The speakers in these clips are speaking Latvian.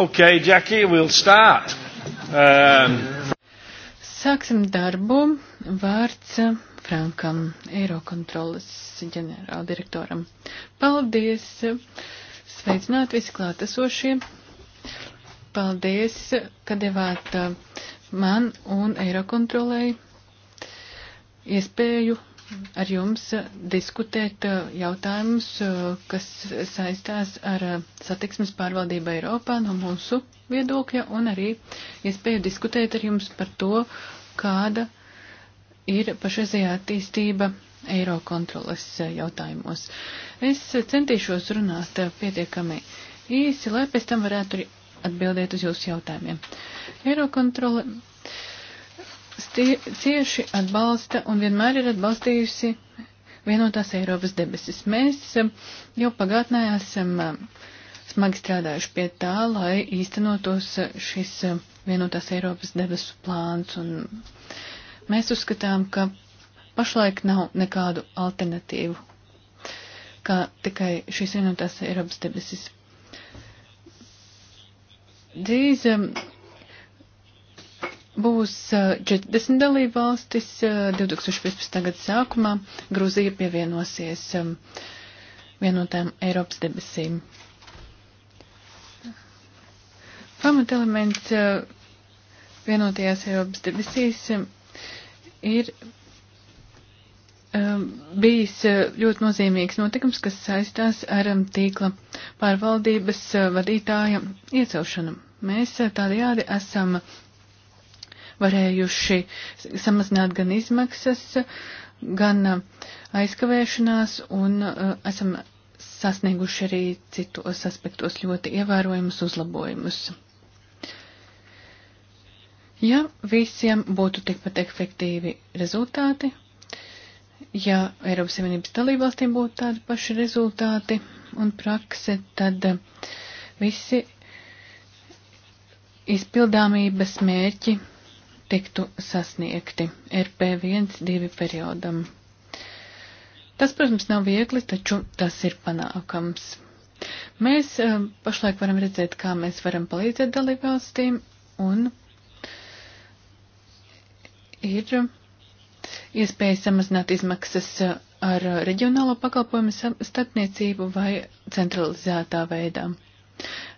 Okay, Jackie, we'll start. Um... Sāksim darbu. Vārds Frankam, Eirokontrolas ģenerāldirektoram. Paldies! Sveicināt visi klātesošie! Paldies, ka devāt man un Eirokontrolai iespēju ar jums diskutēt uh, jautājumus, uh, kas saistās ar uh, satiksmes pārvaldību Eiropā no mūsu viedokļa un arī iespēju diskutēt ar jums par to, kāda ir pašreizējā attīstība Eirokontroles jautājumos. Es centīšos runāt pietiekami īsi, lai pēc tam varētu arī atbildēt uz jūsu jautājumiem. Eirokontrole. Uh, stie, cieši atbalsta un vienmēr ir atbalstījusi vienotās Eiropas debesis. Mēs um, jau pagātnē esam um, smagi strādājuši pie tā, lai īstenotos uh, šis um, vienotās Eiropas debesu plāns, un mēs uzskatām, ka pašlaik nav nekādu alternatīvu, kā tikai šīs vienotās Eiropas debesis. Drīz būs 40 dalība valstis 2015. gada sākumā. Grūzija pievienosies vienotām Eiropas debesīm. Pamatelements vienotajās Eiropas debesīs ir bijis ļoti nozīmīgs notikums, kas saistās ar tīkla pārvaldības vadītāja iecelšanu. Mēs tādējādi esam varējuši samazināt gan izmaksas, gan uh, aizkavēšanās un uh, esam sasnieguši arī citos aspektos ļoti ievērojumus uzlabojumus. Ja visiem būtu tikpat efektīvi rezultāti, ja Eiropas Savienības dalībvalstīm būtu tādi paši rezultāti un prakse, tad uh, visi izpildāmības mērķi tiktu sasniegti RP1-2 periodam. Tas, protams, nav viegli, taču tas ir panākams. Mēs eh, pašlaik varam redzēt, kā mēs varam palīdzēt dalībvalstīm un ir iespēja samazināt izmaksas eh, ar reģionālo pakalpojumu starpniecību vai centralizētā veidā.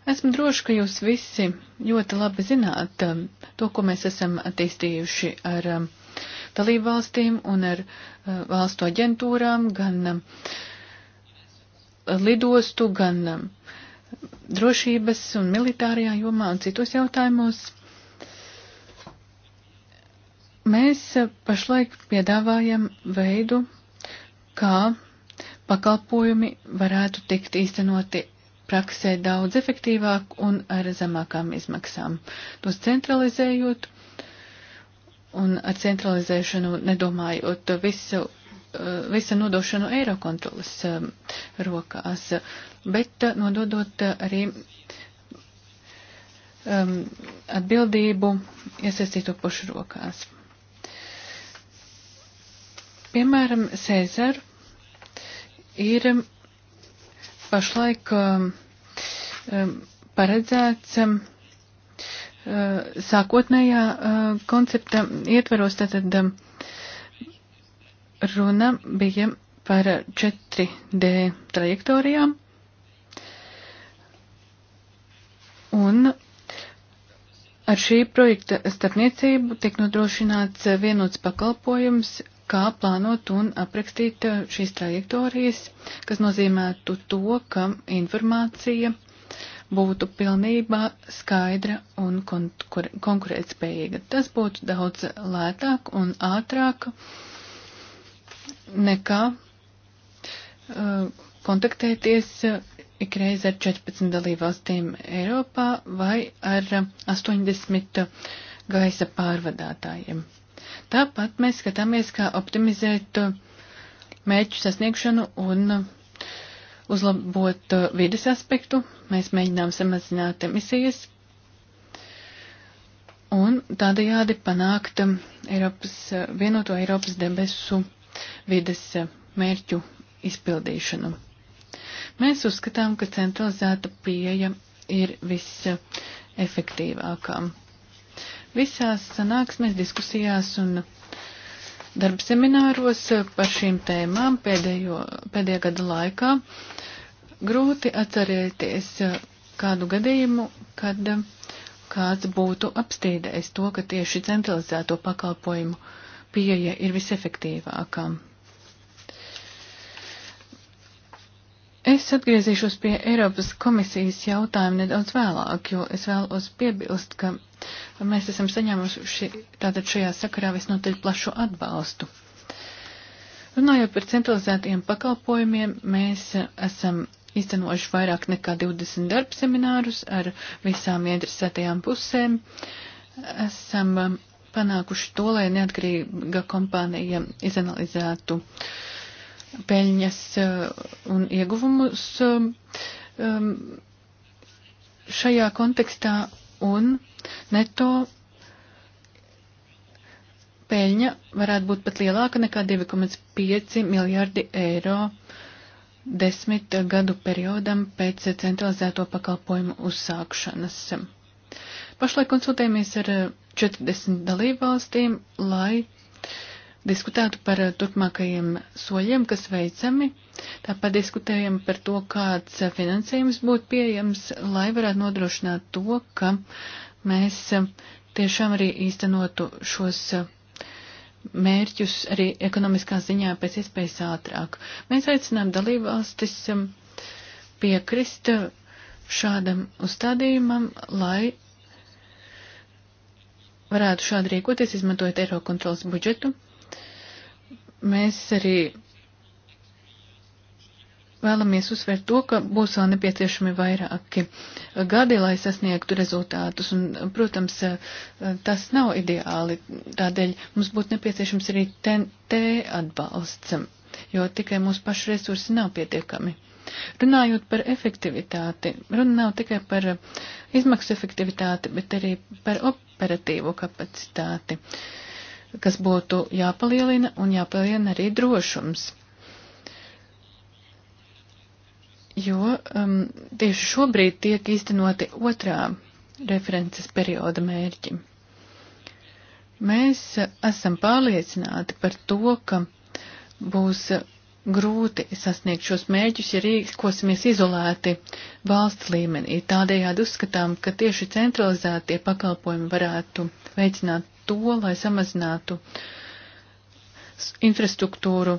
Esmu droši, ka jūs visi ļoti labi zināt um, to, ko mēs esam attīstījuši ar um, dalību valstīm un ar uh, valstu aģentūrām, gan um, lidostu, gan drošības un militārajā jomā un citos jautājumos. Mēs uh, pašlaik piedāvājam veidu, kā pakalpojumi varētu tikt īstenoti praksē daudz efektīvāk un ar zemākām izmaksām. Tos centralizējot un ar centralizēšanu nedomājot visu, eh, visa nodošanu Eirokontrolas eh, rokās, bet eh, nododot arī um, atbildību iesaistīto pušu rokās. Piemēram, Cēzar ir pašlaik um, um, paredzēts um, uh, sākotnējā uh, koncepta ietvaros, tātad runa bija par 4D trajektorijām. Un ar šī projekta starpniecību tiek nodrošināts vienots pakalpojums kā plānot un aprakstīt eh, šīs trajektorijas, kas nozīmētu to, ka informācija būtu pilnībā skaidra un konkurētspējīga. Tas būtu daudz lētāk un ātrāk nekā uh, kontaktēties eh, ikreiz ar 14 dalībvalstīm Eiropā vai ar 80 gaisa pārvadātājiem. Tāpat mēs skatāmies, kā optimizēt uh, mērķu sasniegšanu un uh, uzlabot uh, vides aspektu. Mēs mēģinām samazināt emisijas un tādējādi panākt um, Eiropas, vienoto Eiropas debesu vides mērķu izpildīšanu. Mēs uzskatām, ka centralizēta pieeja ir visefektīvākā visās sanāksmēs, diskusijās un darba semināros par šīm tēmām pēdējo, pēdējā gada laikā grūti atcerēties kādu gadījumu, kad kāds būtu apstrīdējis to, ka tieši centralizēto pakalpojumu pieeja ir visefektīvākā. Es atgriezīšos pie Eiropas komisijas jautājuma nedaudz vēlāk, jo es vēlos piebilst, ka mēs esam saņēmuši tātad šajā sakarā visnotaļ plašu atbalstu. Runājot par centralizētajiem pakalpojumiem, mēs esam izcenojuši vairāk nekā 20 darba seminārus ar visām interesētajām pusēm. Esam um, panākuši to, lai neatkarīga kompānija izanalizētu uh, peļņas eh, un ieguvumus eh, eh, šajā kontekstā un neto peļņa varētu būt pat lielāka nekā 2,5 miljardi eiro desmit gadu periodam pēc centralizēto pakalpojumu uzsākšanas. Pašlaik konsultējamies ar 40 dalībvalstīm, lai diskutētu par eh, turpmākajiem soļiem, kas veicami. Tāpat diskutējam par to, kāds eh, finansējums būtu pieejams, lai varētu nodrošināt to, ka mēs eh, tiešām arī īstenotu šos mērķus arī ekonomiskā ziņā pēc iespējas ātrāk. Mēs aicinām dalībvalstis piekrist šādam uzstādījumam, lai varētu šādi rīkoties, izmantojot Eirokontrolas budžetu, mēs arī vēlamies uzsvērt to, ka būs vēl nepieciešami vairāki gadi, lai sasniegtu rezultātus. Un, protams, tas nav ideāli, tādēļ mums būtu nepieciešams arī TNT atbalsts, jo tikai mūsu pašu resursi nav pietiekami. Runājot par efektivitāti, runa nav tikai par izmaksu efektivitāti, bet arī par operatīvo kapacitāti. Uh, kas būtu jāpalielina un jāpalielina arī drošums. Jo um, tieši šobrīd tiek iztenoti otrā references perioda mērķi. Mēs esam pārliecināti par to, ka būs grūti sasniegt šos mērķus, ja rīkosimies izolēti valsts līmenī. Tādējādi uzskatām, ka tieši centralizētie pakalpojumi varētu veicināt to, lai samazinātu infrastruktūru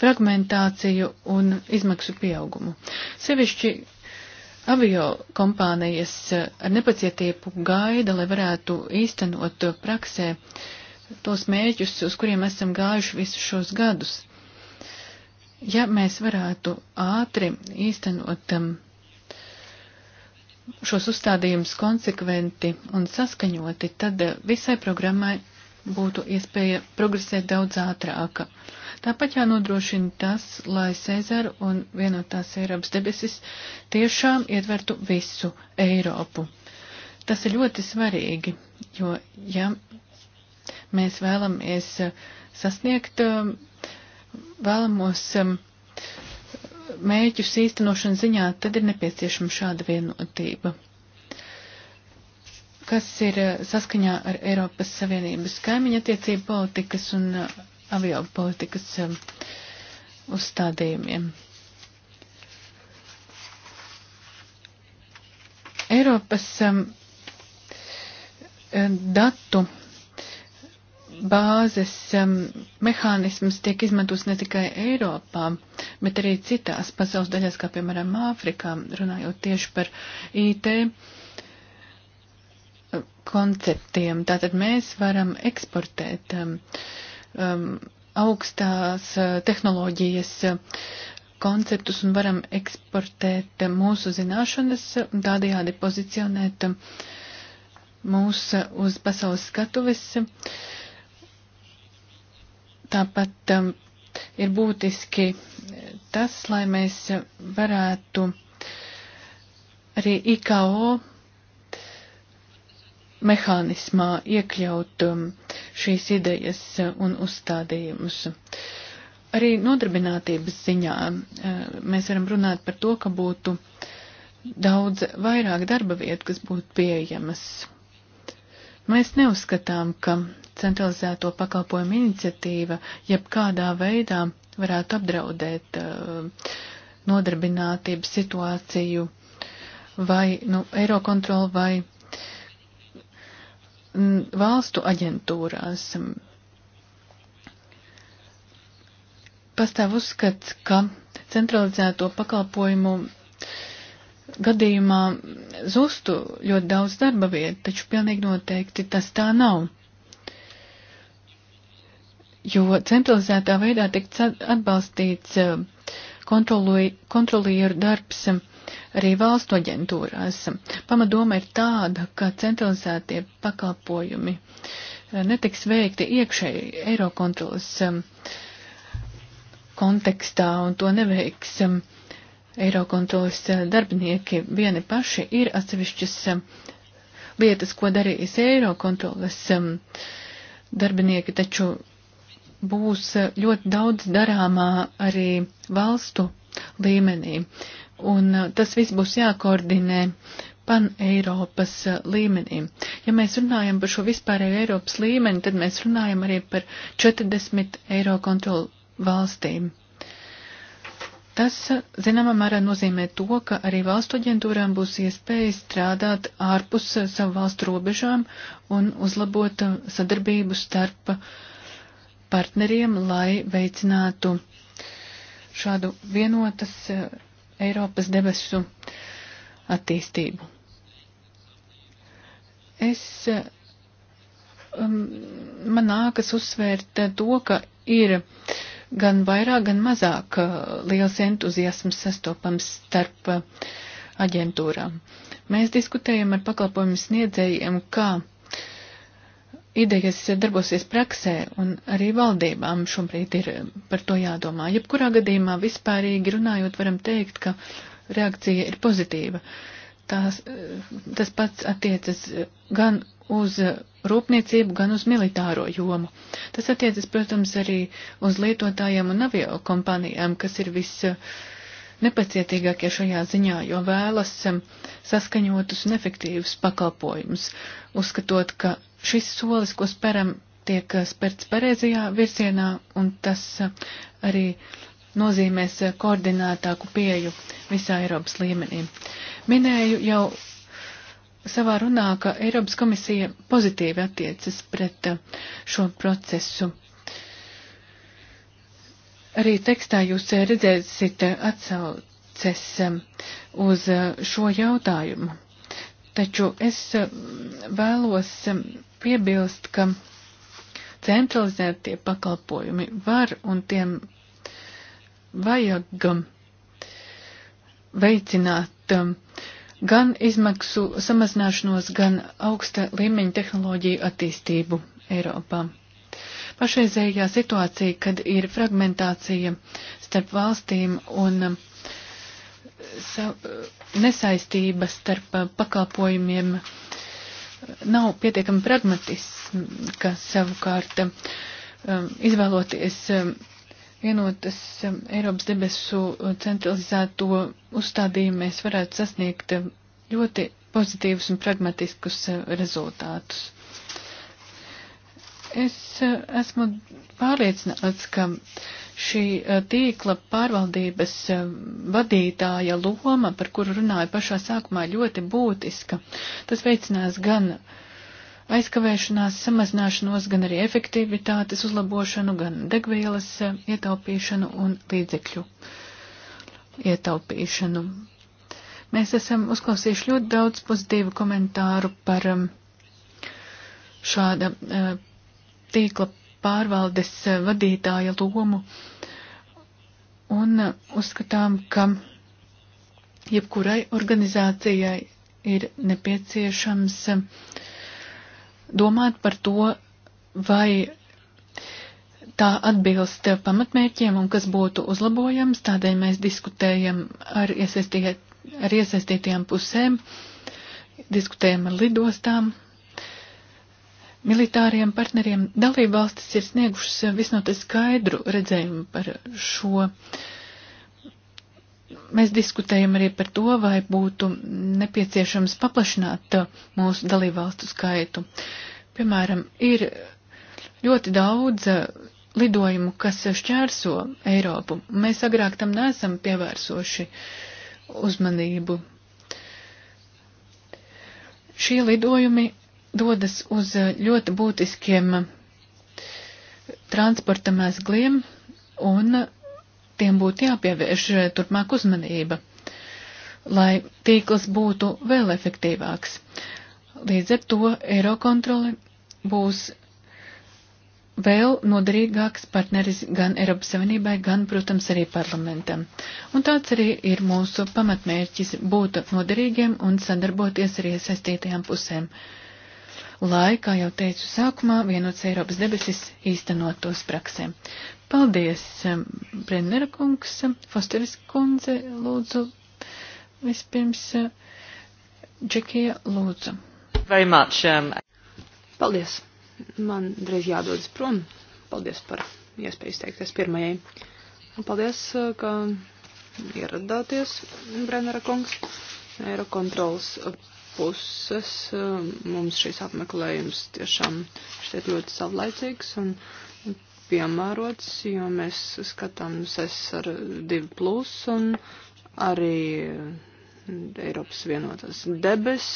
fragmentāciju un izmaksu pieaugumu. Sevišķi avio kompānijas e, ar nepacietību gaida, lai varētu īstenot praksē tos mērķus, uz kuriem esam gājuši visus šos gadus. Ja mēs varētu ātri īstenot um, šos uzstādījumus konsekventi un saskaņoti, tad eh, visai programmai būtu iespēja progresēt daudz ātrāka. Tāpat jānodrošina tas, lai Cezara un vienotās Eiropas debesis tiešām ietvertu visu Eiropu. Tas ir ļoti svarīgi, jo, ja mēs vēlamies eh, sasniegt eh, vēlamos mērķus īstenošanas ziņā, tad ir nepieciešama šāda vienotība, kas ir eh, saskaņā ar Eiropas Savienības kaimiņa attiecību politikas un eh, avio politikas eh, uzstādījumiem. Eiropas um, datu bāzes um, mehānisms tiek izmantots ne tikai Eiropā, bet arī citās pasaules daļās, kā piemēram Āfrikā, runājot tieši par IT konceptiem. Tātad mēs varam eksportēt um, um, augstās uh, tehnoloģijas uh, konceptus un varam eksportēt uh, mūsu zināšanas, uh, tādējādi pozicionēt uh, mūs uh, uz pasaules skatuves. Uh, Tāpat um, ir būtiski eh, tas, lai mēs varētu arī IKO mehānismā iekļaut um, šīs idejas un uzstādījumus. Arī nodarbinātības ziņā eh, mēs varam runāt par to, ka būtu daudz vairāk darba vietu, kas būtu pieejamas. Mēs neuzskatām, ka centralizēto pakalpojumu iniciatīva jebkādā veidā varētu apdraudēt uh, nodarbinātības situāciju vai nu, Eirokontroli vai mm, valstu aģentūrās. Pastāv uzskats, ka centralizēto pakalpojumu gadījumā zustu ļoti daudz darba vietu, taču pilnīgi noteikti tas tā nav jo centralizētā veidā tiek atbalstīts eh, kontrolieru darbs eh, arī valstu aģentūrās. Pamatdoma ir tāda, ka centralizētie pakalpojumi eh, netiks veikti iekšēji Eirokontrolas kontekstā un to neveiks Eirokontrolas darbinieki vieni paši ir atsevišķas lietas, ko darīs Eirokontrolas darbinieki, taču būs ļoti daudz darāmā arī valstu līmenī. Un uh, tas viss būs jākoordinē pan-Eiropas uh, līmenī. Ja mēs runājam par šo vispārēju Eiropas līmeni, tad mēs runājam arī par 40 eiro kontrolu valstīm. Tas, uh, zināmā mērā, nozīmē to, ka arī valstu aģentūrām būs iespēja strādāt ārpus savu valstu robežām un uzlabot sadarbību starp uh, partneriem, lai veicinātu šādu vienotas e, Eiropas debesu attīstību. Es, e, um, man nākas uzsvērt e, to, ka ir gan vairāk, gan mazāk liels entuziasms sastopams starp aģentūrām. Mēs diskutējam ar pakalpojumu sniedzējiem, kā idejas darbosies praksē, un arī valdībām šobrīd ir eh, par to jādomā. Jebkurā gadījumā vispārīgi runājot, varam teikt, ka reakcija ir pozitīva. Tās, eh, tas pats attiecas gan uz rūpniecību, gan uz militāro jomu. Tas attiecas, protams, arī uz lietotājiem un avio kompānijām, kas ir viss eh, nepacietīgākie šajā ziņā, jo vēlas saskaņotus un efektīvus pakalpojumus, uzskatot, ka šis solis, ko speram, tiek eh, sperts pareizajā virzienā, un tas eh, arī nozīmēs eh, koordinētāku pieju visā Eiropas līmenī. Minēju jau savā runā, ka Eiropas komisija pozitīvi attiecas pret šo procesu. Arī tekstā jūs redzēsiet atsauces uz šo jautājumu. Taču es eh, vēlos eh, piebilst, ka centralizētie pakalpojumi var un tiem vajag eh, veicināt gan izmaksu samazināšanos, gan augsta līmeņa tehnoloģiju attīstību Eiropā. Pašreizējā situācija, kad ir fragmentācija starp valstīm un uh, nesaistība starp uh, pakalpojumiem uh, nav pietiekami pragmatiska savukārt um, izvēloties um, vienotas um, Eiropas debesu uh, centralizēto uzstādījumu mēs varētu sasniegt ļoti pozitīvus un pragmatiskus rezultātus. Es eh, esmu pārliecināts, ka šī eh, tīkla pārvaldības eh, vadītāja loma, par kuru runāju pašā sākumā, ļoti būtiska. Tas veicinās gan aizkavēšanās samazināšanos, gan arī efektivitātes uzlabošanu, gan degvielas ietaupīšanu un līdzekļu ietaupīšanu. Mēs esam uzklausījuši ļoti daudz pozitīvu komentāru par šāda tīkla pārvaldes eh, vadītāja lomu un eh, uzskatām, ka jebkurai organizācijai ir nepieciešams eh, domāt par to, vai tā atbilst pamatmērķiem un kas būtu uzlabojams. Tādēļ mēs diskutējam ar, iesaistīt, ar iesaistītajām pusēm, diskutējam ar lidostām, militāriem partneriem dalību valstis ir sniegušas visnotaļ skaidru redzējumu par šo. Mēs diskutējam arī par to, vai būtu nepieciešams paplašināt mūsu dalībvalstu skaitu. Piemēram, ir ļoti daudz lidojumu, kas šķērso Eiropu. Mēs agrāk tam neesam pievērsoši uzmanību. Šie lidojumi dodas uz eh, ļoti būtiskiem eh, transporta mezgliem, un tiem būtu jāpievērš eh, turpmāk uzmanība, lai tīkls būtu vēl efektīvāks. Līdz ar to Eirokontrole būs vēl noderīgāks partneris gan Eiropas Savienībai, gan, protams, arī parlamentam. Un tāds arī ir mūsu pamatmērķis - būt noderīgiem un sadarboties ar iesaistītajām pusēm lai, kā jau teicu sākumā, vienots Eiropas debesis īstenot tos praksē. Paldies, um, Brennera kungs, um, Fosteris kundze, lūdzu, vispirms, uh, Džekija, lūdzu. Very much. Um... Paldies. Man drīz jādodas prom. Paldies par iespēju izteikties pirmajai. Un paldies, uh, ka ieradāties, Brennera kungs, Eirokontrols puses eh, mums šis apmeklējums tiešām šķiet ļoti savlaicīgs un piemērots, jo mēs skatām SSR2 plus un arī Eiropas vienotās debes,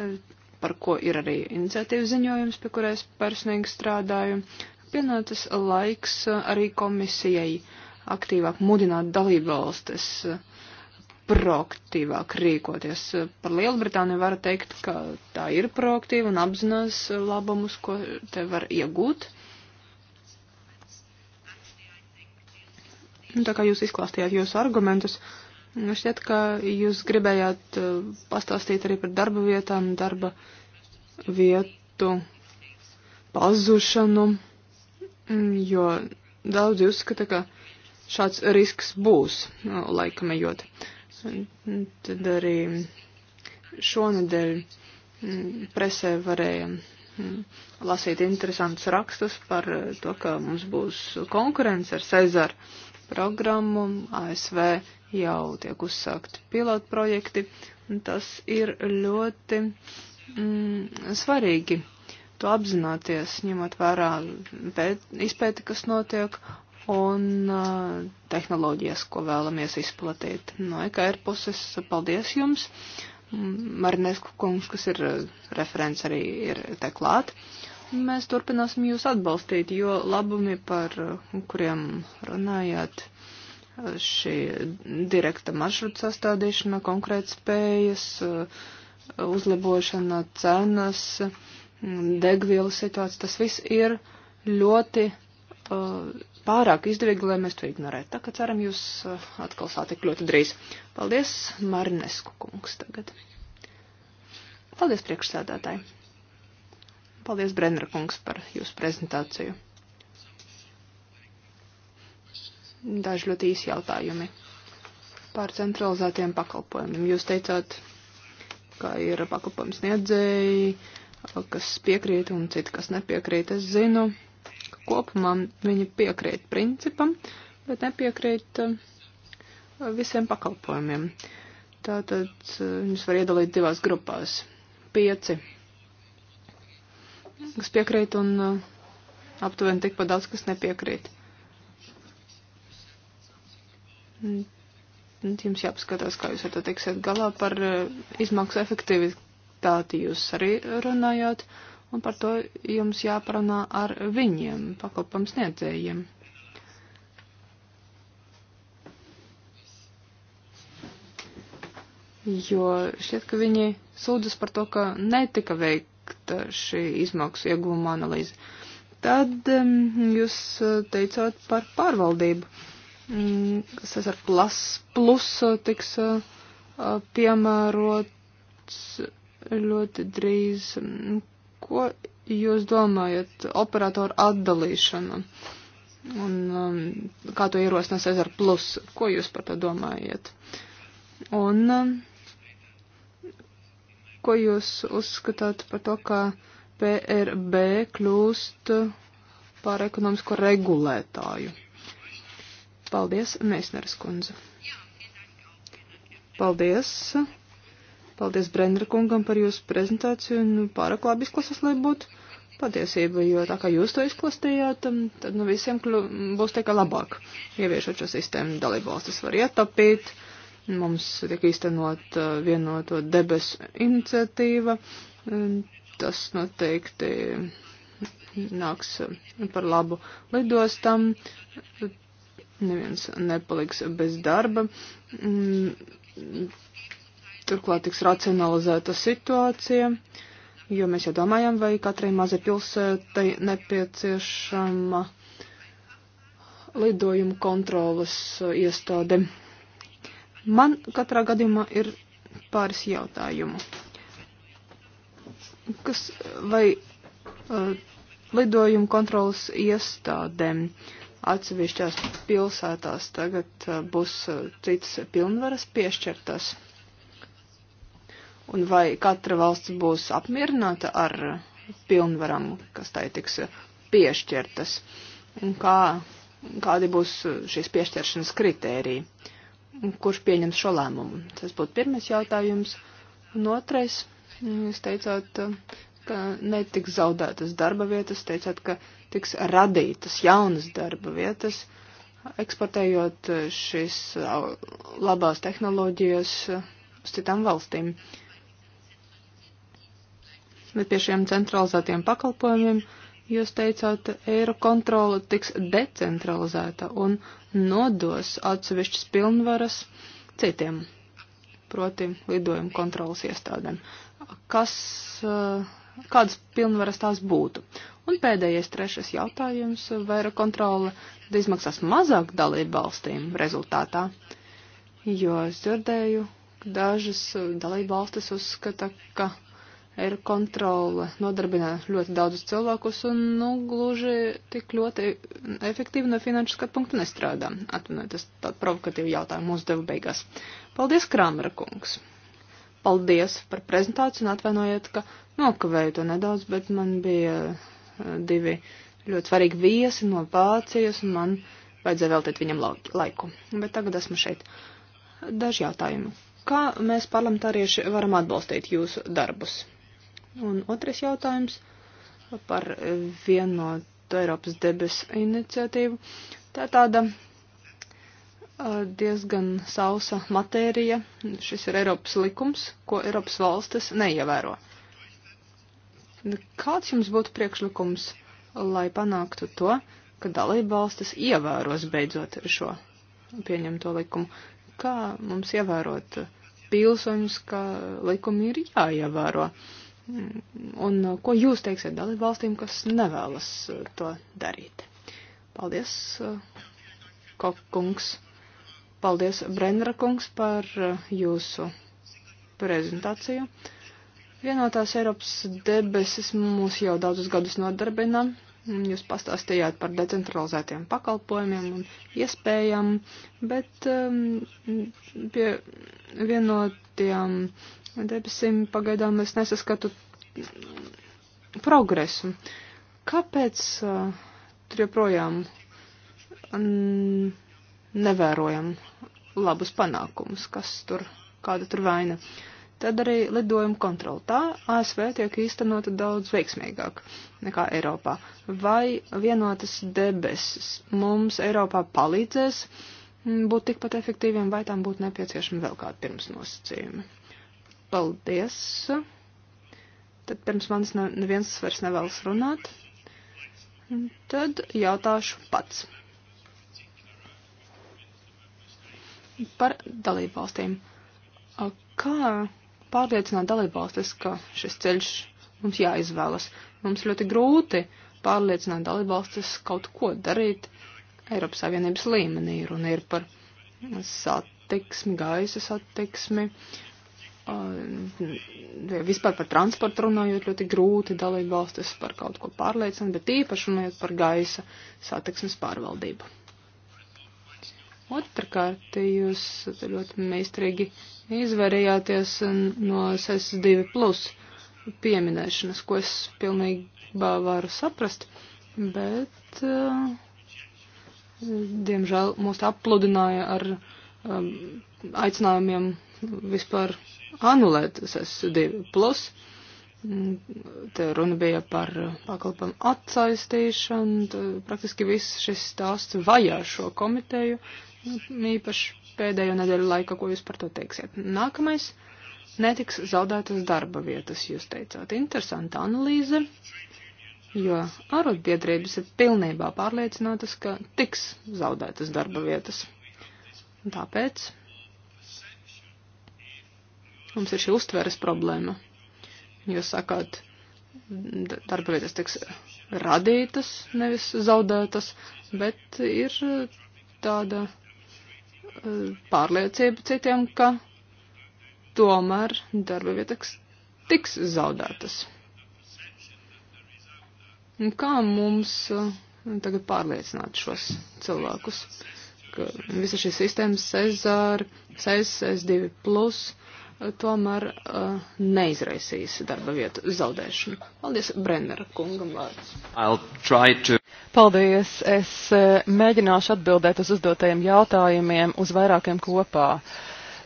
eh, par ko ir arī iniciatīvas ziņojums, pie kurais personīgi strādāju. Pienācis laiks arī komisijai aktīvāk mudināt dalībvalstis valstis eh, proaktīvāk rīkoties. Par Lielbritāniju var teikt, ka tā ir proaktīva un apzinās labumus, ko te var iegūt. Nu, tā kā jūs izklāstījāt jūsu argumentus, nu, šķiet, ka jūs gribējāt uh, pastāstīt arī par darba vietām, darba vietu pazušanu, mm, jo daudzi uzskata, ka šāds risks būs nu, laikam ejot. Uh, Tad arī šonadēļ mm, presē varēja mm, lasīt interesantus rakstus par eh, to, ka mums būs konkurence ar Cezar programmu. ASV jau tiek uzsākti pilotprojekti. Tas ir ļoti mm, svarīgi to apzināties, ņemot vērā pēt, izpēti, kas notiek, un uh, tehnoloģijas, ko vēlamies izplatīt. No EKR puses paldies jums. Marinesku kungs, kas ir referents, arī ir te klāt. Mēs turpināsim jūs atbalstīt, jo labumi, par kuriem runājāt, šī direkta maršruta sastādīšana, konkrēt spējas, uzlabošana cenas, degvielas situācija, tas viss ir ļoti uh, pārāk izdevīgi, lai mēs to ignorētu. Tā kā ceram jūs uh, atkal sātiek ļoti drīz. Paldies, Marinesku kungs tagad. Paldies, priekšsēdētāji. Paldies, Brennera kungs, par jūsu prezentāciju. Daži ļoti īsi jautājumi par centralizētiem pakalpojumiem. Jūs teicāt, ka ir pakalpojums niedzēji, kas piekrīt un citi, kas nepiekrīt. Es zinu, kopumā viņi piekrīt principam, bet nepiekrīt eh, visiem pakalpojumiem. Tātad eh, viņus var iedalīt divās grupās - pieci, kas piekrīt un eh, aptuveni tikpat daudz, kas nepiekrīt. Jums jāpaskatās, kā jūs ar to tiksiet galā par izmaksu efektivitāti. Jūs arī runājāt. Uh, un par to jums jāparunā ar viņiem, pakalpam sniedzējiem. Jo šķiet, ka viņi sūdzas par to, ka netika veikta šī izmaksu ieguvuma analīze. Tad um, jūs eh, teicāt par pārvaldību, mm, kas tas ar plus, plus eh, tiks uh, piemērots ļoti drīz. Um, Ko jūs domājat operatoru atdalīšana? Un um, kā to ierosinās ar plusu? Ko jūs par to domājat? Un um, ko jūs uzskatāt par to, ka PRB kļūst par ekonomisko regulētāju? Paldies, Meisneres kundze. Paldies. Paldies Brendra kungam par jūsu prezentāciju un nu, pārāk labi izklausās, lai būtu patiesība, jo tā kā jūs to izklāstījāt, um, tad nu visiem kļu, būs tikai labāk ieviešot šo sistēmu. Dalībvalstis var ietapīt, mums tiek īstenot uh, vienoto debesu iniciatīva, tas noteikti nāks uh, par labu lidostam, neviens nepaliks bez darba mm, Turklāt tiks racionalizēta situācija, jo mēs jau domājam, vai katrai mazai pilsētai nepieciešama lidojuma kontrolas iestāde. Man katrā gadījumā ir pāris jautājumu. Kas vai uh, lidojuma kontrolas iestādēm atsevišķās pilsētās tagad uh, būs uh, citas pilnvaras piešķirtas? un vai katra valsts būs apmierināta ar pilnvaram, kas tai tiks piešķirtas, un kā, kādi būs šīs piešķiršanas kritēriji, kurš pieņems šo lēmumu. Tas būtu pirmais jautājums. Un otrais, jūs teicāt, ka netiks zaudētas darba vietas, teicāt, ka tiks radītas jaunas darba vietas, eksportējot šīs labās tehnoloģijas uz citām valstīm. Uh, Bet pie šiem centralizētiem pakalpojumiem jūs teicāt, eiro kontrola tiks decentralizēta un nodos atsevišķas pilnvaras citiem, proti lidojumu kontrolas iestādēm. Kas, eh, kādas pilnvaras tās būtu? Un pēdējais trešais jautājums - vai eiro kontrola izmaksās mazāk dalību valstīm rezultātā? Jo es dzirdēju, ka dažas dalību valstis uzskata, ka ir kontrole, nodarbina ļoti daudzus cilvēkus un, nu, gluži tik ļoti efektīvi no finanšu skatu punktu nestrādā. Atminiet, tas tādu provokatīvu jautājumu uzdevu beigās. Paldies, Krāmera kungs! Paldies par prezentāciju un atvainojiet, ka nokavēju to nedaudz, bet man bija eh, divi ļoti svarīgi viesi no Vācijas un man vajadzēja veltīt viņam laiku. Bet tagad esmu šeit. Daži jautājumi. Kā mēs parlamentārieši varam atbalstīt jūsu darbus? Un otrs jautājums par vienotu Eiropas debesu iniciatīvu. Tā tāda diezgan sausa matērija. Šis ir Eiropas likums, ko Eiropas valstis neievēro. Kāds jums būtu priekšlikums, lai panāktu to, ka dalība valstis ievēros beidzot šo pieņemto likumu? Kā mums ievērot pilsoņus, ka likumi ir jāievēro? Uh, Un uh, ko jūs teiksiet dalību valstīm, kas nevēlas uh, to darīt? Paldies, uh, Kokungs. Paldies, Brennera kungs, par jūsu prezentāciju. Vienotās Eiropas debesis mūs jau daudzus gadus nodarbina. Jūs pastāstījāt par decentralizētiem pakalpojumiem un iespējām, bet um, pie vienotiem debesīm pagaidām es nesaskatu progresu. Kāpēc uh, tur joprojām mm, nevērojam labus panākumus, kas tur, kāda tur vaina? Tad arī lidojuma kontrola. Tā ASV tiek īstenota daudz veiksmīgāk nekā Eiropā. Vai vienotas debesis mums Eiropā palīdzēs mm, būt tikpat efektīviem, vai tam būtu nepieciešami vēl kādi pirmsnosacījumi? Paldies. Tad pirms manis neviens vairs nevēlas runāt. Tad jautāšu pats. Par dalībvalstīm. Kā pārliecināt dalībvalstis, ka šis ceļš mums jāizvēlas? Mums ļoti grūti pārliecināt dalībvalstis kaut ko darīt Eiropas Savienības līmenī. Runa ir par satiksmi, gaisa satiksmi. Uh, vispār par transportu runājot ļoti grūti dalību valstis par kaut ko pārliecināt, bet īpaši runājot par gaisa satiksmes pārvaldību. Otrakārt, jūs ļoti meistrīgi izvērījāties no SS2 plus pieminēšanas, ko es pilnībā varu saprast, bet, eh, diemžēl, mūs apludināja ar eh, aicinājumiem vispār anulēt SS2. Plus. Mm, te runa bija par uh, pakalpojumu atsaistīšanu, praktiski viss šis stāsts vajā šo komiteju, mm, īpaši pēdējo nedēļu laika, ko jūs par to teiksiet. Nākamais - netiks zaudētas darba vietas, jūs teicāt. Interesanta analīze, jo arotbiedrības ir pilnībā pārliecinātas, ka tiks zaudētas darba vietas. Tāpēc Mums ir šī uztveres problēma. Jūs sakāt, darba vietas tiks radītas, nevis zaudētas, bet ir tāda e, pārliecība citiem, ka tomēr darba vietas tiks zaudētas. Un kā mums e, tagad pārliecināt šos cilvēkus, ka visa šī sistēma Cezāra, CES, S2+, tomēr uh, neizraisīs darba vietu zaudēšanu. Paldies, Brennera kungam vārds. To... Paldies, es eh, mēģināšu atbildēt uz uzdotajiem jautājumiem uz vairākiem kopā.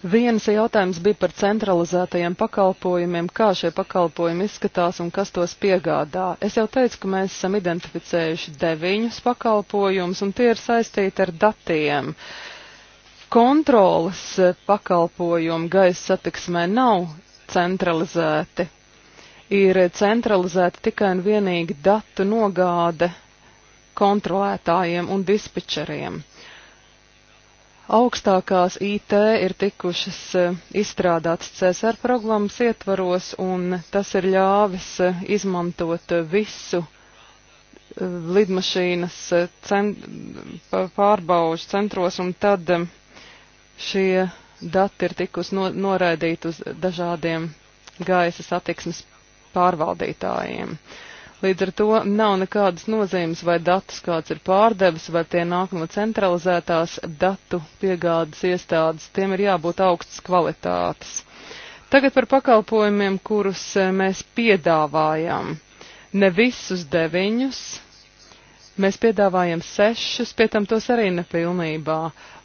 Viens jautājums bija par centralizētajiem pakalpojumiem, kā šie pakalpojumi izskatās un kas tos piegādā. Es jau teicu, ka mēs esam identificējuši deviņus pakalpojumus, un tie ir saistīti ar datiem. Uh, kontrolas e, pakalpojumi gaisa satiksmē nav centralizēti. Ir centralizēta tikai un vienīgi datu nogāde kontrolētājiem un dispečeriem. Augstākās IT ir tikušas e, izstrādātas CSR programmas ietvaros, un tas ir ļāvis e, izmantot visu lidmašīnas cent pārbaužu centros, un tad šie dati ir tikus no, noraidīti uz dažādiem gaisa satiksmes pārvaldītājiem. Līdz ar to nav nekādas nozīmes, vai datus kāds ir pārdevis, vai tie nāk no centralizētās datu piegādes iestādes, tiem ir jābūt augstas kvalitātes. Tagad par pakalpojumiem, kurus eh, mēs piedāvājam. Ne visus deviņus, Mēs piedāvājam sešus, pie tam tos arī nepilnībā.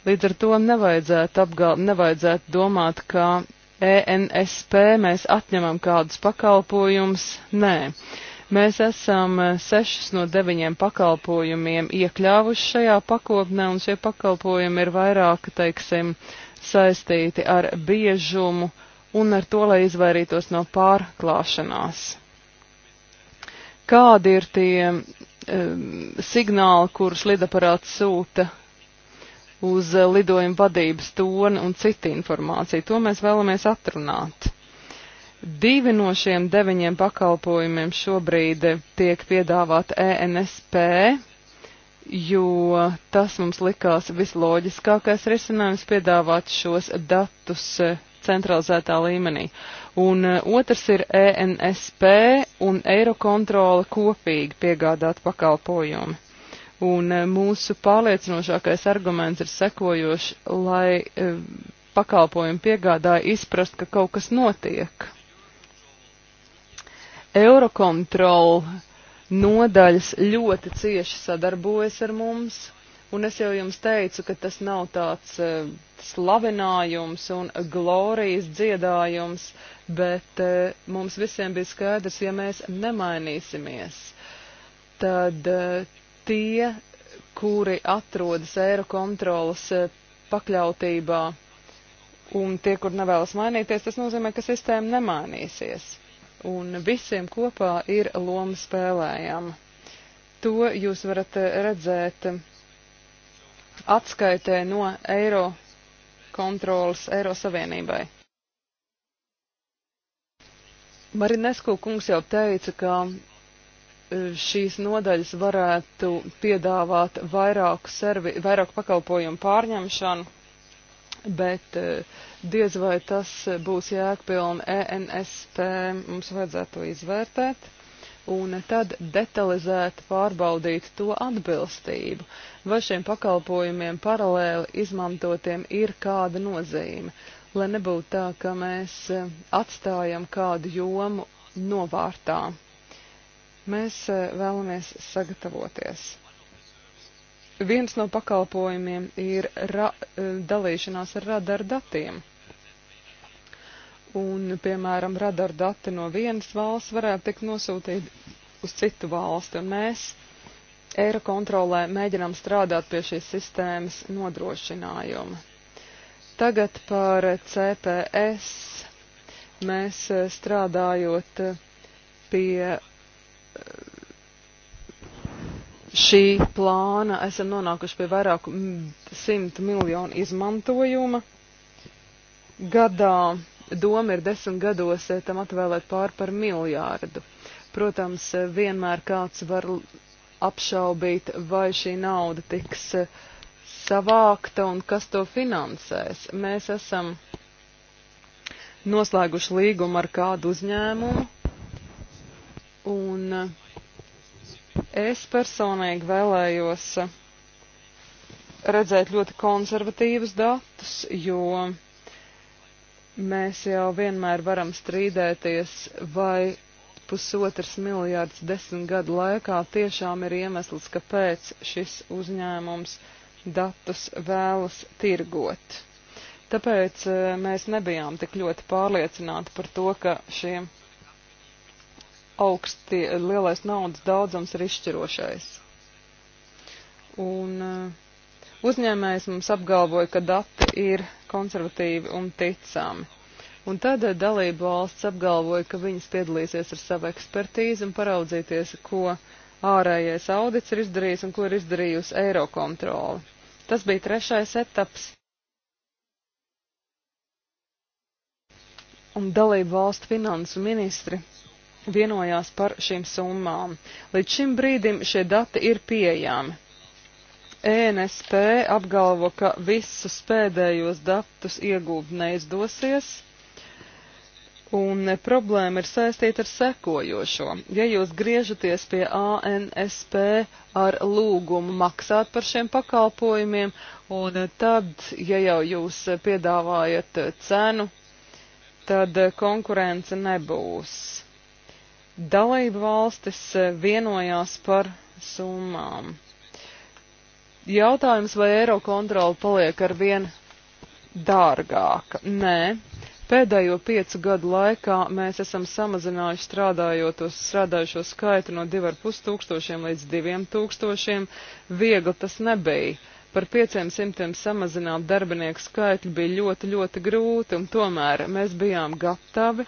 Līdz ar to nevajadzētu, apgal, nevajadzētu domāt, ka ENSP mēs atņemam kādus pakalpojumus. Nē. Mēs esam sešus no deviņiem pakalpojumiem iekļāvuši šajā pakopnē, un šie pakalpojumi ir vairāk, teiksim, saistīti ar biežumu un ar to, lai izvairītos no pārklāšanās. Kādi ir tie um, signāli, kurus lidaparāts sūta uz uh, lidojuma vadības toni un cita informācija. To mēs vēlamies atrunāt. Divi no šiem deviņiem pakalpojumiem šobrīd tiek piedāvāti ENSP, jo tas mums likās visloģiskākais risinājums piedāvāt šos datus uh, centralizētā līmenī. Un e, otrs ir ENSP un Eirokontrola kopīgi piegādāt pakalpojumu. Un e, mūsu pārliecinošākais arguments ir sekojošs, lai e, pakalpojumu piegādāji izprast, ka kaut kas notiek. Eurokontrola nodaļas ļoti cieši sadarbojas ar mums, un es jau jums teicu, ka tas nav tāds slavinājums un glorijas dziedājums, bet eh, mums visiem bija skaidrs, ja mēs nemainīsimies, tad eh, tie, kuri atrodas eiro kontrolas eh, pakļautībā un tie, kur nevēlas mainīties, tas nozīmē, ka sistēma nemainīsies. Un visiem kopā ir loma spēlējama. To jūs varat redzēt atskaitē no eiro kontrolas Eiro Savienībai. Marinesko kungs jau teica, ka e, šīs nodaļas varētu piedāvāt vairāku, servi, vairāku pakalpojumu pārņemšanu, bet e, diez vai tas būs jēgpilni ENSP, mums vajadzētu to izvērtēt un tad detalizēti pārbaudīt to atbilstību, vai šiem pakalpojumiem paralēli izmantotiem ir kāda nozīme lai nebūtu tā, ka mēs e, atstājam kādu jomu novārtā. Mēs e, vēlamies sagatavoties. Viens no pakalpojumiem ir ra, e, dalīšanās ar radaru datiem un, piemēram, radardati no vienas valsts varētu tikt nosūtīti uz citu valsti, un mēs Eirokontrolē mēģinām strādāt pie šīs sistēmas nodrošinājuma. Tagad par CPS. Mēs eh, strādājot eh, pie eh, šī plāna, esam nonākuši pie vairāku simtu miljonu izmantojuma gadā doma ir desmit gados tam atvēlēt pār par miljārdu. Protams, vienmēr kāds var apšaubīt, vai šī nauda tiks savākta un kas to finansēs. Mēs esam noslēguši līgumu ar kādu uzņēmumu un eh, es personīgi vēlējos eh, redzēt ļoti konservatīvus datus, jo mēs jau vienmēr varam strīdēties, vai pusotrs miljards desmit gadu laikā tiešām ir iemesls, kāpēc šis uzņēmums datus vēlas tirgot. Tāpēc eh, mēs nebijām tik ļoti pārliecināti par to, ka šiem augsti lielais naudas daudzums ir izšķirošais. Un eh, uzņēmējs mums apgalvoja, ka dati ir konservatīvi un ticami. Un tad eh, dalību valsts apgalvoja, ka viņas piedalīsies ar savu ekspertīzi un paraudzīties, ko ārējais audits ir izdarījis un ko ir izdarījusi Eirokontroli. Tas bija trešais etaps. Un dalību valstu finansu ministri vienojās par šīm summām. Līdz šim brīdim šie dati ir pieejami. ENSP apgalvo, ka visus pēdējos datus iegūt neizdosies Un problēma ir saistīta ar sekojošo. Ja jūs griežaties pie ANSP ar lūgumu maksāt par šiem pakalpojumiem, un tad, ja jau jūs piedāvājat cenu, tad konkurence nebūs. Dalību valstis vienojās par summām. Jautājums, vai eiro kontrola paliek ar vien dārgāka? Nē, Pēdējo piecu gadu laikā mēs esam samazinājuši strādājošo skaitu no 2,5 tūkstošiem līdz 2 tūkstošiem. Viegli tas nebija. Par 500 samazināt darbinieku skaitu bija ļoti, ļoti grūti, un tomēr mēs bijām gatavi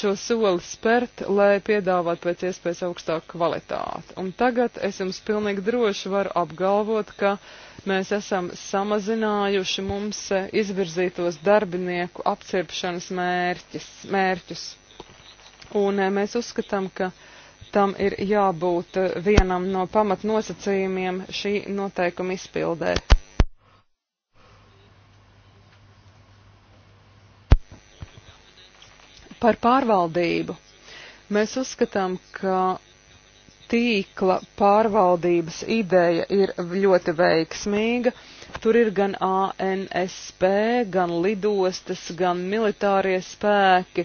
šo soli spērt, lai piedāvātu pēc iespējas augstāku kvalitāti. Un tagad es jums pilnīgi droši varu apgalvot, ka uh, Mēs esam samazinājuši mums eh, izvirzītos darbinieku apcirpšanas mērķis, mērķus. Un eh, mēs uzskatām, ka tam ir jābūt eh, vienam no pamatnosacījumiem šī noteikuma izpildē. Par pārvaldību. Mēs uzskatām, ka tīkla pārvaldības ideja ir ļoti veiksmīga. Tur ir gan ANSP, gan lidostas, gan militārie spēki,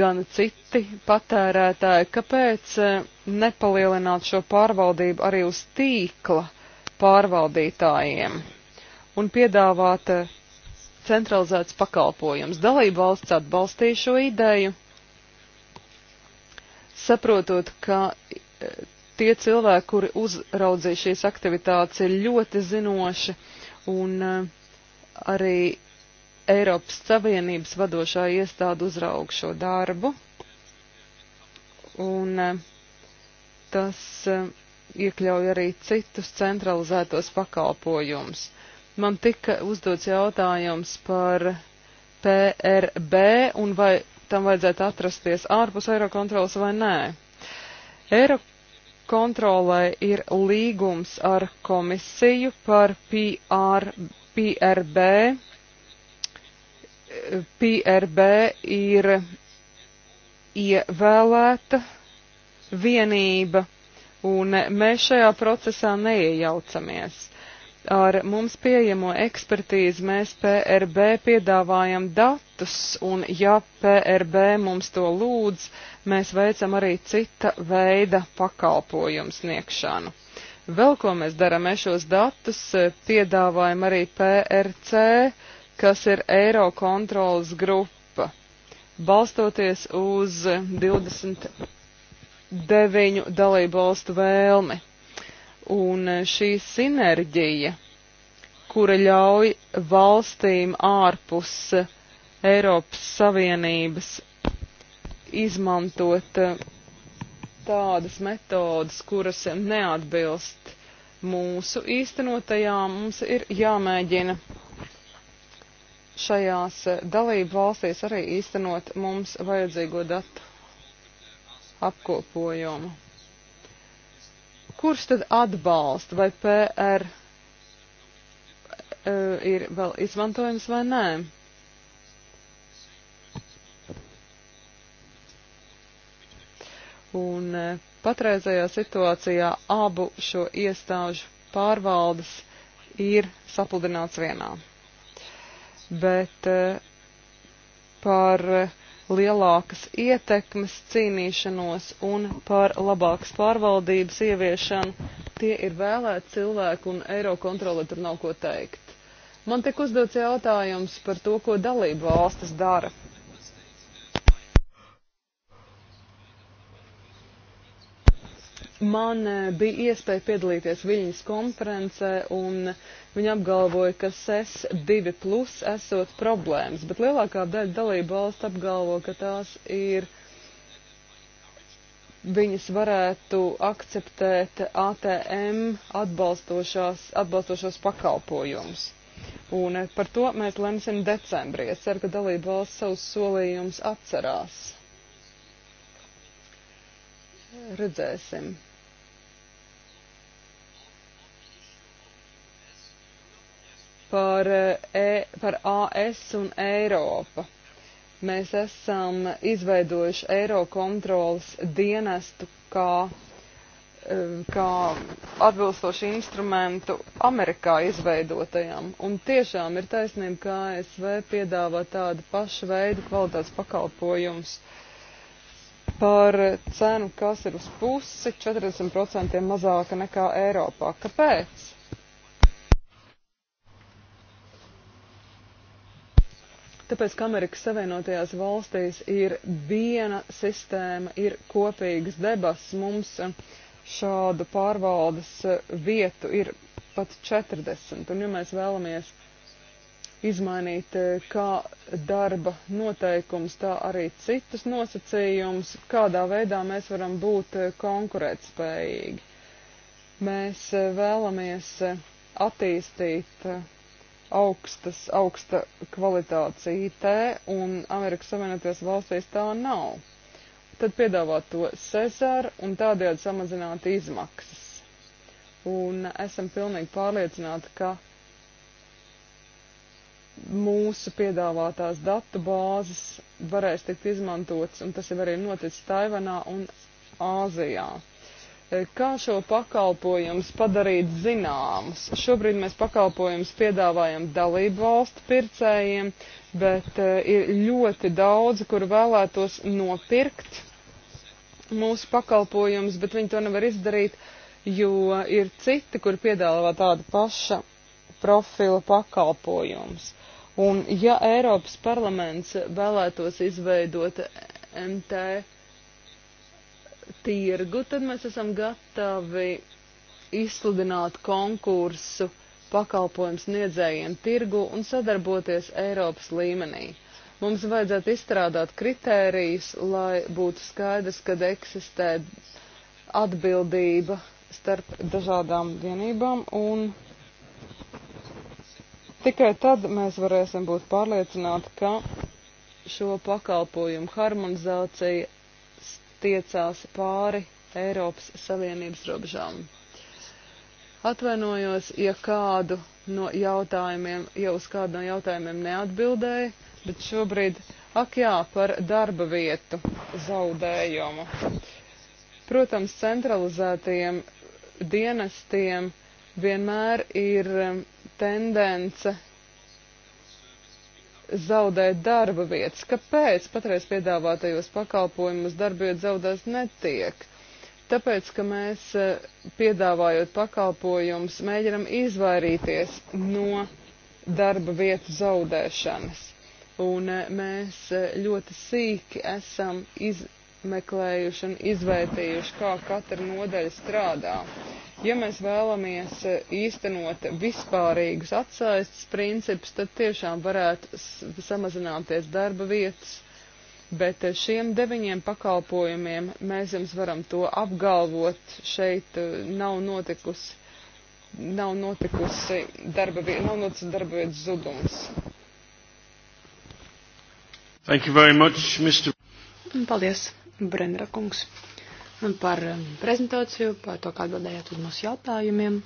gan citi patērētāji. Kāpēc e, nepalielināt šo pārvaldību arī uz tīkla pārvaldītājiem un piedāvāt e, centralizēts pakalpojums? Dalība valsts atbalstīja šo ideju, saprotot, ka e, tie cilvēki, kuri uzraudzīja šīs aktivitātes, ir ļoti zinoši un eh, arī Eiropas Savienības vadošā iestāde uzraug šo darbu. Un eh, tas eh, iekļauj arī citus centralizētos pakalpojumus. Man tika uzdots jautājums par PRB un vai tam vajadzētu atrasties ārpus Eirokontrolas vai nē. Eirokontrolas kontrolē ir līgums ar komisiju par PR, PRB. PRB ir ievēlēta vienība, un mēs šajā procesā neiejaucamies. Ar mums pieejamo ekspertīzi mēs PRB piedāvājam datus, un ja PRB mums to lūdz, mēs veicam arī cita veida pakalpojumu sniegšanu. Vēl ko mēs darām, mēs šos datus e, piedāvājam arī PRC, kas ir Eiro kontrolas grupa, balstoties uz 29 dalību valstu vēlmi. Un šī sinerģija, kura ļauj valstīm ārpus Eiropas Savienības izmantot eh, tādas metodas, kuras neatbilst mūsu īstenotajām, mums ir jāmēģina šajās dalību valstīs arī īstenot mums vajadzīgo datu apkopojumu kurš tad atbalsta vai PR e, ir vēl izmantojams vai nē? Un e, patreizajā situācijā abu šo iestāžu pārvaldes ir sapludināts vienā. Bet e, par uh, lielākas ietekmes cīnīšanos un par labākas pārvaldības ieviešanu. Tie ir vēlēti cilvēki un Eirokontrole tur nav ko teikt. Man tiek uzdots jautājums par to, ko dalību valstis dara. Man e, bija iespēja piedalīties Viļņas konferencē, un viņi apgalvoja, ka SES 2 plus esot problēmas, bet lielākā daļa dalību valsts apgalvo, ka tās ir, viņas varētu akceptēt ATM atbalstošos pakalpojumus. Un e, par to mēs lemsim decembrī. Es ceru, ka dalību valsts savus solījumus atcerās. Redzēsim. Par, eh, e, par AS un Eiropu. Mēs esam izveidojuši Eirokontrolas dienestu kā eh, kā atbilstoši instrumentu Amerikā izveidotajam. Un tiešām ir taisnība, ka ASV piedāvā tādu pašu veidu kvalitātes pakalpojumus par cenu, kas ir uz pusi 40% mazāka nekā Eiropā. Kāpēc? Tāpēc, ka Amerikas Savienotajās valstīs ir viena sistēma, ir kopīgas debas, mums šādu pārvaldes vietu ir pat 40. Un, ja mēs vēlamies izmainīt e, kā darba noteikums, tā arī citus nosacījumus, kādā veidā mēs varam būt e, konkurētspējīgi. Mēs e, vēlamies attīstīt augstas, augsta kvalitātes IT, un Amerikas Savienotajās valstīs tā nav. Tad piedāvāt to Cezāru un tādējādi samazināt izmaksas. Un esam pilnīgi pārliecināti, ka mūsu piedāvātās datu bāzes varēs tikt izmantotas, un tas jau arī noticis Taivanā un Āzijā. E, kā šo pakalpojumus padarīt zināmus? Šobrīd mēs pakalpojumus piedāvājam dalību valstu pircējiem, bet e, ir ļoti daudzi, kur vēlētos nopirkt mūsu pakalpojumus, bet viņi to nevar izdarīt, jo ir citi, kur piedāvā tāda paša profila pakalpojumus. Un ja Eiropas parlaments vēlētos izveidot MT tirgu, tad mēs esam gatavi izsludināt konkursu pakalpojumu sniedzējiem tirgu un sadarboties Eiropas līmenī. Mums vajadzētu izstrādāt kritērijus, lai būtu skaidrs, kad eksistē atbildība starp dažādām vienībām un Tikai tad mēs varēsim būt pārliecināti, ka šo pakalpojumu harmonizācija tiecās pāri Eiropas Savienības robežām. Atvainojos, ja kādu no jautājumiem, ja uz kādu no jautājumiem neatbildēju, bet šobrīd, ak jā, par darba vietu zaudējumu. Protams, centralizētajiem dienestiem vienmēr ir tendence zaudēt darba vietas. Kāpēc patreiz piedāvātajos pakalpojumus darba vietas zaudēs netiek? Tāpēc, ka mēs e, piedāvājot pakalpojumus, mēģinam izvairīties no darba vietu zaudēšanas. Un e, mēs e, ļoti sīki esam iz, izmeklējuši un izvērtījuši, kā katra nodaļa strādā. Ja mēs vēlamies eh, īstenot vispārīgus atsaistes principus, tad tiešām varētu samazināties darba vietas, bet eh, šiem deviņiem pakalpojumiem mēs jums varam to apgalvot, šeit eh, nav notikusi, nav notikusi darba vieta, nav notikusi darba vietas zudums. Thank you very much, Mr. Paldies. Brendra kungs, par um, prezentāciju, par to, kā atbildējāt uz mūsu jautājumiem.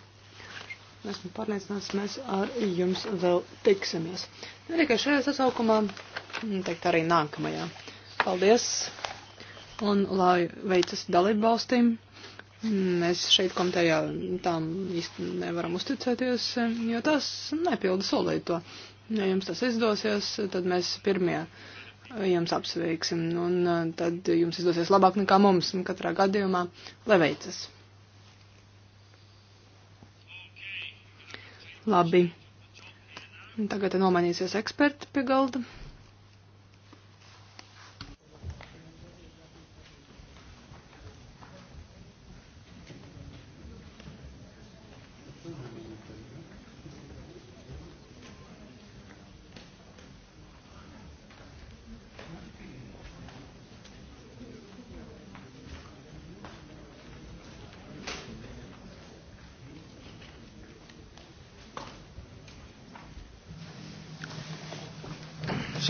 Esmu pārliecināts, mēs ar jums vēl tiksimies. Ne nu, tikai šajā sasaukumā, teikt arī nākamajā. Paldies! Un lai veicas dalību valstīm. Mēs šeit komitejā tām īsti nevaram uzticēties, jo tās nepilda solīto. Ja jums tas izdosies, tad mēs pirmie jums apsveiksim, un uh, tad jums izdosies labāk nekā mums, un katrā gadījumā lai veicas. Labi. Tagad nomainīsies eksperti pie galda.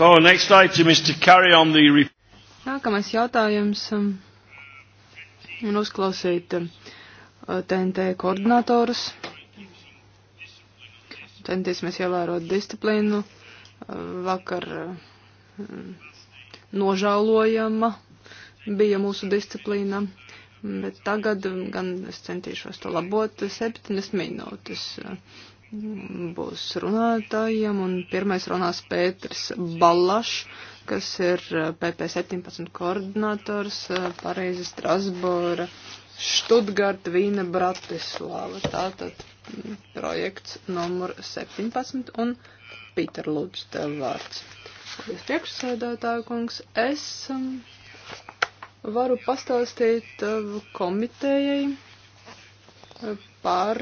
So, next item is to carry on the... Nākamais jautājums um, un uzklausīt uh, um, TNT koordinatorus. Centīsimies ievērot disciplīnu. Uh, vakar uh, um, nožēlojama bija mūsu disciplīna, bet tagad gan es centīšos to labot. Septiņas minūtes. Uh, būs runātājiem, un pirmais runās Pēters Balašs, kas ir eh, PP17 koordinators eh, Pareizi Strasbūra, Študgarta, Vīna, Bratislava. Tātad mm, projekts numur 17, un Pīter Lūdzu tev vārds. Paldies priekšsēdētāju kungs. Es mm, varu pastāstīt eh, komitējai par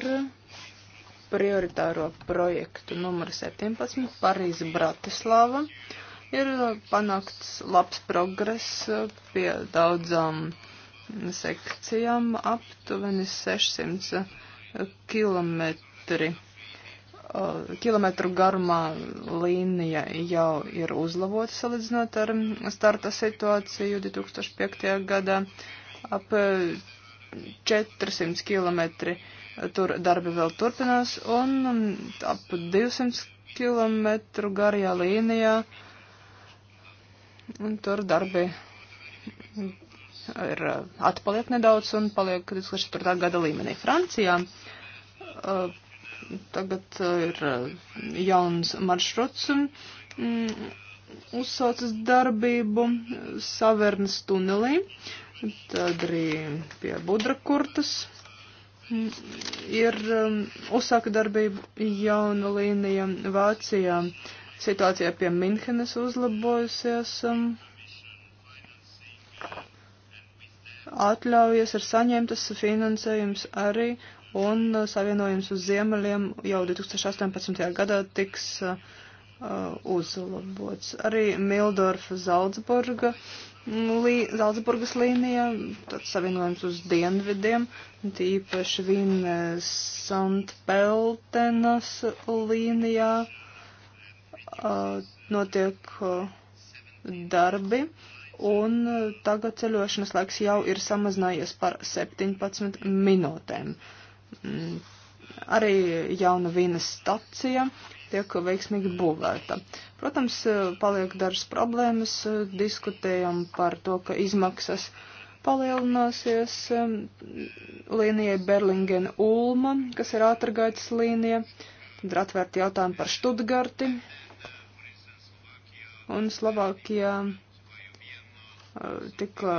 prioritāro projektu numuru 17 Parīzi Bratislava ir uh, panākts labs progress uh, pie daudzām mm, sekcijām, aptuveni 600 uh, kilometri. Kilometru garumā līnija jau ir uzlabota salīdzinot ar mm, starta situāciju 2005. gadā. Ap 400 kilometri uh, Tur darbi vēl turpinās un ap 200 km garajā līnijā. Un tur darbi ir uh, atpaliek nedaudz un paliek 2004. gada līmenī. Francijā uh, tagad uh, ir uh, jauns maršruts mm, uzsācis darbību Savernas tunelī, tad arī pie Budrakurtas ir um, uzsāka darbību jauna līnija Vācijā. Situācija pie Minhenes uzlabojusies. Um, atļaujas ir saņemtas finansējums arī un uh, savienojums uz ziemeļiem jau 2018. gadā tiks uh, uh, uzlabots. Arī Mildorfa Zaldzburga uh, lī, Zaldzburgas līnija, tad savienojums uz dienvidiem, tīpaši Vīne eh, Santpeltenas līnijā eh, notiek eh, darbi, un tagad ceļošanas laiks jau ir samazinājies par 17 minūtēm. Mm, arī jauna vīnas stacija tiek veiksmīgi būvēta. Protams, paliek dažas problēmas, diskutējam par to, ka izmaksas palielināsies um, līnijai Berlingen-Ulma, kas ir ātrgaitas līnija, tad ir atvērti jautājumi par Študgarti un Slovākijā uh, tika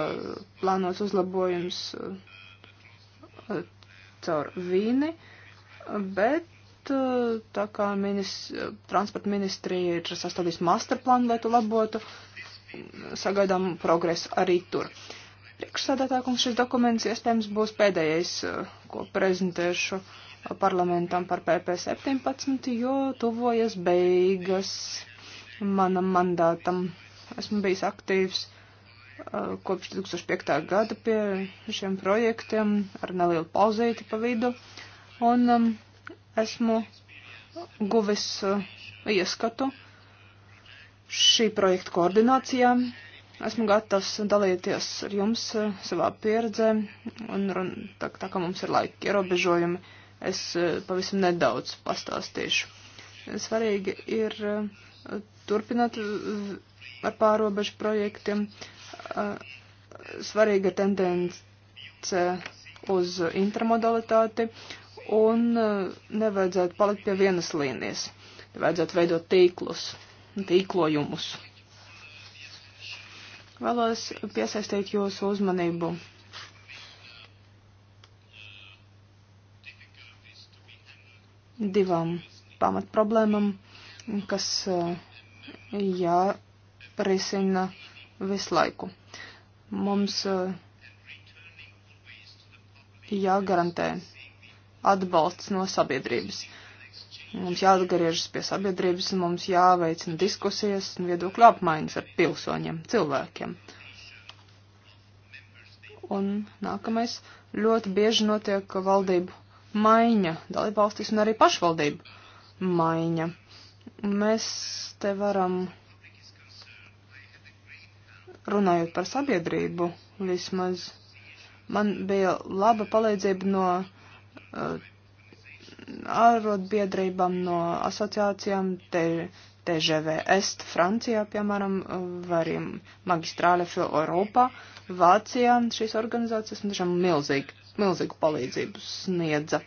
plānots uzlabojums uh, caur vīni, bet Eh, tā kā minis, transporta ministrija ir sastādījusi masterplānu, lai to labotu, sagaidām progresu arī tur. Priekšsādātākums šis dokuments iespējams būs pēdējais, eh, ko prezentēšu parlamentam par PP17, jo tuvojas beigas manam mandātam. Esmu bijis aktīvs eh, kopš 2005. gada pie šiem projektiem ar nelielu pauzīti pa vidu. Un um, esmu guvis uh, ieskatu šī projekta koordinācijā. Esmu gatavs dalīties ar jums uh, savā pieredzē, un tā, tā kā mums ir laika ierobežojumi, es uh, pavisam nedaudz pastāstīšu. Svarīgi ir turpināt ar pārobežu projektiem. Svarīga tendence uz intermodalitāti un eh, nevajadzētu palikt pie vienas līnijas. Vajadzētu veidot tīklus, tīklojumus. Vēlos piesaistīt jūsu uzmanību divām pamatproblēmām, kas eh, jārisina visu laiku. Mums eh, jāgarantē atbalsts no sabiedrības. Mums jāatgriežas pie sabiedrības un mums jāveicina diskusijas un viedokļu apmaiņas ar pilsoņiem, cilvēkiem. Un nākamais ļoti bieži notiek valdību maiņa, dalībvalstīs un arī pašvaldību maiņa. Mēs te varam, runājot par sabiedrību, vismaz man bija laba palīdzība no arotbiedrībām, eh, no asociācijām, te, TGV Est Francijā, piemēram, vai arī Magistrāle Fil Europa, Vācijā. Šīs organizācijas man nu, tiešām milzīgi, milzīgu palīdzību sniedza.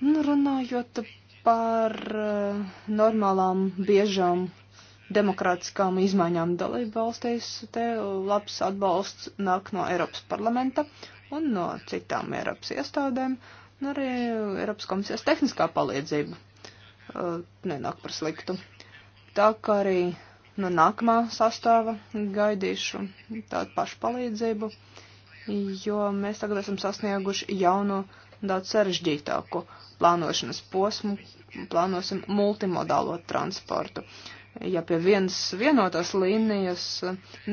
Nu, runājot par eh, normālām, biežām demokrātiskām izmaiņām dalību valstīs, te labs atbalsts nāk no Eiropas parlamenta un no citām Eiropas iestādēm. Uh, un arī Eiropas komisijas tehniskā palīdzība uh, nenāk par sliktu. Tā kā arī no nu, nākamā sastāva gaidīšu tādu pašu palīdzību, jo mēs tagad esam sasnieguši jaunu, daudz sarežģītāku plānošanas posmu, plānosim multimodālo transportu. Ja pie vienas vienotās līnijas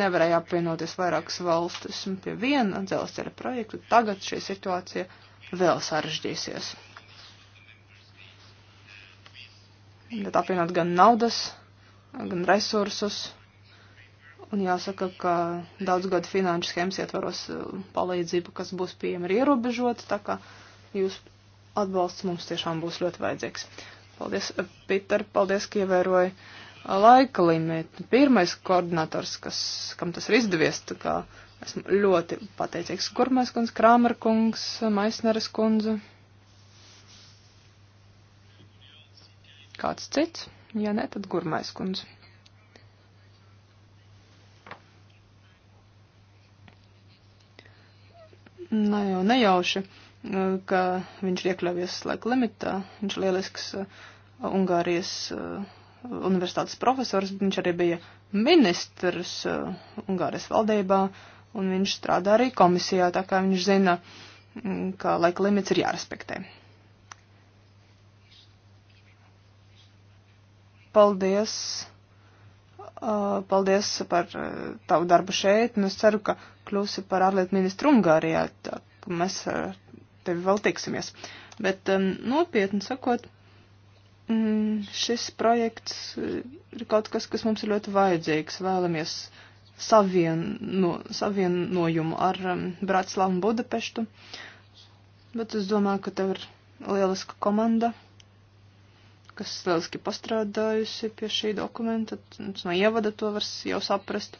nevarēja apvienoties vairākas valstis un pie viena dzelzceļa projekta, tagad šī situācija vēl sarežģīsies. Bet apvienot gan naudas, gan resursus, un jāsaka, ka daudz gadu finanšu schēmas ietvaros eh, palīdzība, kas būs pieejama, ir ierobežota, tā kā jūs atbalsts mums tiešām būs ļoti vajadzīgs. Paldies, eh, Piter, paldies, ka ievēroji eh, laika limitu. Pirmais koordinators, kas, kam tas ir izdevies, tā kā Esmu ļoti pateicīgs Gurmais kundze, Krāmer kungs, Maisneres kundze. Kāds cits? Ja ne, tad Gurmais kundze. Nē, jau nejauši, ka viņš iekļāvies laika limitā. Viņš lielisks uh, Ungārijas uh, universitātes profesors, viņš arī bija ministrs uh, Ungārijas valdībā. Uh, un viņš strādā arī komisijā, tā kā viņš zina, mm, ka laika limits ir jārespektē. Paldies! Paldies par tavu darbu šeit, un es ceru, ka kļūsi par ārlietu ministru Ungārijā, tā ka mēs ar tevi vēl tiksimies. Bet um, nopietni sakot, mm, šis projekts ir kaut kas, kas mums ir ļoti vajadzīgs. Vēlamies uh, savieno, savienojumu ar um, Bratislavu un Budapeštu. Bet es domāju, ka tev ir lieliska komanda, kas lieliski pastrādājusi pie šī dokumenta. No ievada to var jau saprast.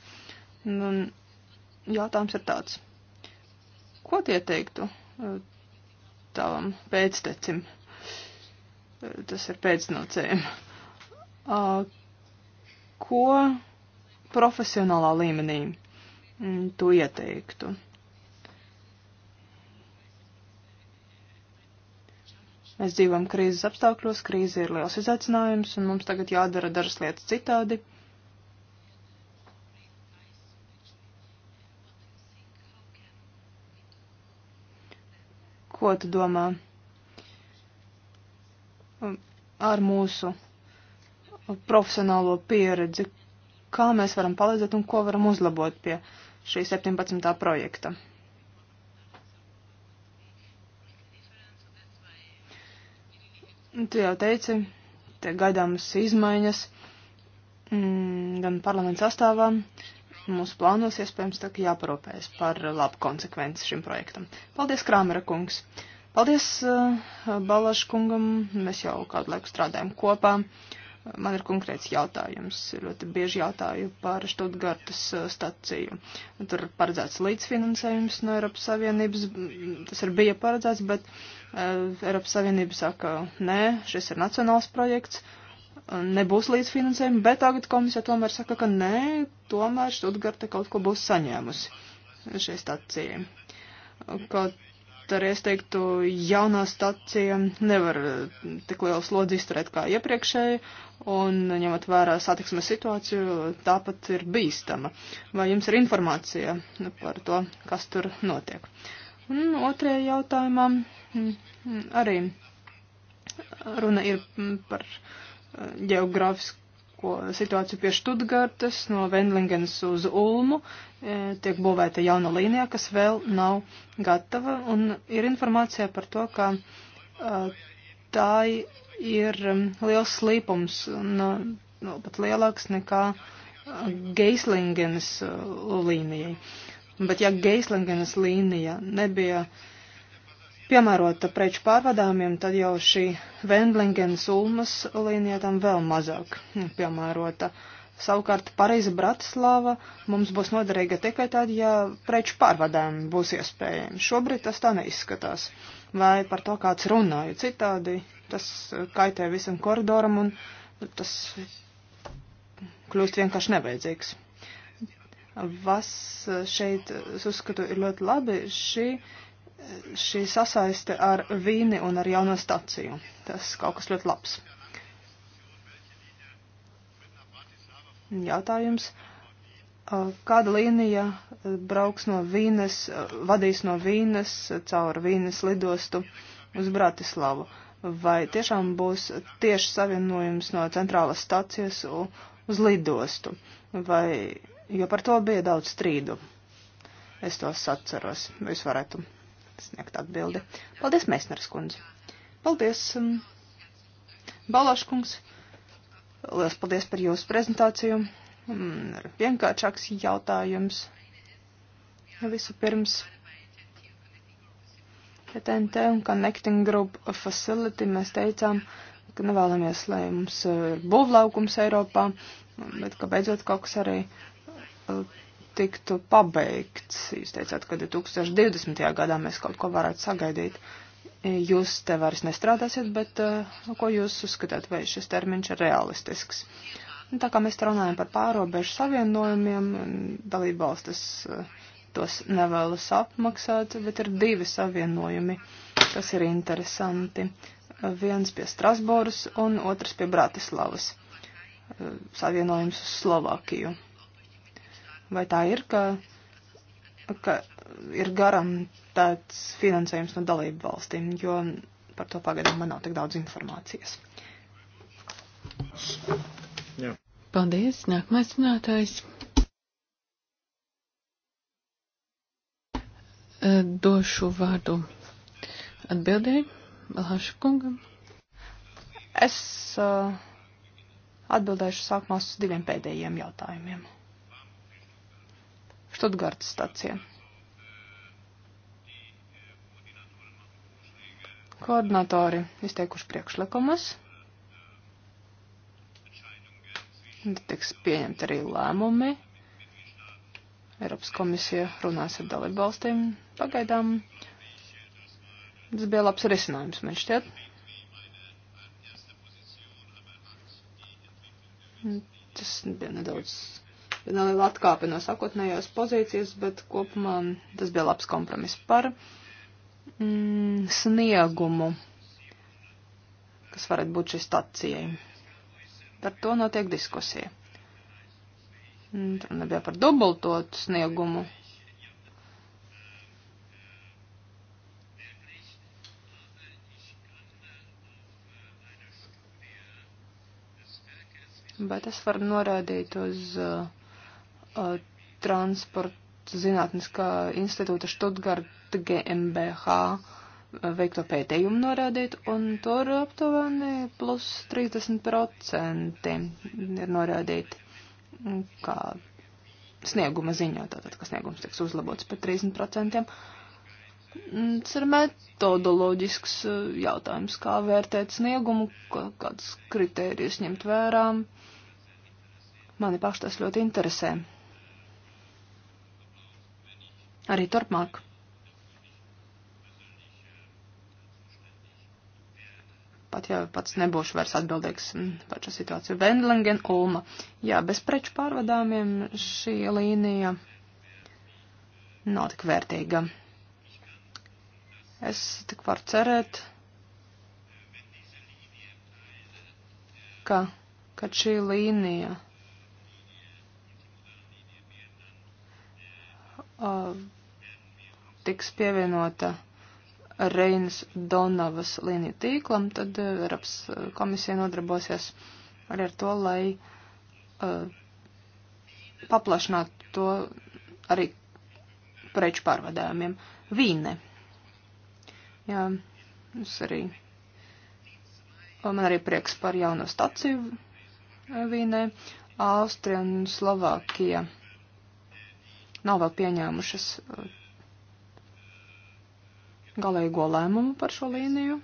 Un jautājums ir tāds. Ko tie teiktu uh, tavam pēctecim? Uh, tas ir pēcnācējiem. Uh, ko profesionālā līmenī. Mm, to ieteiktu. Mēs dzīvojam krīzes apstākļos, krīze ir liels izaicinājums, un mums tagad jādara dažas lietas citādi. Ko tu domā um, ar mūsu profesionālo pieredzi, kā mēs varam palīdzēt un ko varam uzlabot pie šī 17. projekta. Nu, tu jau teici, te gaidāmas izmaiņas mm, gan parlamentu sastāvā, mūsu plānos iespējams tā kā jāparūpējas par labu konsekvenci šim projektam. Paldies, Krāmera kungs! Paldies uh, eh, Balaškungam, mēs jau kādu laiku strādājam kopā. Uh, Man ir konkrēts jautājums. Ļoti bieži jautāju par Štutgartas uh, staciju. Tur ir paredzēts līdzfinansējums no Eiropas Savienības. Tas ir bija paredzēts, bet uh, Eiropas Savienība saka, nē, šis ir nacionāls projekts, nebūs līdzfinansējuma, bet tagad komisija tomēr saka, ka nē, tomēr Štutgarta kaut ko būs saņēmusi šai stacijai. Kaut arī es teiktu, jaunā stacija nevar eh, tik lielu slodzi izturēt kā iepriekšēji, un ņemot vērā satiksmes situāciju, tāpat ir bīstama. Vai jums ir informācija par to, kas tur notiek? Un otrajā jautājumā mm, mm, arī runa ir par mm, eh, geogrāfisku ko, situāciju pie Študgartes, no Vendlingenes uz Ulmu, e, tiek būvēta jauna līnija, kas vēl nav gatava, un ir informācija par to, ka e, tā ir liels slīpums, un e, no, nu, pat lielāks nekā Geislingenes līnijai. Bet ja Geislingenes līnija nebija uh, piemērota preču pārvadājumiem, tad jau šī Vendlingenas ulmas līnija tam vēl mazāk piemērota. Savukārt Pareiza Bratislava mums būs noderīga tikai tad, ja preču pārvadājumi būs iespējami. Šobrīd tas tā neizskatās. Vai par to kāds runāja citādi, tas kaitē visam koridoram un tas kļūst vienkārši nevajadzīgs. Vas šeit, es uzskatu, ir ļoti labi šī šī sasaiste ar vīni un ar jauno staciju. Tas kaut kas ļoti labs. Jautājums. Kāda līnija brauks no Vīnes, vadīs no Vīnes caur Vīnes lidostu uz Bratislavu? Vai tiešām būs tieši savienojums no centrālas stacijas uz lidostu? Vai, jo par to bija daudz strīdu. Es tos atceros. Visu varētu sniegt atbildi. Paldies, Meisners kundze. Paldies, um, Balaškungs. Lielas paldies par jūsu prezentāciju. Um, vienkāršāks jautājums. Visu pirms. TNT un Connecting Group Facility mēs teicām, ka nevēlamies, lai mums ir uh, būvlaukums Eiropā, bet ka beidzot kaut kas arī uh, tiktu pabeigts. Jūs teicāt, ka 2020. gadā mēs kaut ko varētu sagaidīt. Jūs te vairs nestrādāsiet, bet nu, ko jūs uzskatāt, vai šis termiņš ir realistisks? Un tā kā mēs runājam par pārobežu savienojumiem, dalībvalstis eh, tos nevēlas apmaksāt, bet ir divi savienojumi, kas ir interesanti. Viens pie Strasbūras un otrs pie Bratislavas. Eh, savienojums uz Slovākiju. Vai tā ir, ka, ka ir garantēts finansējums no dalību valstīm, jo par to pagaidām man nav tik daudz informācijas. Jā. Paldies, nākamais runātājs. Došu vārdu atbildēji Balhaša kungam. Es uh, atbildēšu sākumā uz diviem pēdējiem jautājumiem. Štutgarts stacija. Koordinatori izteikuši priekšlikumus. Tiks pieņemt arī lēmumi. Eiropas komisija runās ar dalībvalstīm. Pagaidām tas bija labs risinājums, man šķiet. Tas bija nedaudz neliela atkāpe no sakotnējās pozīcijas, bet kopumā tas bija labs kompromiss par mm, sniegumu, kas varētu būt šī stacijai. Par to notiek diskusija. Mm, tur nebija par dubultotu sniegumu. Bet es varu norādīt uz uh, uh, transporta zinātniskā institūta Štutgarta GmbH uh, veikto pētījumu norādīt, un tur aptuveni plus 30% ir norādīti, mm, kā snieguma ziņā, tātad, ka sniegums tiks uzlabots par 30%. Mm, tas ir metodoloģisks uh, jautājums, kā vērtēt sniegumu, kādas kritērijas ņemt vērā. Mani paši tas ļoti interesē arī turpmāk. Pat jau pats nebūšu vairs atbildīgs mm, par šo situāciju. Vendlingen, Ulma. Jā, bez preču pārvadājumiem šī līnija nav tik vērtīga. Es tik varu cerēt, ka, kad šī līnija. Uh, tiks pievienota Reinas Donavas līniju tīklam, tad eh, Eiropas eh, komisija nodarbosies arī ar to, lai uh, paplašinātu to arī preču pārvadājumiem. Vīne. Jā, es arī. Man arī prieks par jauno staciju Vīnē. Austrija un Slovākija nav vēl pieņēmušas galīgo lēmumu par šo līniju.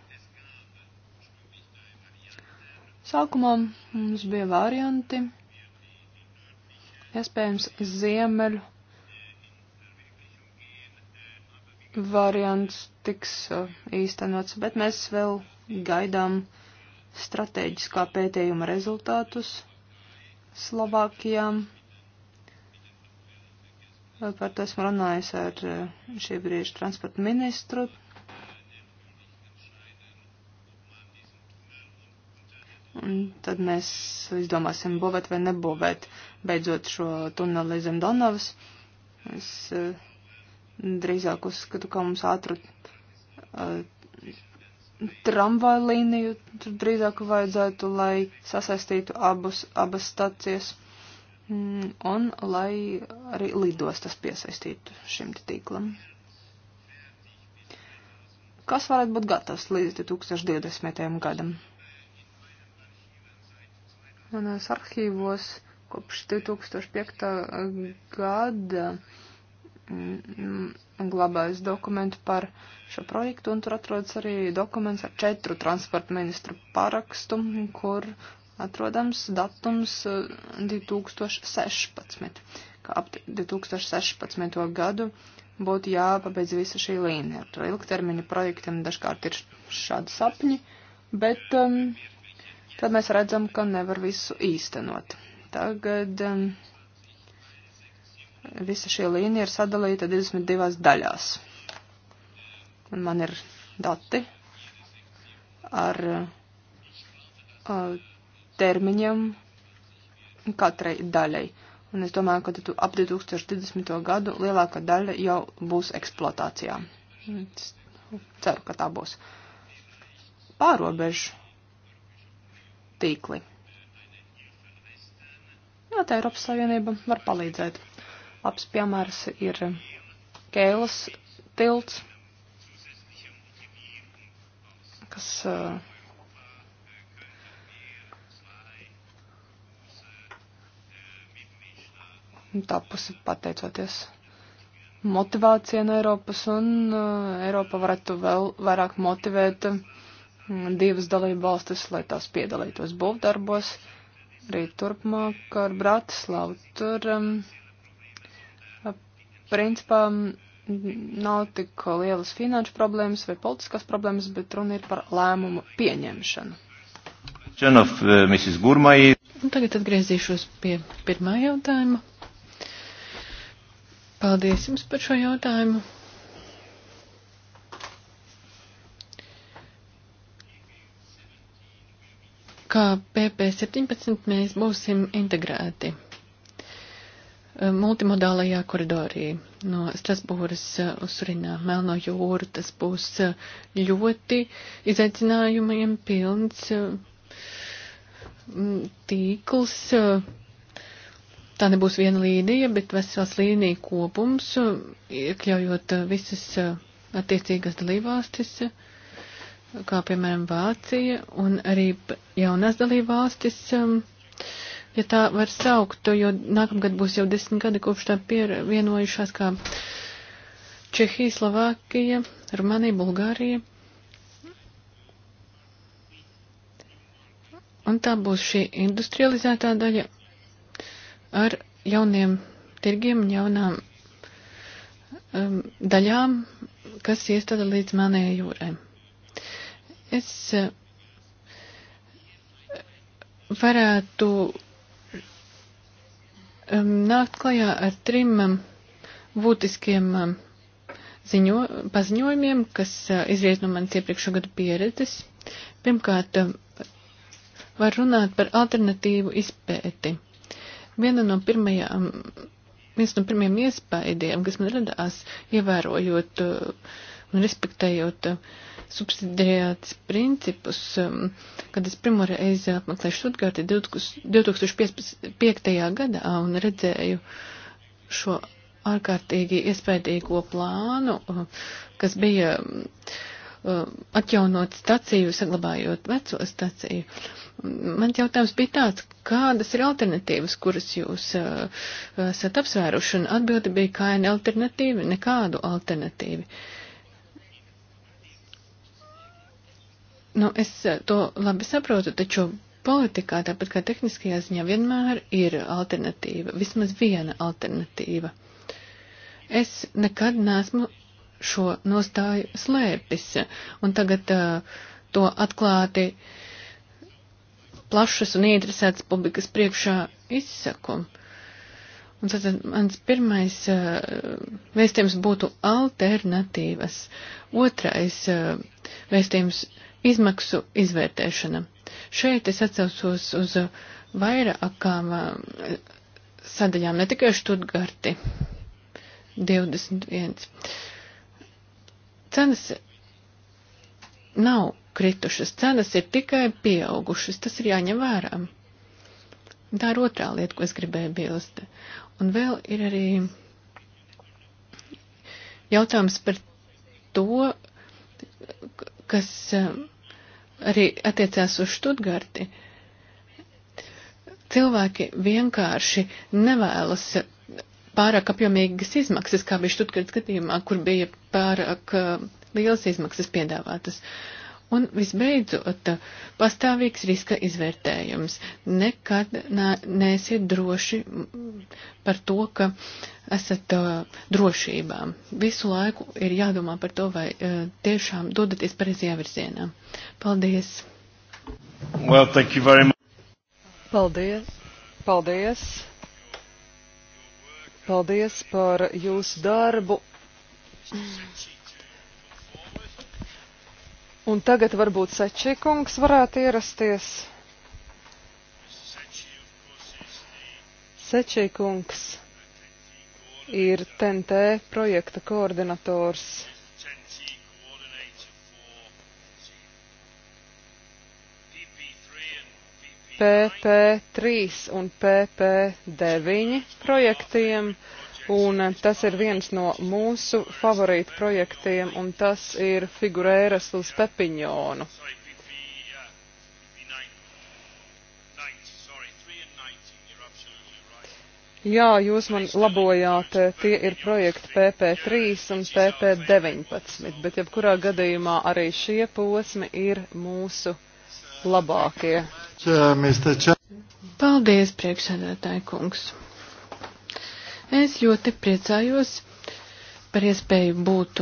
Sākumā mums bija varianti, iespējams, ziemeļu variants tiks uh, īstenots, bet mēs vēl gaidām stratēģiskā pētījuma rezultātus Slovākijām. Par to esmu runājis ar uh, šī brīža transporta ministru. Un tad mēs izdomāsim būvēt vai nebūvēt, beidzot šo tuneli zem Donavas. Es uh, drīzāk uzskatu, ka mums ātru uh, tramvaju līniju tur drīzāk vajadzētu, lai sasaistītu abus, abas stacijas mm, un lai arī lidostas piesaistītu šim tīklam. Kas varētu būt gatavs līdz 2020. gadam? Manos arhīvos kopš 2005. gada mm, glabājas dokumentu par šo projektu, un tur atrodas arī dokuments ar četru transporta ministru parakstu, kur atrodams datums 2016, eh, ka ap 2016. gadu būtu jāpabeidz visa šī līnija. Ar to ilgtermiņa projektiem dažkārt ir šādi sapņi, bet um, tad mēs redzam, ka nevar visu īstenot. Tagad um, visa šī līnija ir sadalīta 22 daļās. Un man ir dati ar uh, termiņiem katrai daļai. Un es domāju, ka ap 2020. gadu lielākā daļa jau būs eksploatācijā. Es ceru, ka tā būs. Pārobežu tīkli. Jā, tā Eiropas Savienība var palīdzēt. Labs piemērs ir Kēlas tilts, kas uh, tapusi pateicoties motivācija no Eiropas, un uh, Eiropa varētu vēl vairāk motivēt uh, divas dalību valstis, lai tās piedalītos būvdarbos. Arī turpmāk ar Bratislavu. Tur um, principā nav tik lielas finanšu problēmas vai politiskas problēmas, bet runa ir par lēmumu pieņemšanu. Of, uh, tagad atgriezīšos pie pirmā jautājuma. Paldies jums par šo jautājumu. ka PP17 mēs būsim integrēti e, multimodālajā koridorī no Strasbūras e, uz Surinā, Melno jūru. Tas būs e, ļoti izaicinājumiem pilns tīkls. Tā nebūs viena līnija, bet vesels līnija kopums, iekļaujot visas attiecīgas dalībvalstis. Uh, kā piemēram Vācija un arī jaunās dalībvalstis, um, ja tā var saukt, jo nākamgad būs jau desmit gadi kopš tā pievienojušās kā Čehija, Slovākija, Rumānija, Bulgārija. Un tā būs šī industrializētā daļa ar jauniem tirgiem, jaunām um, daļām, kas iestāda līdz manējai jūrai es eh, varētu eh, nākt klajā ar trim eh, būtiskiem ziņo, paziņojumiem, kas izriet no manas iepriekšā gadu pieredzes. Pirmkārt, var runāt par alternatīvu izpēti. Viena no pirmajām, mm, viens no pirmajiem iespējiem, kas man radās, ievērojot uh, respektējot uh, subsidiariātas principus, um, kad es pirmo reizi apmeklēju Štutgārti 2005. gadā un redzēju šo ārkārtīgi iespējīgo plānu, uh, kas bija uh, atjaunot staciju, saglabājot veco staciju. Mans jautājums bija tāds, kādas ir alternatīvas, kuras jūs esat apsvēruši, un atbildi bija, kā ir alternatīva, nekādu alternatīvu. Nu, es eh, to labi saprotu, taču politikā, tāpat kā tehniskajā ziņā, vienmēr ir alternatīva, vismaz viena alternatīva. Es nekad neesmu šo nostāju slēpis, un tagad uh, to atklāti plašas un ieinteresētas publikas priekšā izsaku. Un tad mans pirmais uh, vēstījums būtu alternatīvas. Otrais uh, vēstījums Izmaksu izvērtēšana. Šeit es atcaucos uz vairākām eh, sadaļām, ne tikai Študgarti 21. Cenas nav kritušas, cenas ir tikai pieaugušas, tas ir jāņem vērā. Tā ir otrā lieta, ko es gribēju bilst. Un vēl ir arī jautājums par to, kas eh, arī attiecās uz Študgarti. Cilvēki vienkārši nevēlas pārāk apjomīgas izmaksas, kā bija Študgarta gadījumā, kur bija pārāk eh, liels izmaksas piedāvātas. Uh, Un visbeidzot, pastāvīgs riska izvērtējums. Nekad neesiet droši par to, ka esat drošībā. Visu laiku ir jādomā par to, vai tiešām dodaties pareizajā virzienā. Paldies! Well, thank you very much. Paldies! Paldies! Paldies par jūsu darbu! Mm. Un tagad varbūt Sečīkungs varētu ierasties. Sečīkungs ir TNT projekta koordinators. PP3 un PP9 projektiem. Uh, un eh, tas ir viens no mūsu favorītu projektiem, un tas ir figurēras uz Pepiņonu. Jā, jūs man labojāt, eh, tie ir projekti PP3 un PP19, bet jebkurā gadījumā arī šie posmi ir mūsu labākie. Paldies, priekšsēdētāji kungs. Es ļoti priecājos par iespēju būt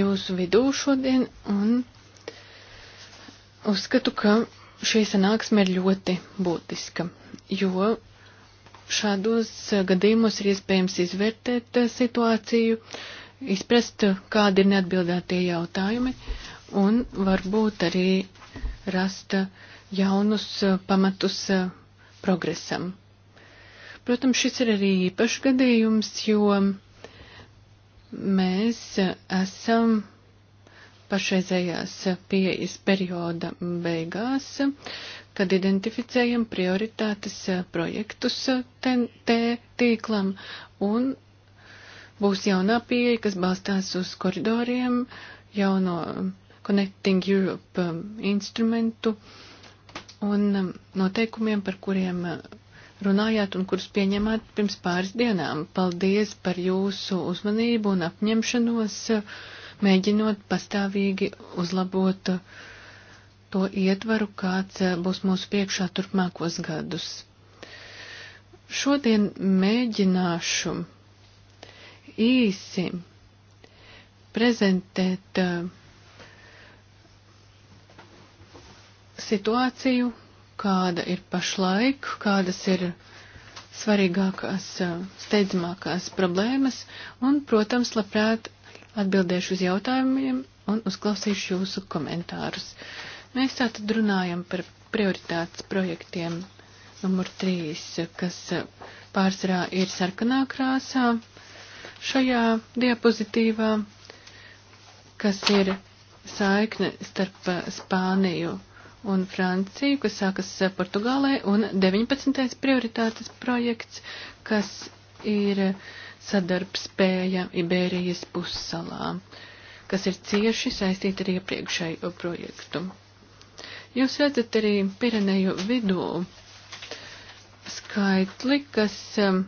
jūsu vidū šodien un uzskatu, ka šī sanāksme ir ļoti būtiska, jo šādos gadījumos ir iespējams izvērtēt situāciju, izprast, kādi ir neatbildētie jautājumi un varbūt arī rast jaunus pamatus progresam. Protams, šis ir arī īpašs gadījums, jo mēs esam pašreizējās pieejas perioda beigās, kad identificējam prioritātes projektus TNT tīklam un būs jaunā pieeja, kas balstās uz koridoriem, jauno Connecting Europe um, instrumentu un um, noteikumiem, par kuriem uh, runājāt un kurus pieņemāt pirms pāris dienām. Paldies par jūsu uzmanību un apņemšanos, mēģinot pastāvīgi uzlabot to ietvaru, kāds būs mūsu priekšā turpmākos gadus. Šodien mēģināšu īsi prezentēt eh, situāciju, kāda ir pašlaik, kādas ir svarīgākās, steidzamākās problēmas, un, protams, labprāt atbildēšu uz jautājumiem un uzklausīšu jūsu komentārus. Mēs tātad runājam par prioritātes projektiem numur 3, kas pārsvarā ir sarkanā krāsā šajā diapozitīvā, kas ir saikne starp Spāniju un Franciju, kas sākas Portugālē, un 19. prioritātes projekts, kas ir sadarbspēja Iberijas pussalā, kas ir cieši saistīta ar iepriekšējo projektu. Jūs redzat arī Pireneju vidū skaitli, kas um,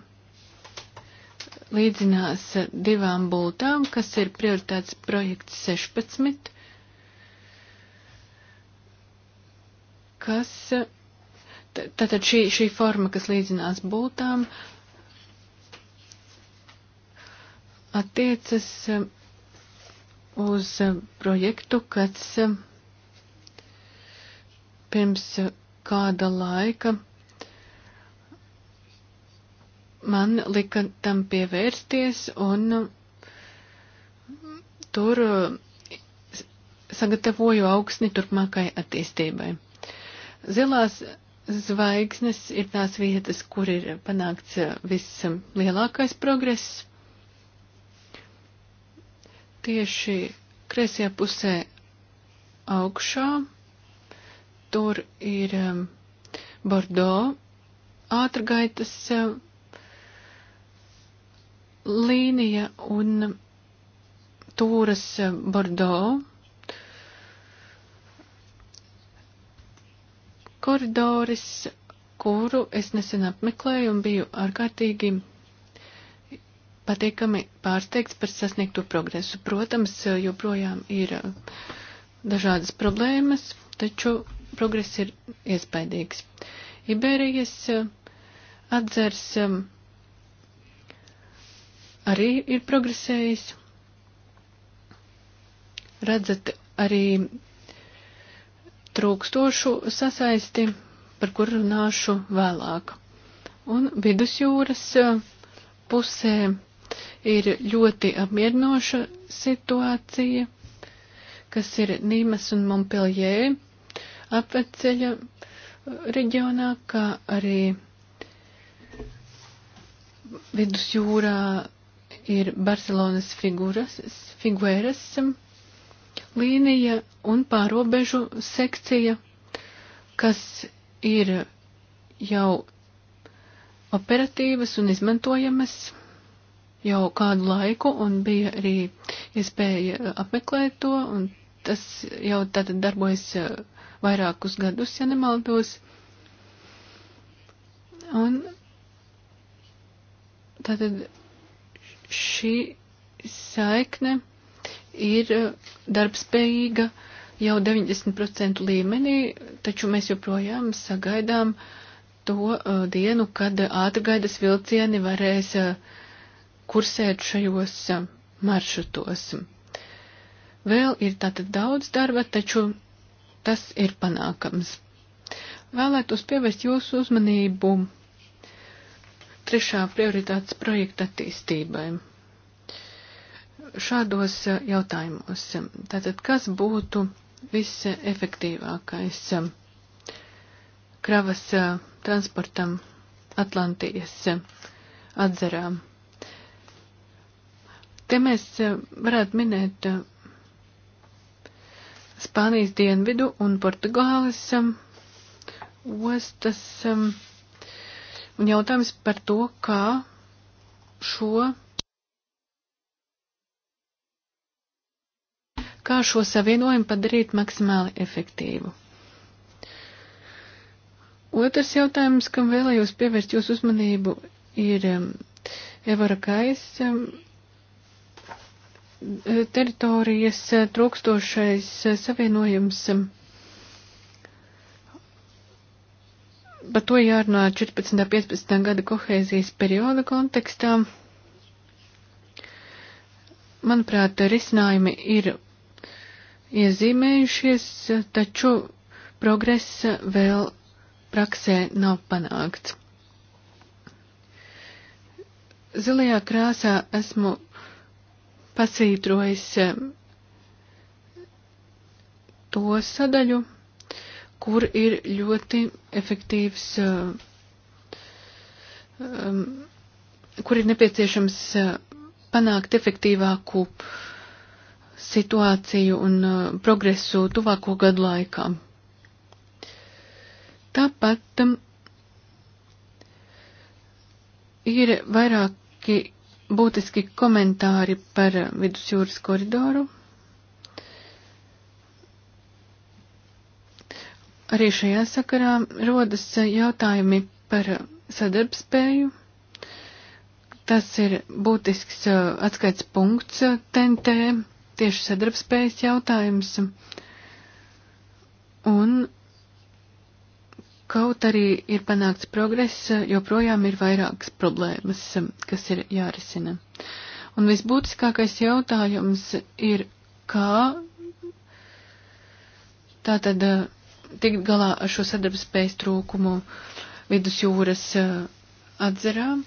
līdzinās divām bultām, kas ir prioritātes projekts 16 kas, tātad šī, šī forma, kas līdzinās būtām, attiecas um, uz um, projektu, kas um, pirms kāda laika man lika tam pievērsties un tur sagatavoju augsni turpmākai attīstībai. Zilās zvaigznes ir tās vietas, kur ir panākts eh, vislielākais progress. Tieši kreisajā pusē augšā tur ir eh, Bordeaux ātrgaitas eh, līnija un Tūras Bordeaux koridoris, kuru es nesen apmeklēju un biju ārkārtīgi patīkami pārsteigts par sasniegto progresu. Protams, joprojām ir dažādas problēmas, taču progress ir iespaidīgs. Iberijas atzars um, arī ir progresējis. Redzat arī trūkstošu sasaisti, par kur runāšu vēlāk. Un vidusjūras e, pusē ir ļoti apmierinoša situācija, kas ir Nīmas un Montpellier apveceļa e, reģionā, kā arī vidusjūrā ir Barcelonas figuras, figueras, figueras līnija un pārobežu sekcija, kas ir jau operatīvas un izmantojamas jau kādu laiku un bija arī iespēja apmeklēt to un tas jau tātad darbojas e, vairākus gadus, ja nemaldos. Un tātad šī saikne ir eh, darbspējīga jau 90% līmenī, taču mēs joprojām sagaidām to uh, dienu, kad ātrgaidas vilcieni varēs uh, kursēt šajos uh, maršrutos. Vēl ir tātad daudz darba, taču tas ir panākams. Vēlētos pievērst jūsu uzmanību trešā prioritātes projekta attīstībai šādos e, jautājumos. Tātad, kas būtu visefektīvākais e, kravas e, transportam Atlantijas atzarā? Te mēs varētu minēt Spānijas dienvidu un Portugāles ostas un jautājums par to, kā šo kā šo savienojumu padarīt maksimāli efektīvu. Otrs jautājums, kam vēlējos pievērst jūsu uzmanību, ir um, Evara Kais um, teritorijas uh, trūkstošais uh, savienojums. Um, Par to jārunā 14. 15. gada kohēzijas perioda kontekstā. Manuprāt, risinājumi ir iezīmējušies, taču progress vēl praksē nav panākts. Zilajā krāsā esmu pasvītrojis eh, to sadaļu, kur ir ļoti efektīvs, eh, um, kur ir nepieciešams eh, panākt efektīvāku uh, situāciju un eh, progresu tuvāko gadu laikā. Tāpat um, ir vairāki būtiski komentāri par vidusjūras koridoru. Arī šajā sakarā rodas jautājumi par sadarbspēju. Tas ir būtisks eh, atskaits punkts TNT eh, tieši sadarbspējas jautājums. Un kaut arī ir panākts progress, joprojām ir vairākas problēmas, kas ir jārisina. Un visbūtiskākais jautājums ir, kā tātad eh, tikt galā ar šo sadarbspējas trūkumu vidusjūras eh, atzarām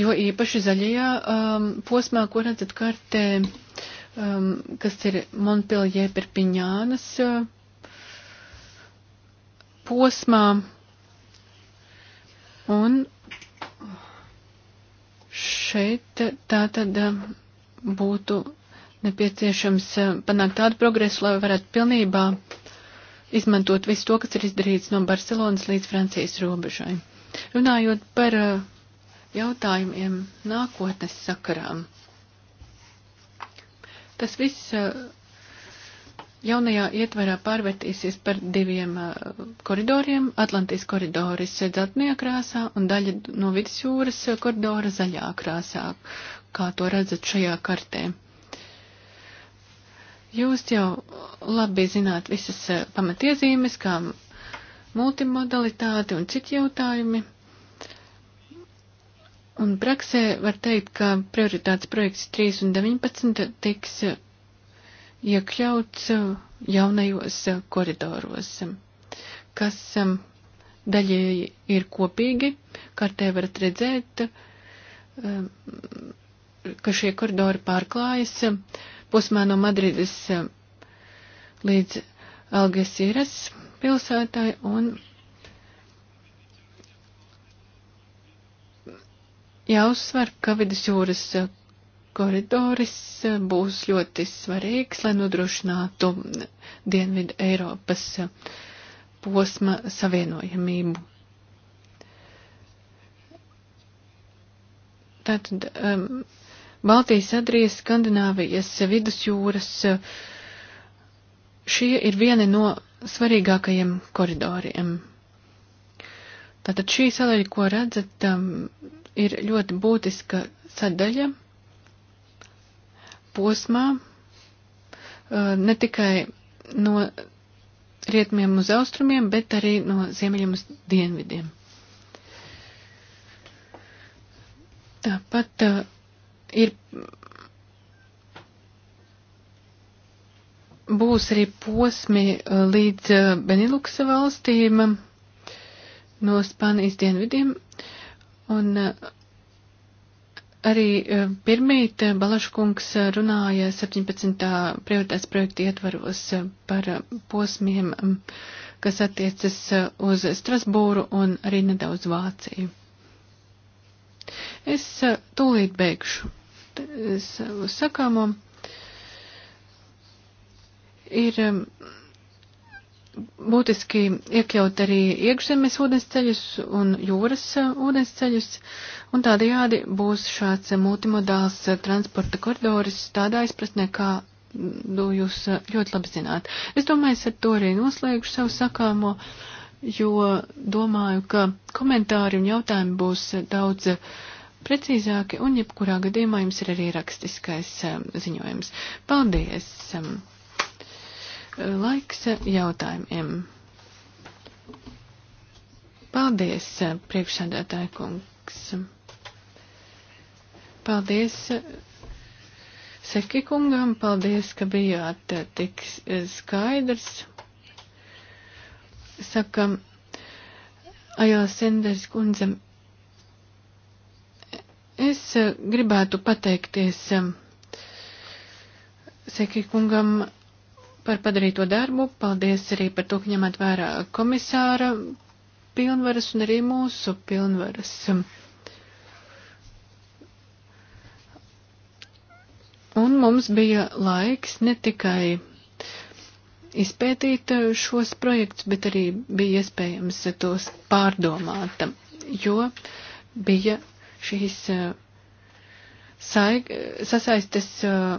jo īpaši zaļajā um, posmā, ko redzat kartē, um, kas ir Montpellier Perpiņānas uh, posmā. Un šeit tā tad uh, būtu nepieciešams uh, panākt tādu progresu, lai varētu pilnībā izmantot visu to, kas ir izdarīts no Barcelonas līdz Francijas robežai. Runājot par uh, jautājumiem nākotnes sakarām. Tas viss uh, jaunajā ietvarā pārvērtīsies par diviem uh, koridoriem - Atlantijas koridoris dzeltenajā krāsā un daļa no vidusjūras uh, koridora zaļā krāsā, kā to redzat šajā kartē. Jūs jau labi zināt visas pamatiezīmes, kā multimodalitāte un citi jautājumi. Un praksē var teikt, ka prioritātes projekts 3 un 19 tiks iekļauts jaunajos koridoros, kas daļēji ir kopīgi, kartē varat redzēt, ka šie koridori pārklājas posmā no Madrides līdz Algesīras pilsētai un Jāuzsver, ka vidus jūras eh, koridoris eh, būs ļoti svarīgs, lai nodrošinātu Dienvidu Eiropas eh, posma savienojamību. Tātad um, Baltijas Adrijas, Skandināvijas, Vidusjūras, šie ir vieni no svarīgākajiem koridoriem. Tātad šī sadaļa, ko redzat, um, ir ļoti būtiska sadaļa posmā eh, ne tikai no rietumiem uz austrumiem, bet arī no ziemeļiem uz dienvidiem. Tāpat uh, ir būs arī posmi uh, līdz uh, Beniluksa valstīm no Spānijas dienvidiem Un eh, arī eh, pirmīt eh, Balaškungs runāja 17. prioritātes projekta ietvaros par posmiem, mm, kas attiecas uz Strasbūru un arī nedaudz Vāciju. Es tūlīt beigšu savu sakāmo. Ir būtiski iekļaut arī iekšzemes ūdensceļus un jūras eh, ūdensceļus, un tādējādi būs šāds multimodāls eh, transporta koridoris tādā izpratnē, kā mm, nu, jūs eh, ļoti labi zināt. Es domāju, es ar to arī noslēgšu savu sakāmo, jo domāju, ka komentāri un jautājumi būs daudz precīzāki, un jebkurā gadījumā jums ir arī rakstiskais ziņojums. Paldies! Laiks jautājumiem. Paldies, priekšsādātāja kungs. Paldies Seki kungam, paldies, ka bijāt eh, tik skaidrs. Saka, Ajā Senders kundzem, es eh, gribētu pateikties eh, Seki kungam par padarīto darbu. Paldies arī par to, ka ņemat vērā komisāra pilnvaras un arī mūsu pilnvaras. Un mums bija laiks ne tikai izpētīt šos projektus, bet arī bija iespējams tos pārdomāt, jo bija šīs eh, saig, sasaistes uh,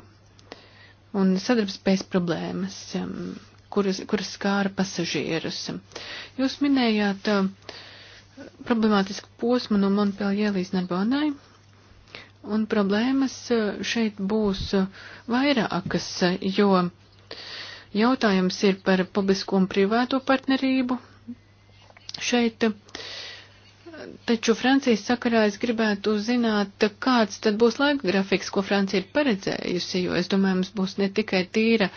un sadarbspējas problēmas, um, kuras, kuras skāra pasažierus. Jūs minējāt um, problemātisku posmu no Montpellier līdz Narbonai, un problēmas uh, šeit būs uh, vairākas, uh, jo jautājums ir par publisko un privāto partnerību. Šeit uh, Taču Francijas sakarā es gribētu zināt, kāds tad būs laika grafiks, ko Francija ir paredzējusi, jo es domāju, mums būs ne tikai tīra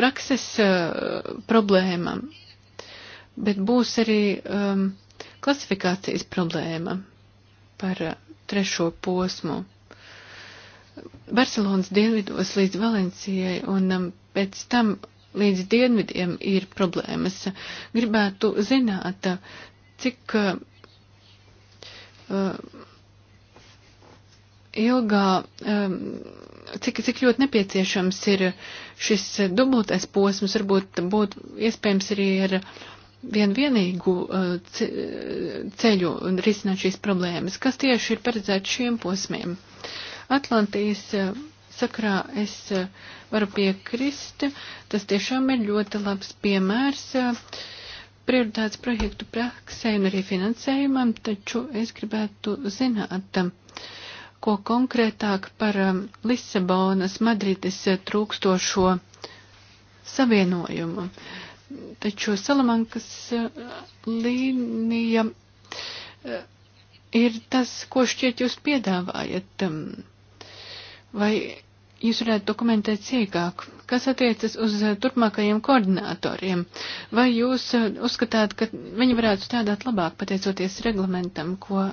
prakses uh, problēma, bet būs arī um, klasifikācijas problēma par uh, trešo posmu. Barcelonas dienvidos līdz Valencijai un um, pēc tam līdz dienvidiem ir problēmas. Gribētu zināt, cik uh, Uh, ilgā, um, cik, cik ļoti nepieciešams ir šis dubultais posms, varbūt būtu iespējams arī ar vienu vienīgu uh, ceļu risināt šīs problēmas. Kas tieši ir paredzēts šiem posmiem? Atlantijas uh, sakrā es varu piekrist, tas tiešām ir ļoti labs piemērs prioritātes projektu praksē un arī finansējumam, taču es gribētu zināt, ko konkrētāk par um, Lisabonas Madrides trūkstošo savienojumu. Taču Salamankas uh, līnija uh, ir tas, ko šķiet jūs piedāvājat. Um, vai jūs varētu dokumentēt sīkāk, kas attiecas uz eh, turpmākajiem koordinatoriem. Vai jūs eh, uzskatāt, ka viņi varētu strādāt labāk pateicoties reglamentam, ko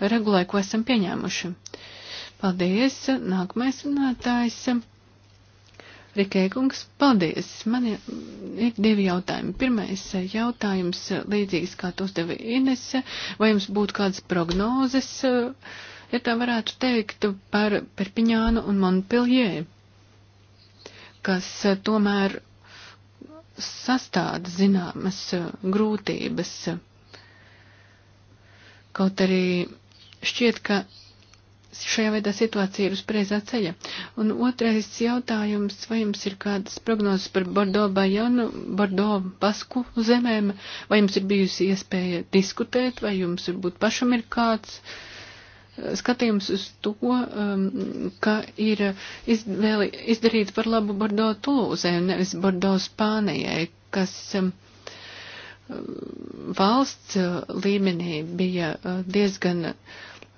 regulē, ko esam pieņēmuši? Paldies, nākamais runātājs. Rikēkungs, paldies. Man ir divi jautājumi. Pirmais jautājums eh, līdzīgs, kā tos deva Inese. Vai jums būtu kādas prognozes? Uh, ja tā varētu teikt, par Perpiņānu un Montpellier, kas eh, tomēr sastāda zināmas eh, grūtības. Kaut arī šķiet, ka šajā veidā situācija ir uz preizā ceļa. Un otrais jautājums, vai jums ir kādas prognozes par Bordeaux Bajonu, Bordeaux Basku zemēm, vai jums ir bijusi iespēja diskutēt, vai jums varbūt pašam ir kāds uh, skatījums uz to, um, ka ir izvēli, izdarīts par labu Bordo Tulūzē un nevis Bordo Spānijai, kas um, valsts uh, līmenī bija uh, diezgan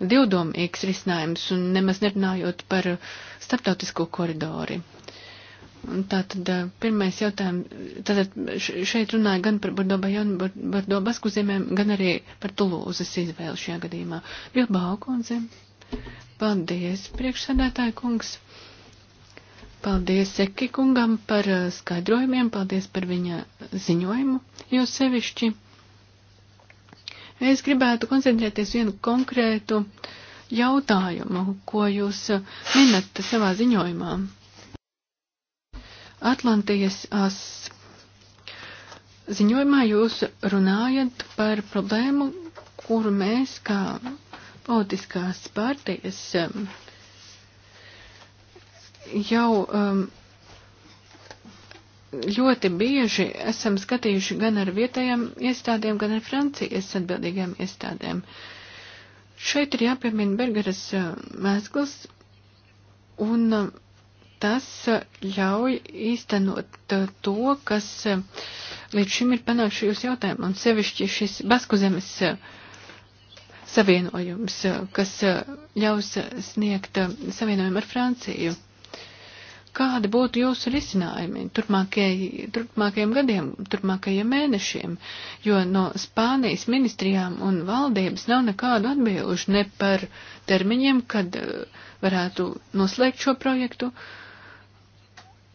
divdomīgs risinājums un nemaz nerunājot par starptautisko koridori. Tātad pirmais jautājums, tātad šeit runāja gan par Bordobajonu, Bordobasku zemēm, gan arī par Tulūzas izvēlu šajā gadījumā. Bilbao kundze, paldies priekšsādātāja kungs, paldies Seki kungam par skaidrojumiem, paldies par viņa ziņojumu, jo sevišķi. Es gribētu koncentrēties vienu konkrētu jautājumu, ko jūs minat savā ziņojumā Atlantijas ass. Ziņojumā jūs runājat par problēmu, kuru mēs kā politiskās pārties um, jau um, ļoti bieži esam skatījuši gan ar vietējām iestādēm, gan ar Francijas atbildīgām iestādēm. Šeit ir jāpiemina Bergeras uh, mēsgls un um, tas uh, ļauj īstenot uh, to, kas uh, līdz šim ir panākts šajos jautājumos, un sevišķi šis Baskuzemes savienojums, kas ļaus sniegt savienojumu ar Franciju. Kāda būtu jūsu risinājumi turpmākajiem turpmākaj gadiem, turpmākajiem mēnešiem, jo no Spānijas ministrijām un valdības nav nekādu atbilžu ne par termiņiem, kad varētu noslēgt šo projektu, uh,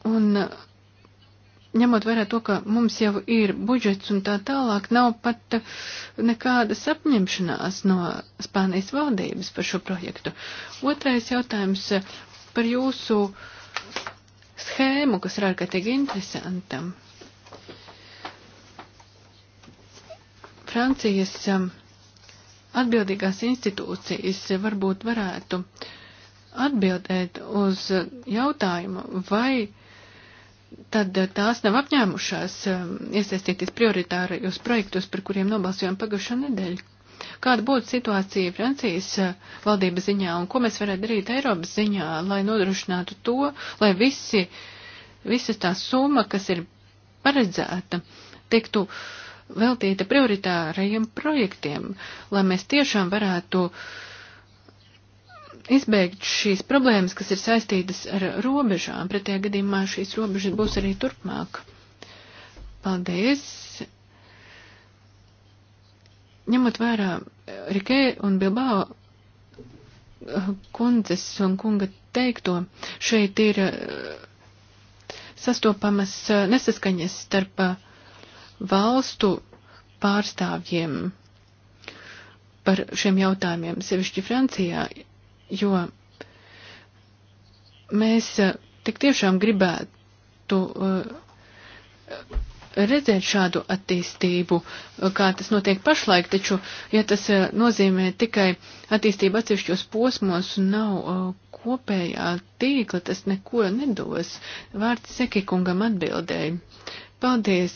Un ņemot vērā to, ka mums jau ir budžets un tā tālāk, nav pat nekādas apņemšanās no Spānijas valdības par šo projektu. Otrais jautājums par jūsu schēmu, kas ir ārkārtīgi interesanta. Francijas um, atbildīgās institūcijas varbūt varētu atbildēt uz jautājumu, vai tad eh, tās nav apņēmušās eh, iesaistīties prioritārajos projektos, par kuriem nobalsojām pagājušo nedēļu. Kāda būtu situācija Francijas eh, valdības ziņā un ko mēs varētu darīt Eiropas ziņā, lai nodrošinātu to, lai visi, visas tā summa, kas ir paredzēta, tiktu veltīta prioritārajiem projektiem, lai mēs tiešām varētu uh, izbeigt šīs problēmas, kas ir saistītas ar robežām. Pretējā gadījumā šīs robežas būs arī turpmāk. Paldies! Ņemot vērā Rikē un Bilbao eh, kundzes un kunga teikto, šeit ir eh, sastopamas eh, nesaskaņas starp valstu pārstāvjiem par šiem jautājumiem, sevišķi Francijā, jo mēs eh, tik tiešām gribētu eh, redzēt šādu attīstību, eh, kā tas notiek pašlaik, taču, ja tas nozīmē tikai attīstību atsevišķos posmos un nav kopējā tīkla, tas neko nedos. Vārds Sekikungam atbildēja. Paldies!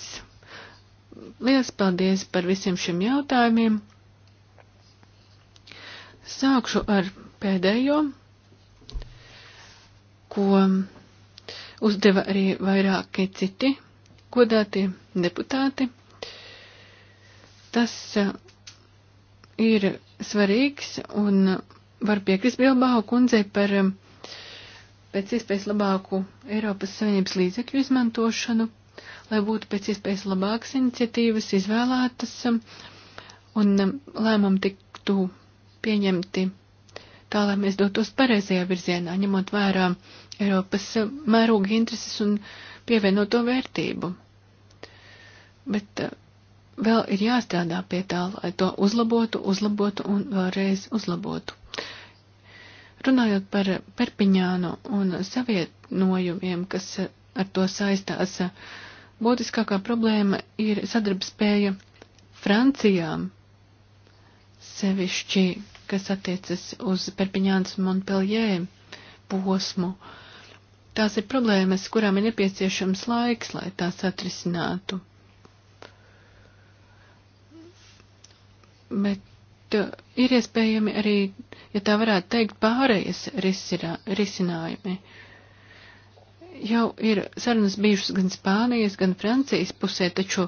Liels paldies par visiem šiem jautājumiem! Sākšu ar pēdējo, ko uzdeva arī vairāki citi godātie deputāti. Tas e, ir svarīgs un var piekrist Bilbao kundzei par e, pēc iespējas labāku Eiropas Savienības līdzekļu izmantošanu, lai būtu pēc iespējas labākas iniciatīvas izvēlētas e, un lēmumi tiktu pieņemti tā lai mēs dotos pareizajā virzienā, ņemot vērā Eiropas mēroga intereses un pievienoto vērtību. Bet eh, vēl ir jāstrādā pie tā, lai to uzlabotu, uzlabotu un vēlreiz uzlabotu. Runājot par Perpiņānu un savienojumiem, kas ar to saistās, būtiskākā problēma ir sadarbspēja Francijām, sevišķi kas attiecas uz Perpiņāns un Montpellier posmu. Tās ir problēmas, kurām ir nepieciešams laiks, lai tās atrisinātu. Bet uh, ir iespējami arī, ja tā varētu teikt, pārējas risirā, risinājumi. Jau ir sarunas bijušas gan Spānijas, gan Francijas pusē, taču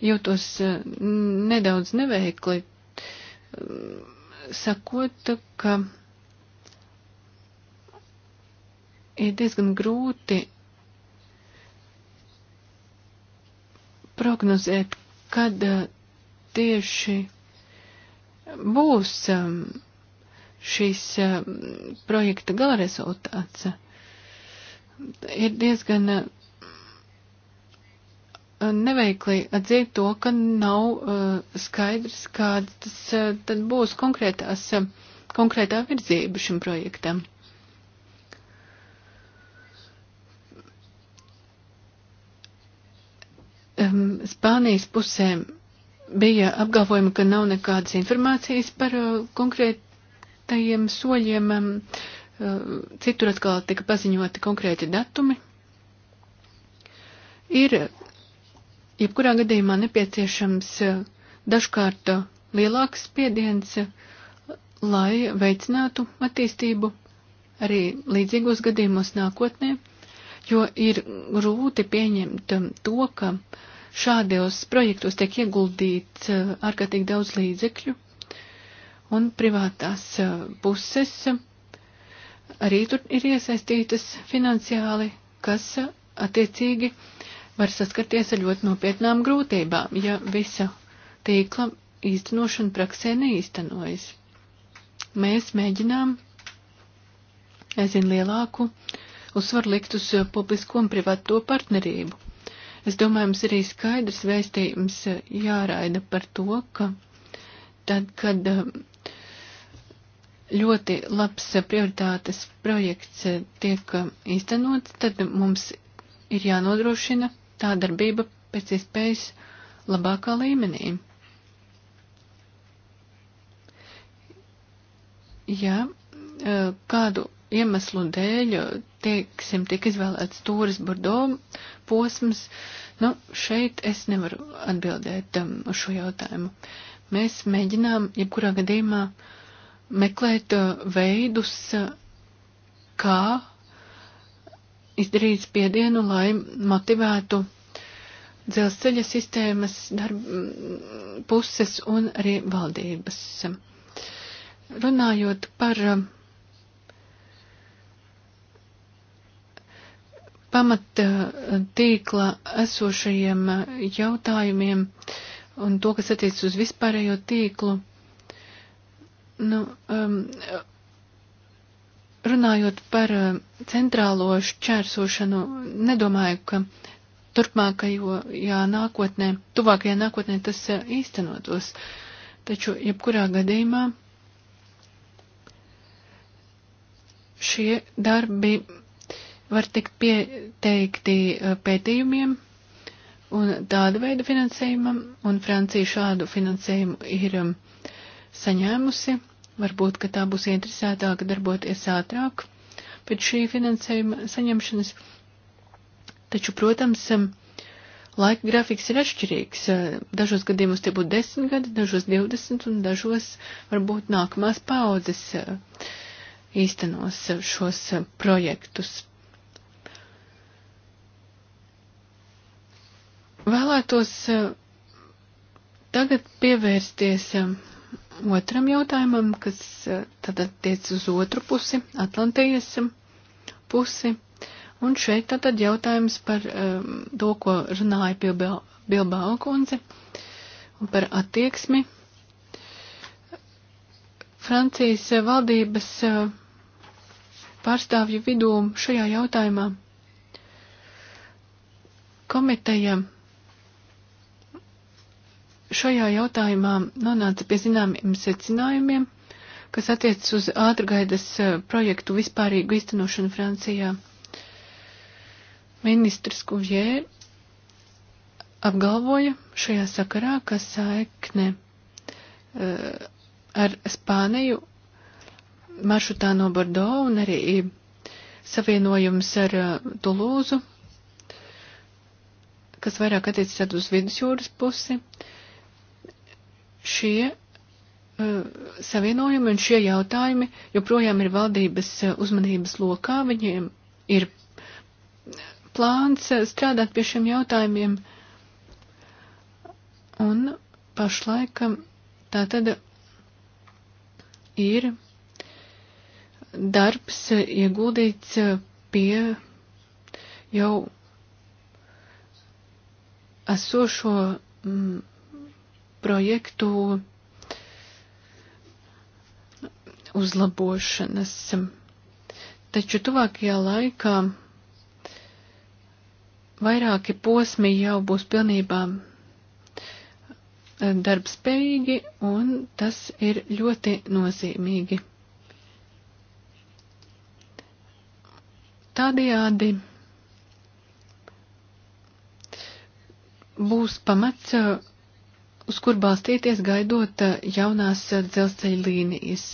jūtos uh, nedaudz neveikli. Um, sakot, ka ir diezgan grūti prognozēt, kad uh, tieši būs um, šīs um, projekta gala rezultāts. Ir diezgan uh, Uh, neveikli atzīt to, ka nav uh, skaidrs, kāda tas uh, tad būs konkrētās, uh, konkrētā virzība šim projektam. Um, Spānijas pusē bija apgalvojumi, ka nav nekādas informācijas par uh, konkrētajiem soļiem. Um, uh, citur atkal tika paziņoti konkrēti datumi. Ir jebkurā gadījumā nepieciešams e, dažkārt e, lielāks spiediens, e, lai veicinātu attīstību arī līdzīgos gadījumos nākotnē, jo ir grūti pieņemt to, ka šādos projektos tiek ieguldīts ārkārtīgi daudz līdzekļu, un privātās puses arī tur ir iesaistītas finansiāli, kas attiecīgi uh, var saskarties ar ļoti nopietnām grūtībām, ja visa tīkla īstenošana praksē neīstenojas. Mēs mēģinām, es zinu, lielāku uzsvaru likt uz publisko un privāto partnerību. Es domāju, mums arī skaidrs vēstījums jāraida par to, ka tad, kad um, ļoti labs prioritātes projekts tiek um, īstenots, tad mums ir jānodrošina tā darbība pēc iespējas labākā līmenī. Ja e, kādu iemeslu dēļ, tieksim, tiek izvēlēts tūris Bordeaux posms, nu, šeit es nevaru atbildēt um, uz šo jautājumu. Mēs mēģinām, jebkurā gadījumā, meklēt uh, veidus, uh, kā izdarīt spiedienu, lai motivētu dzelzceļa sistēmas darb, puses un arī valdības. Runājot par pamata tīkla esošajiem jautājumiem un to, kas attiec uz vispārējo tīklu, nu, um, Runājot par eh, centrālo šķērsošanu, nedomāju, ka turpmākajā nākotnē, tuvākajā nākotnē tas eh, īstenotos. Taču, jebkurā gadījumā, šie darbi var tikt pieteikti eh, pētījumiem un tāda veida finansējumam, un Francija šādu finansējumu ir saņēmusi Varbūt, ka tā būs interesētāka darboties ātrāk pēc šī finansējuma saņemšanas. Taču, protams, laika grafiks ir atšķirīgs. Dažos gadījumos tie būtu desmit gadi, dažos divdesmit un dažos varbūt nākamās paudzes īstenos šos projektus. Vēlētos tagad pievērsties otram jautājumam, kas eh, tad attiec uz otru pusi, Atlantijas pusi. Un šeit tātad jautājums par um, to, ko runāja Bilbao, Bilbao kundze, un par attieksmi. Francijas valdības eh, pārstāvju vidū šajā jautājumā komiteja šajā jautājumā nonāca pie zināmiem secinājumiem, kas attiecas uz ātrgaidas eh, projektu vispārīgu iztenošanu Francijā. Ministrs Kuvjē apgalvoja šajā sakarā, ka saikne uh, ar Spāniju maršrutā no Bordeaux un arī savienojums ar uh, eh, Tulūzu, kas vairāk attiecas uz vidusjūras pusi, uh, šie e, savienojumi un šie jautājumi joprojām ir valdības e, uzmanības lokā. Viņiem ir plāns e, strādāt pie šiem jautājumiem. Un pašlaik tā tad ir darbs ieguldīts pie jau esošo mm, projektu uzlabošanas. Taču tuvākajā laikā vairāki posmi jau būs pilnībā eh, darbspējīgi, un tas ir ļoti nozīmīgi. Tādējādi būs pamats eh, uz kur balstīties gaidot eh, jaunās eh, dzelzceļa līnijas.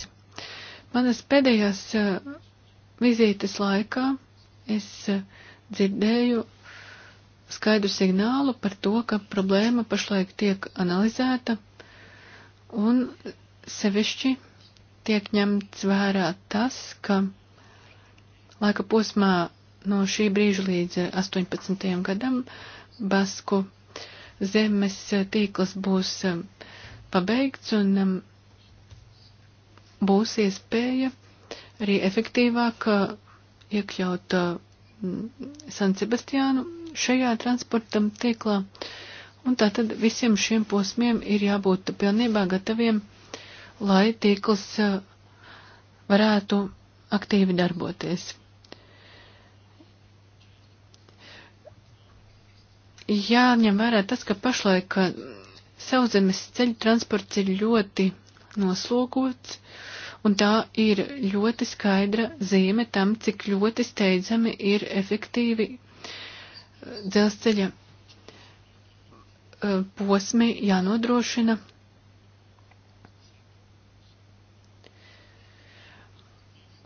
Manas pēdējās eh, vizītes laikā es dzirdēju skaidru signālu par to, ka problēma pašlaik tiek analizēta un sevišķi tiek ņemts vērā tas, ka laika posmā no šī brīža līdz 18. gadam Basku zemes tīkls būs eh, pabeigts un mm, būs iespēja arī efektīvāk eh, iekļaut eh, mm, San Sebastiānu šajā transporta tīklā. Un tātad visiem šiem posmiem ir jābūt pilnībā gataviem, lai tīkls varētu aktīvi darboties. jāņem vērā tas, ka pašlaik eh, sauszemes ceļu transports ir ļoti noslogots, un tā ir ļoti skaidra zīme tam, cik ļoti steidzami ir efektīvi eh, dzelzceļa eh, posmi jānodrošina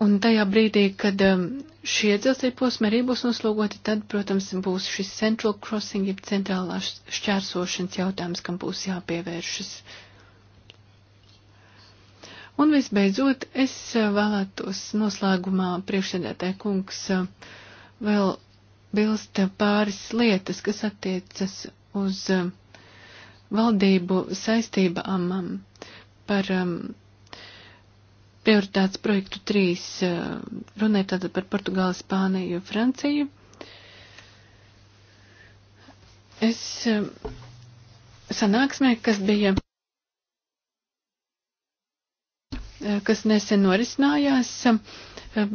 Un tajā brīdī, kad um, šie dzelzceļa posmi arī būs noslogoti, tad, protams, būs šis central crossing, jeb centrālās šķērsošanas jautājums, kam būs jāpievēršas. Un visbeidzot, es uh, vēlētos noslēgumā priekšsēdētāja kungs uh, vēl bilst pāris lietas, kas attiecas uz uh, valdību saistībām par um, prioritātes projektu 3 runāja tātad par Portugāli, Spāniju, Franciju. Es sanāksmē, kas bija, kas nesen norisinājās,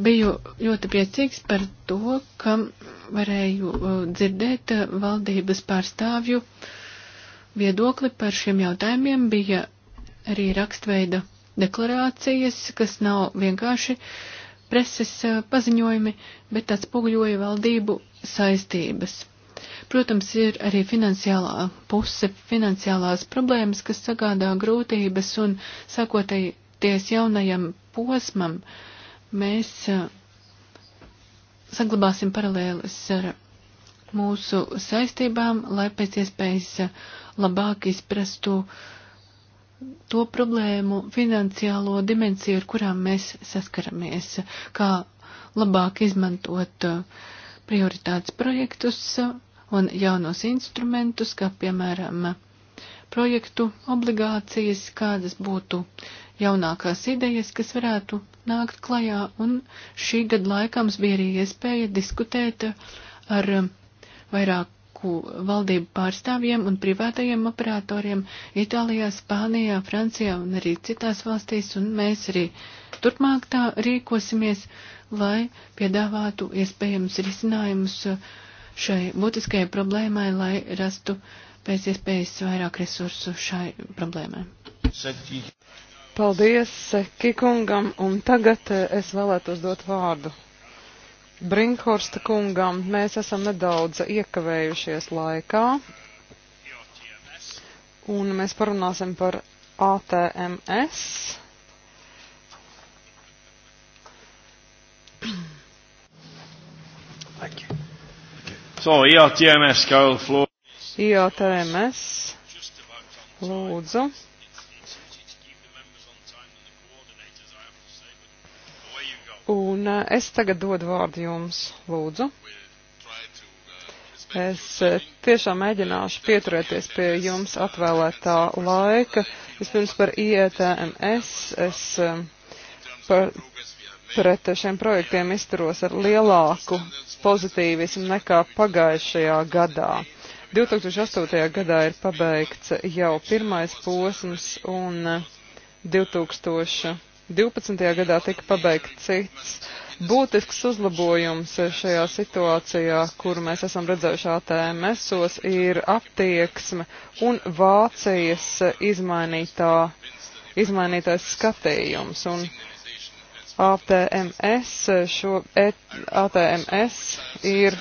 biju ļoti priecīgs par to, ka varēju dzirdēt valdības pārstāvju viedokli par šiem jautājumiem. Bija arī rakstveida deklarācijas, kas nav vienkārši preses paziņojumi, bet atspoguļoja valdību saistības. Protams, ir arī finansiālā puse, finansiālās problēmas, kas sagādā grūtības un sakoties jaunajam posmam, mēs saglabāsim paralēlis ar mūsu saistībām, lai pēc iespējas labāk izprastu uh, to problēmu finansiālo dimensiju, ar kurām mēs saskaramies, kā labāk izmantot uh, prioritātes projektus uh, un jaunos instrumentus, kā piemēram uh, projektu obligācijas, kādas būtu jaunākās idejas, kas varētu nākt klajā, un šī gada laikā mums bija arī iespēja diskutēt ar vairāk banku valdību pārstāvjiem un privātajiem operatoriem Itālijā, Spānijā, Francijā un arī citās valstīs, un mēs arī turpmāk tā rīkosimies, lai piedāvātu iespējams risinājumus šai būtiskajai problēmai, lai rastu pēc iespējas vairāk resursu šai problēmai. Paldies Kikungam, un tagad eh, es vēlētos dot vārdu Brinkhorsta kungam. Mēs esam nedaudz iekavējušies laikā, un mēs parunāsim par ATMS. So, IATMS, e Kail Flūdzu. IATMS, e lūdzu. Un eh, es tagad dodu vārdu jums, lūdzu. Es eh, tiešām mēģināšu pieturēties pie jums atvēlētā laika. Vispirms par IETMS. Es eh, par, pret šiem projektiem izturos ar lielāku pozitīvismu nekā pagājušajā gadā. 2008. gadā ir pabeigts jau pirmais posms un 2000. 12. gadā tika pabeigts cits. Būtisks uzlabojums šajā situācijā, kuru mēs esam redzējuši ATMS-os, ir attieksme un Vācijas izmainītā, izmainītais skatījums. Un ATMS, šo et, ATMS ir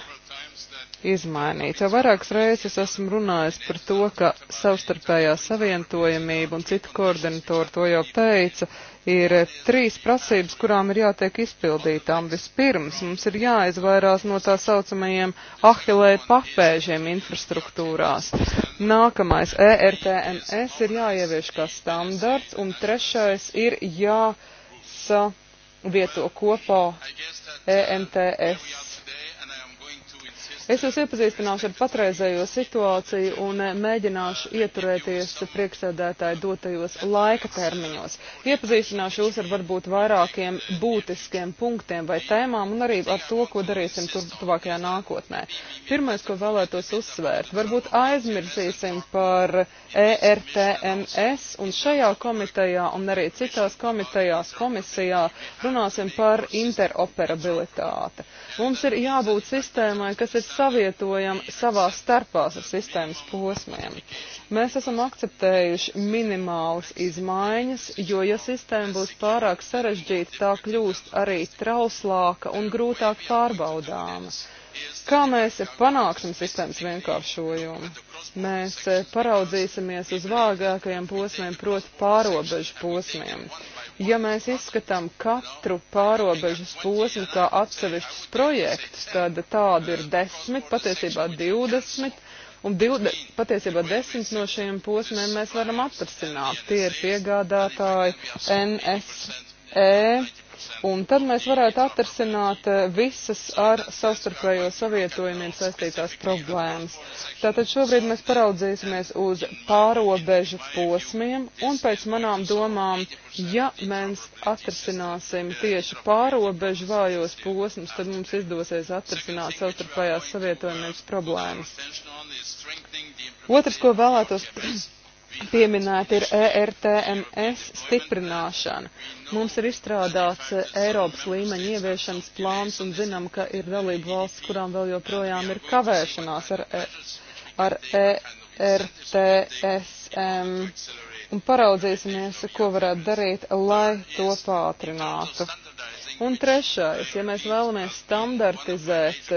izmainīts. Jau vairākas reizes esmu runājis par to, ka savstarpējā savientojamība un citu koordinatoru to jau teica, ir trīs prasības, kurām ir jātiek izpildītām. Vispirms mums ir jāizvairās no tā saucamajiem ahilē papēžiem infrastruktūrās. Nākamais ERTMS ir jāievieš kā standarts, un trešais ir jāsa vieto kopā EMTS. Es jūs iepazīstināšu ar patreizējo situāciju un eh, mēģināšu ieturēties priekšsēdētāju dotajos laika termiņos. Iepazīstināšu jūs ar varbūt vairākiem būtiskiem punktiem vai tēmām un arī ar to, ko darīsim tuvākajā nākotnē. Pirmais, ko vēlētos uzsvērt, varbūt aizmirsīsim par ERTMS un šajā komitejā un arī citās komitejās komisijā runāsim par interoperabilitāti. Mums ir jābūt sistēmai, kas ir savietojama savā starpā ar sistēmas posmiem. Mēs esam akceptējuši minimālas izmaiņas, jo ja sistēma būs pārāk sarežģīta, tā kļūst arī trauslāka un grūtāk pārbaudāma. Kā mēs panāksim sistēmas vienkāršojumu? Mēs e, paraudzīsimies uz vārgākajiem posmiem, proti pārobežu posmiem. Ja mēs izskatām katru pārobežas posmu kā atsevišķus projektus, tad tādu ir desmit, patiesībā divdesmit, Un divde, patiesībā desmit no šiem posmiem mēs varam atrasināt. Tie ir piegādātāji NSE, Un tad mēs varētu atrisināt eh, visas ar savstarpējo savietojumiem saistītās problēmas. Tātad šobrīd mēs paraudzīsimies uz pārobežu posmiem, un pēc manām domām, ja mēs atrisināsim tieši pārobežu vājos posmus, tad mums izdosies atrisināt savstarpējās savietojumiem problēmas. Otrs, ko vēlētos pieminēta ir ERTMS stiprināšana. Mums ir izstrādāts e, Eiropas līmeņa ieviešanas plāns un zinām, ka ir dalību valsts, kurām vēl joprojām ir kavēšanās ar, e, ar ERTSM. Un paraudzīsimies, ko varētu darīt, lai to pātrinātu. Un trešais, ja mēs vēlamies standartizēt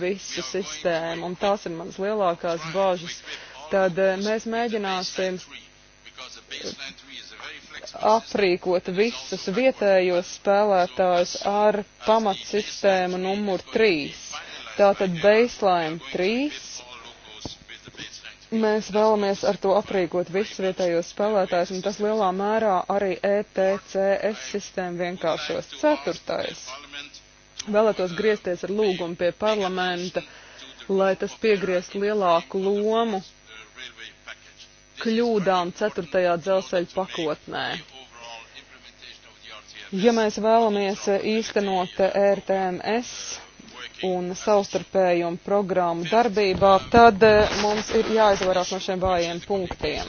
visu sistēmu, un tās ir manas lielākās bāžas, uh, Tad eh, mēs mēģināsim aprīkot visus vietējos spēlētājus ar pamatsistēmu numur 3. Tātad baseline 3. Mēs vēlamies ar to aprīkot visus vietējos spēlētājus, un tas lielā mērā arī ETCS sistēmu vienkāršos. Ceturtais. Vēlētos griezties ar lūgumu pie parlamenta, lai tas piegrieztu lielāku lomu kļūdām ceturtajā dzelzceļa pakotnē. Ja mēs vēlamies īstenot e RTMS un savstarpējumu programmu darbībā, tad eh, mums ir jāizvarās no šiem vājiem punktiem.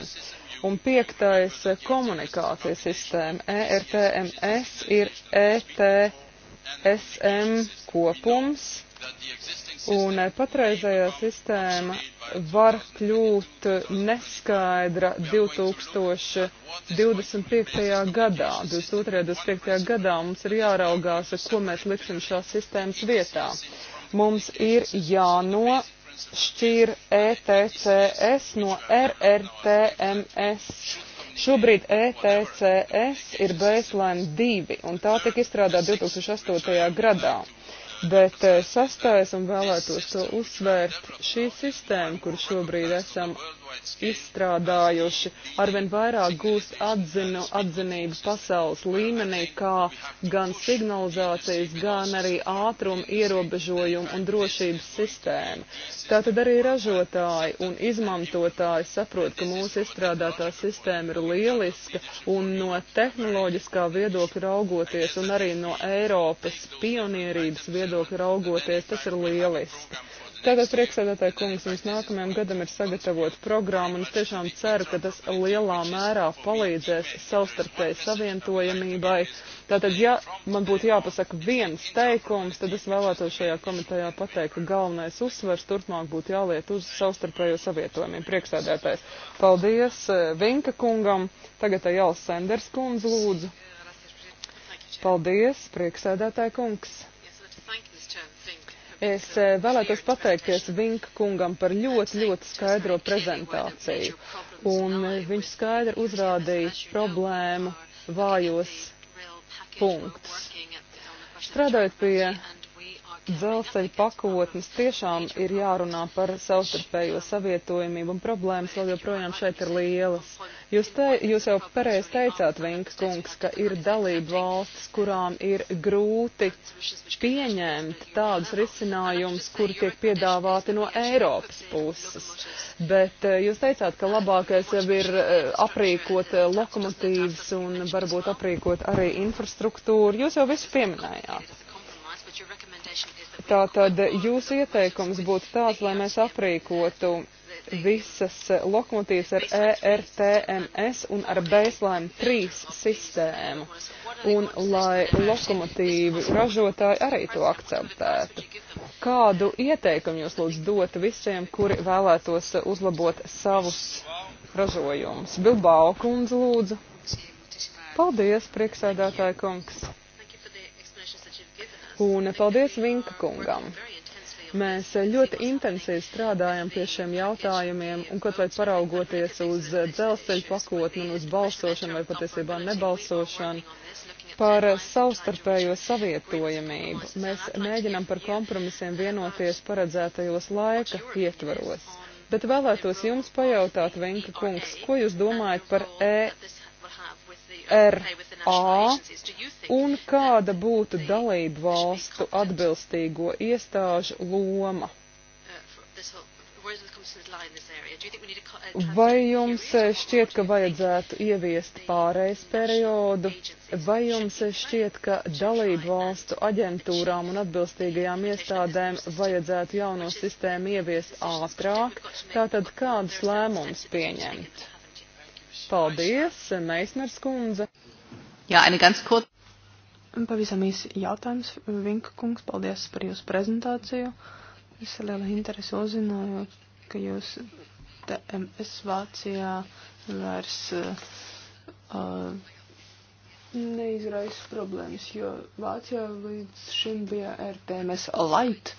Un piektais eh, komunikācijas sistēma ERTMS ir ETSM kopums Un eh, patreizējā sistēma var kļūt neskaidra 2025. gadā. 2025. gadā mums ir jāraugās, ko mēs liksim šās sistēmas vietā. Mums ir jāno šķir ETCS no RRTMS. Šobrīd ETCS ir baseline 2, un tā tika izstrādāta 2008. gadā. Bet eh, sastais un vēlētos to uzsvērt šī sistēma, kur šobrīd esam izstrādājuši, arvien vairāk gūst atzinu, atzinību pasaules līmenī, kā gan signalizācijas, gan arī ātruma ierobežojumu un drošības sistēma. Tātad arī ražotāji un izmantotāji saprot, ka mūsu izstrādātā sistēma ir lieliska un no tehnoloģiskā viedokļa raugoties un arī no Eiropas pionierības viedokļa raugoties, tas ir lieliski. Tātad priekšsēdētāji kungs, mums nākamajam gadam ir sagatavot programmu, un es tiešām ceru, ka tas lielā mērā palīdzēs savstarpēji savientojamībai. Tātad, ja man būtu jāpasaka viens teikums, tad es vēlētos šajā komitejā pateikt, ka galvenais uzsvers turpmāk būtu jāliet uz savstarpējo savietojumiem. Priekšsēdētājs, paldies eh, Vinka kungam, tagad Jāls Senders kundz lūdzu. Paldies, priekšsēdētāji kungs. Es eh, vēlētos pateikties Vink kungam par ļoti, ļoti skaidro prezentāciju. Un eh, viņš skaidri uzrādīja problēmu vājos punktus. Strādājot pie dzelzceļa pakotnes tiešām ir jārunā par savstarpējo savietojamību, un problēmas vēl joprojām šeit ir lielas. Jūs, te, jūs jau pareizi teicāt, Vinka kungs, ka ir dalība valstis, kurām ir grūti pieņemt tādus risinājumus, kuri tiek piedāvāti no Eiropas puses. Bet eh, jūs teicāt, ka labākais jau ir eh, aprīkot eh, lokomotīvas un varbūt aprīkot arī infrastruktūru. Jūs jau visu pieminējāt. Tātad jūsu ieteikums būtu tāds, lai mēs aprīkotu visas lokomotīvas ar ERTMS un ar baseline 3 sistēmu, un lai lokomotīvu ražotāji arī to akceptētu. Kādu ieteikumu jūs lūdzu dot visiem, kuri vēlētos uzlabot savus ražojumus? Bilbao kundze lūdzu. Paldies, prieksēdētāja kungs. Un paldies Vinka kungam. Mēs ļoti intensīvi strādājam pie šiem jautājumiem, un kaut vai paraugoties uz dzelzceļu pakotni un uz balsošanu vai patiesībā nebalsošanu par savstarpējo savietojamību, mēs mēģinam par kompromisiem vienoties paredzētajos laika ietvaros. Bet vēlētos jums pajautāt, Venka kungs, ko jūs domājat par E RA un kāda būtu dalību valstu atbilstīgo iestāžu loma? Vai jums eh, šķiet, ka vajadzētu ieviest pārējais periodu, vai jums eh, šķiet, ka dalību valstu aģentūrām un atbilstīgajām iestādēm vajadzētu jauno sistēmu ieviest ātrāk? Tātad kādus lēmumus pieņemt? Paldies, Meisners kundze. Jā, ne gan skot. Pavisam īsi jautājums, Vinka kungs, paldies par jūsu prezentāciju. Es ar lielu interesi uzzināju, ka jūs TMS Vācijā vairs uh, neizraisa problēmas, jo Vācijā līdz šim bija RTMS light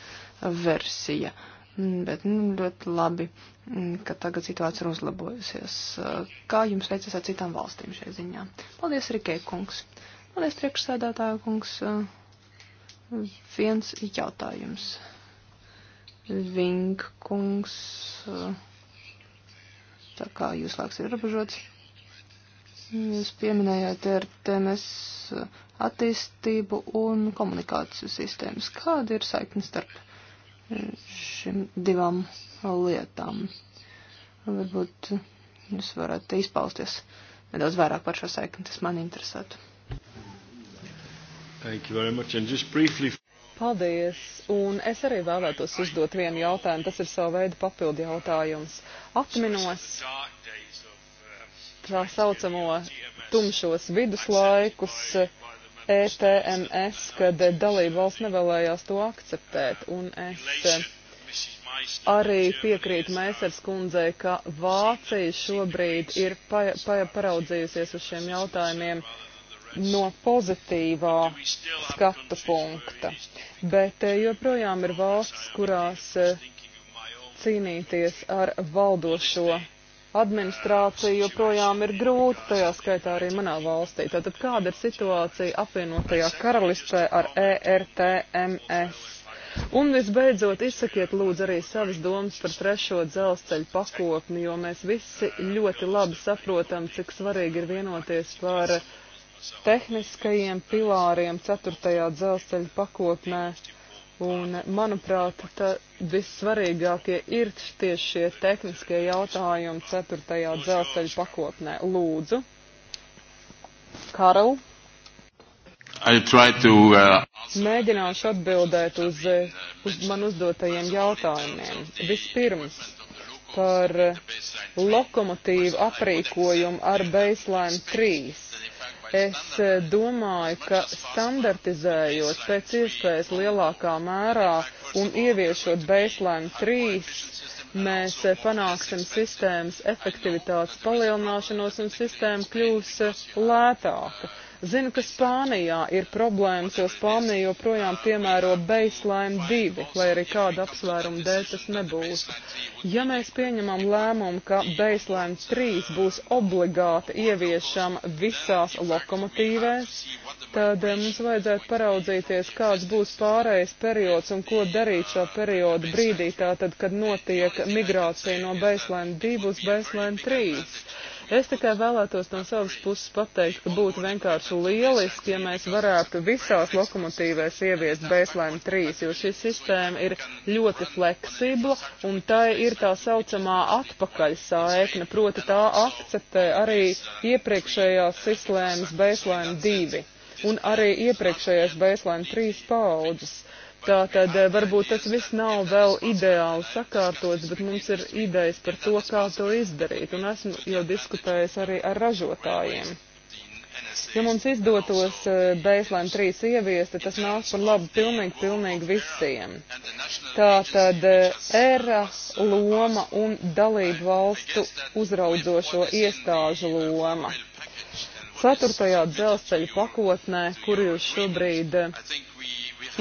versija. Uh, Mm, bet nu, ļoti labi, mm, ka tagad situācija ir uzlabojusies. Uh, kā jums veicas ar citām valstīm šajā ziņā? Paldies, Rikē kungs. Paldies, priekšsēdētāja kungs. Uh, viens jautājums. Vink kungs. Uh, tā kā jūs laiks ir ierobežots. Jūs pieminējāt RTMS attīstību un komunikāciju sistēmas. Kāda ir saikne starp? šim divām lietām. Varbūt jūs varētu izpausties nedaudz vairāk par šo saikni, tas man interesētu. Thank you very much. And just briefly. Paldies! Un es arī vēlētos uzdot vienu jautājumu. Tas ir savu veidu papildu jautājums. Atminos tā saucamo tumšos viduslaikus. Uh, ETMS, kad dalība valsts nevēlējās to akceptēt. Un es arī piekrītu Mēsers kundzei, ka Vācija šobrīd ir pa, pa, paraudzījusies uz šiem jautājumiem no pozitīvā skatu punkta. Bet e, joprojām ir valsts, kurās e, cīnīties ar valdošo administrāciju joprojām ir grūta, tajā skaitā arī manā valstī. Tātad kāda ir situācija apvienotajā karalistē ar ERTMS? Un visbeidzot, izsakiet lūdzu arī savas domas par trešo dzelzceļu pakotni, jo mēs visi ļoti labi saprotam, cik svarīgi ir vienoties par tehniskajiem pilāriem ceturtajā dzelzceļa pakotnē. Un, manuprāt, vissvarīgākie ir tieši šie tehniskie jautājumi 4. dzelzceļa pakotnē. Lūdzu, Karl. To, uh... Mēģināšu atbildēt uz, uh, uz man uzdotajiem jautājumiem. Vispirms par lokomotīvu aprīkojumu ar baseline 3 Es eh, domāju, ka standartizējot pēc iespējas lielākā mērā un ieviešot baseline 3, mēs eh, panāksim sistēmas efektivitātes palielināšanos un sistēma kļūs eh, lētāka. Zinu, ka Spānijā ir problēmas, jo Spānija joprojām piemēro baseline 2, lai arī kāda apsvēruma dēļ tas nebūtu. Ja mēs pieņemam lēmumu, ka baseline 3 būs obligāti ieviešama visās lokomotīvēs, tad eh, mums vajadzētu paraudzīties, kāds būs pārējais periods un ko darīt šā perioda brīdī, tātad, kad notiek migrācija no baseline 2 uz baseline 3. Es tikai vēlētos no savas puses pateikt, ka būtu vienkārši lieliski, ja mēs varētu visās lokomotīvēs ieviest baseline 3, jo šī sistēma ir ļoti fleksibla un tai ir tā saucamā atpakaļ saikne, proti tā akceptē arī iepriekšējās sistēmas baseline 2 un arī iepriekšējais baseline 3 paudzes. Tātad eh, varbūt tas viss nav vēl ideāli sakārtots, bet mums ir idejas par to, kā to izdarīt, un esmu jau diskutējis arī ar ražotājiem. Ja mums izdotos eh, baseline 3 ieviest, tad tas nāk par labu pilnīgi, pilnīgi visiem. Tātad eh, era loma un dalību valstu uzraudzošo iestāžu loma. Ceturtajā dzelzceļa pakotnē, kuru jūs šobrīd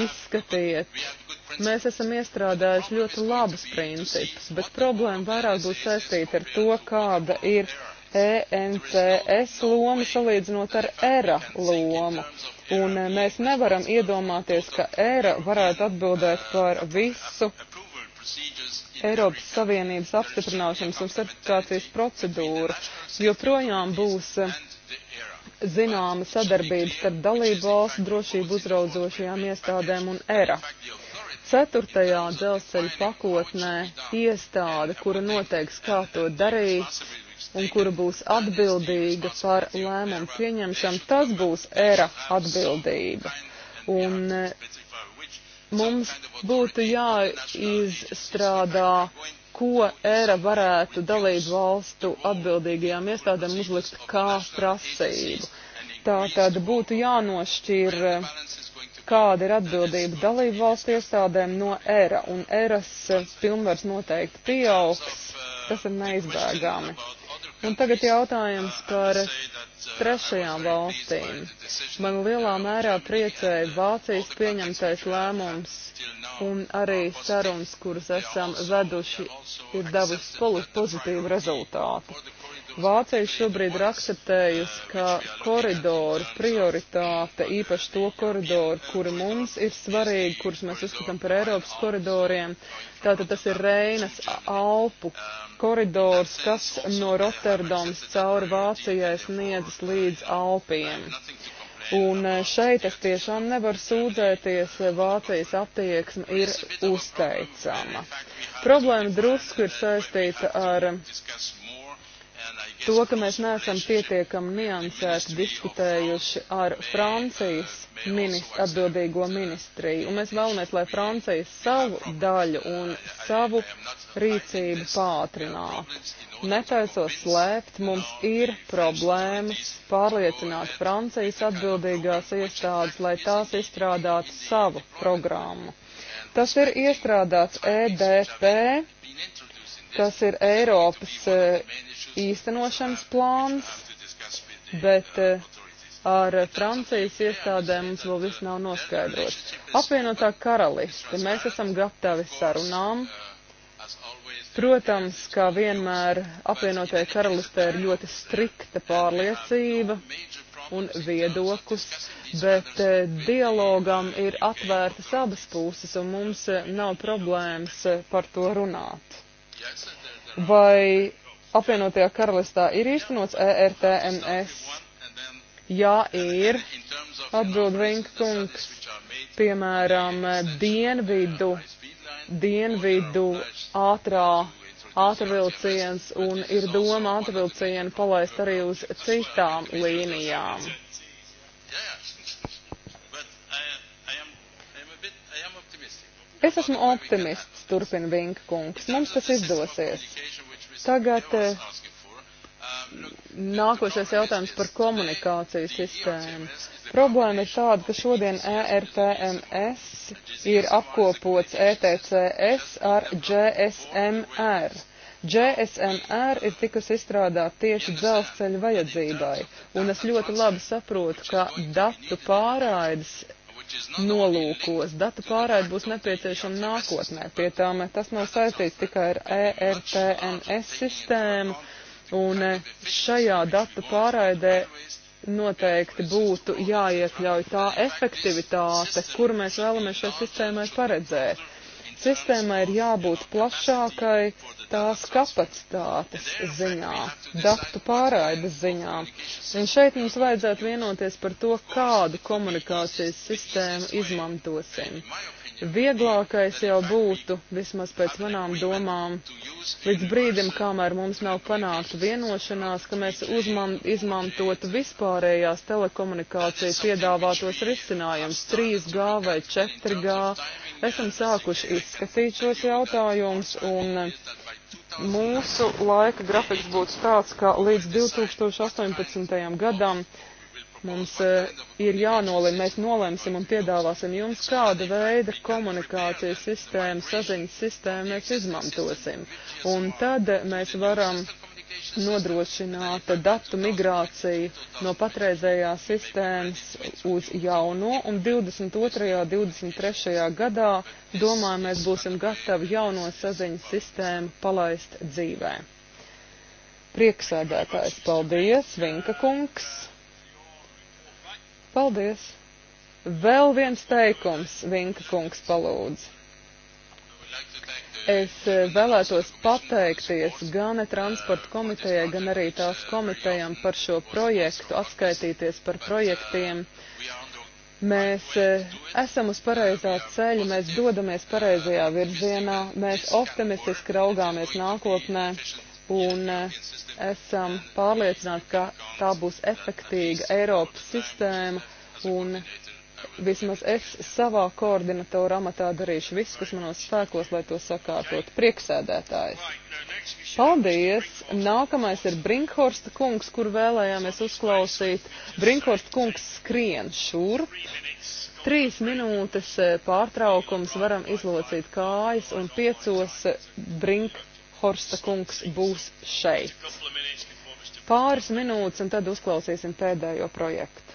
Izskatiet, mēs esam iestrādājuši ļoti labus principus, bet problēma vairāk būs saistīta ar to, kāda ir ENCS loma salīdzinot ar ERA lomu. Un e, mēs nevaram iedomāties, ka ERA varētu atbildēt par visu Eiropas Savienības apstiprināšanas un certifikācijas procedūru. Joprojām būs zināma sadarbība starp dalību valstu drošību uzraudzošajām iestādēm un ERA. Ceturtajā dzelzceļa pakotnē iestāde, kura noteiks, kā to darīt un kura būs atbildīga par lēmumu pieņemšanu, tas būs ERA atbildība. Un eh, mums būtu jāizstrādā ko ERA varētu dalību valstu atbildīgajām iestādēm uzlikt kā prasību. Tā tad būtu jānošķir, kāda ir atbildība dalību valstu iestādēm no ERA, un ERAS pilnvars noteikti pieaugs, tas ir neizbēgami. Un tagad jautājums par trešajām valstīm. Man lielā mērā priecēja Vācijas pieņemtais lēmums un arī sarunas, kuras esam veduši, ir devusi pozitīvu rezultātu. Vācija šobrīd ir akceptējusi, ka koridoru prioritāte, īpaši to koridoru, kuri mums ir svarīgi, kurus mēs uzskatām par Eiropas koridoriem, tātad tas ir Reinas Alpu koridors, kas no Rotterdams cauri Vācijai sniedzas līdz Alpiem. Un e, šeit es tiešām nevaru sūdzēties, e, Vācijas attieksme ir uzteicama. Problēma drusku ir saistīta ar to, ka mēs neesam pietiekami niansēti diskutējuši ar Francijas minist, atbildīgo ministriju, un mēs vēlamies, lai Francija savu daļu un savu rīcību pātrinātu. Netaisos slēpt, mums ir problēmas pārliecināt Francijas atbildīgās iestādes, lai tās izstrādātu savu programmu. Tas ir iestrādāts EDP, kas ir Eiropas eh, īstenošanas plāns, bet eh, ar Francijas iestādēm mums vēl viss nav noskaidrots. Apvienotā karaliste, mēs esam gatavi sarunām. Protams, kā vienmēr apvienotajai karalistē ir ļoti strikta pārliecība un viedoklis, bet eh, dialogam ir atvērtas abas puses un mums eh, nav problēmas par to runāt. Vai apvienotajā karalistā ir īstenots ERTMS? Jā, ir, atbild Rinktungs, piemēram, dienvidu, dienvidu ātrā ātrvilciens un ir doma ātrvilcienu palaist arī uz citām līnijām. Es esmu optimists, turpina Vinka kungs. Mums tas izdosies. Tagad eh, nākošais jautājums par komunikāciju sistēmu. Problēma ir tāda, ka šodien ERTMS ir apkopots ETCS ar GSMR. GSMR ir tikusi izstrādāta tieši dzelzceļa vajadzībai, un es ļoti labi saprotu, ka datu pārraides nolūkos. Data pārēd būs nepieciešama nākotnē. Pie tām tas nav saistīts tikai ar ERTMS sistēmu, un e, šajā data pārēdē noteikti būtu jāiekļauj tā efektivitāte, kuru mēs vēlamies šai sistēmai paredzēt. Sistēmai ir jābūt plašākai tās kapacitātes ziņā, datu pārraides ziņā. Un šeit mums vajadzētu vienoties par to, kādu komunikācijas sistēmu izmantosim. Vieglākais jau būtu, vismaz pēc manām domām, līdz brīdim, kamēr mums nav panākta vienošanās, ka mēs uzman, izmantotu vispārējās telekomunikāciju piedāvātos risinājumus 3G vai 4G. Esam sākuši izskatīt šos jautājumus un mūsu laika grafiks būtu tāds, ka līdz 2018. gadam Mums eh, ir jānolem, mēs nolemsim un piedāvāsim jums, kāda veida komunikācijas sistēmu, saziņas sistēmu mēs izmantosim. Un tad eh, mēs varam nodrošināt datu migrāciju no patreizējās sistēmas uz jauno, un 22. un 23. gadā, domāju, mēs būsim gatavi jauno saziņas sistēmu palaist dzīvē. Prieksēdētājs, paldies, Vinka kungs! Paldies! Vēl viens teikums, Vinka kungs palūdz. Es eh, vēlētos pateikties gan transporta komitejai, gan arī tās komitejām par šo projektu, atskaitīties par projektiem. Mēs eh, esam uz pareizā ceļa, mēs dodamies pareizajā virzienā, mēs optimistiski raugāmies nākotnē un eh, esam pārliecināti, ka tā būs efektīga Eiropas sistēma un vismaz es savā koordinatora amatā darīšu visu, kas manos spēkos, lai to sakārtot. Prieksēdētājs. Paldies! Nākamais ir Brinkhorsta kungs, kur vēlējāmies uzklausīt. Brinkhorsta kungs skrien šurp. Trīs minūtes eh, pārtraukums varam izlocīt kājas un piecos eh, Brinkhorsta Horsta kungs būs šeit. Pāris minūtes un tad uzklausīsim pēdējo projektu.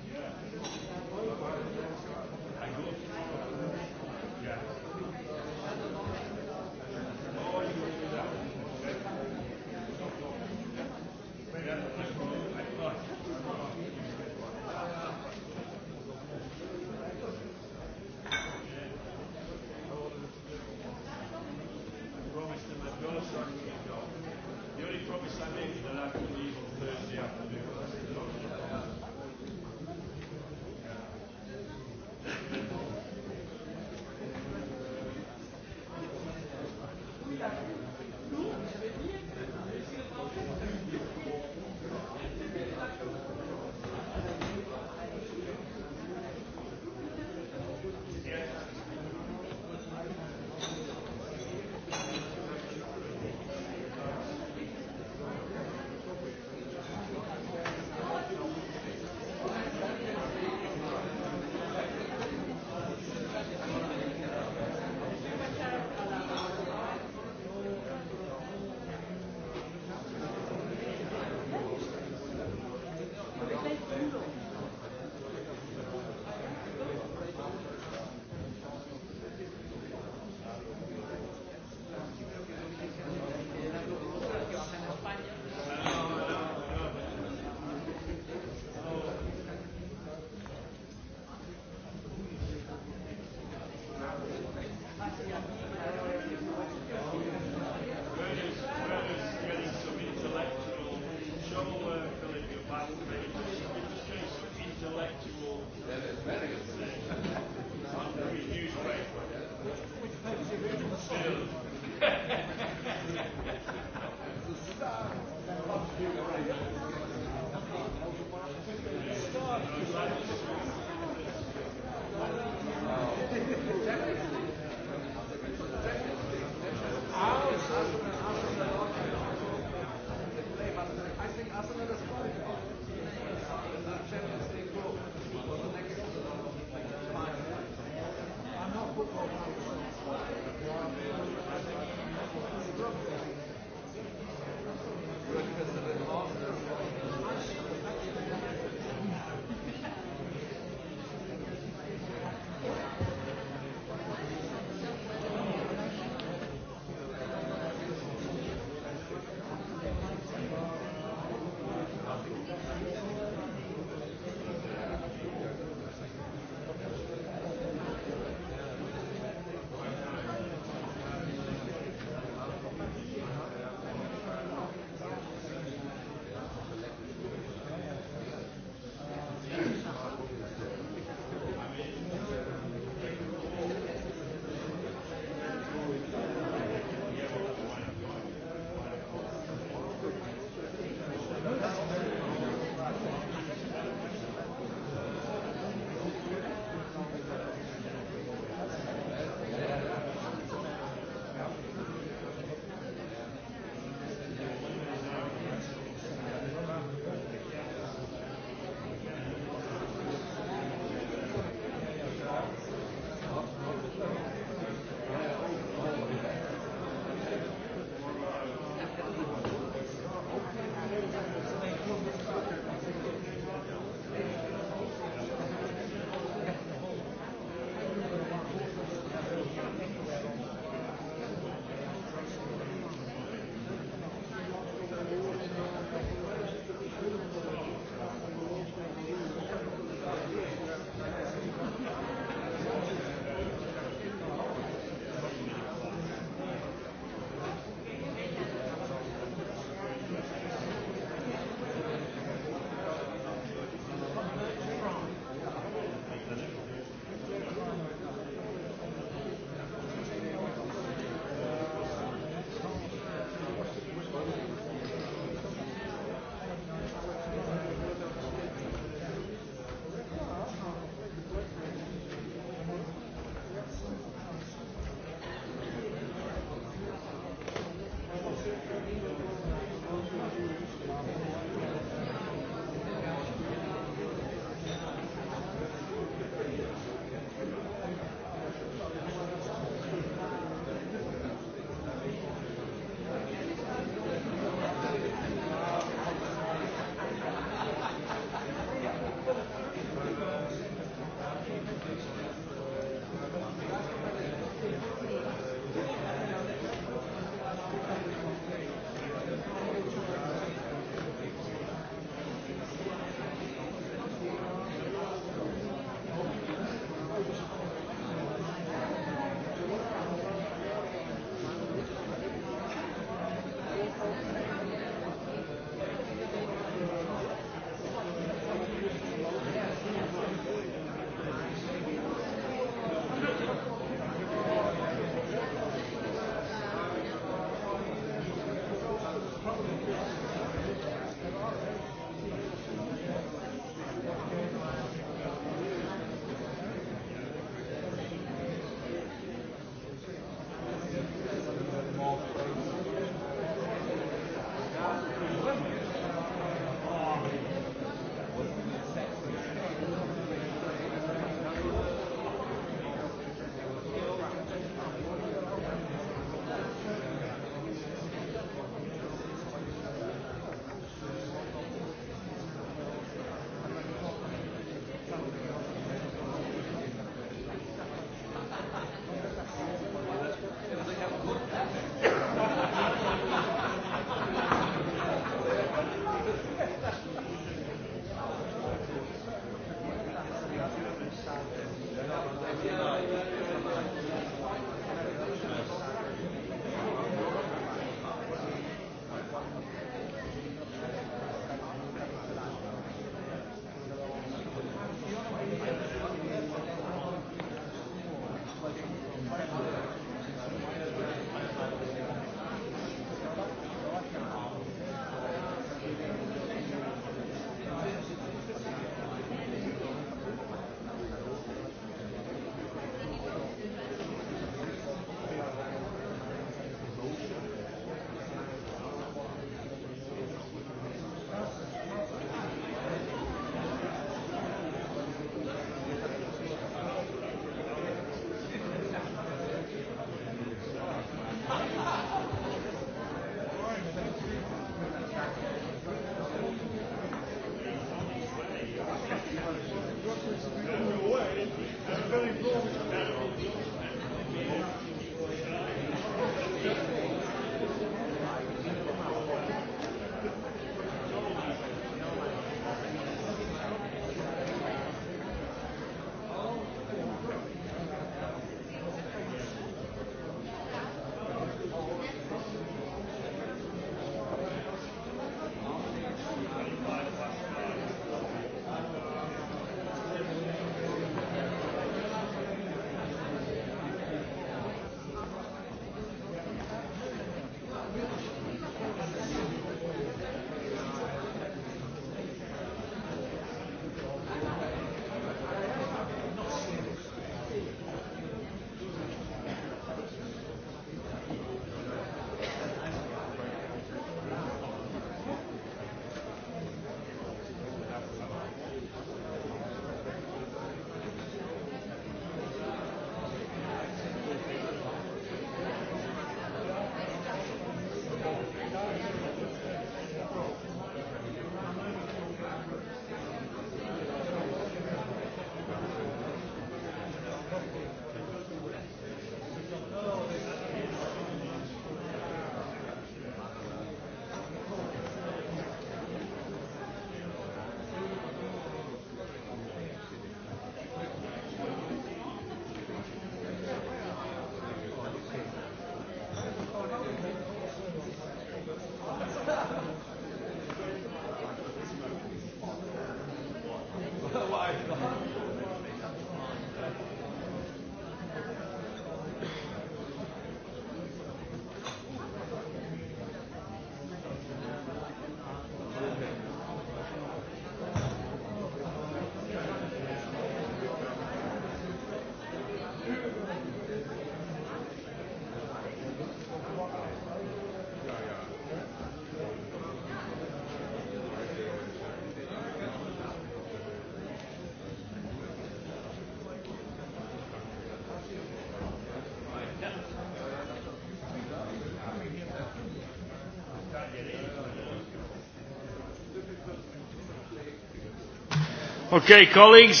Okay, colleagues.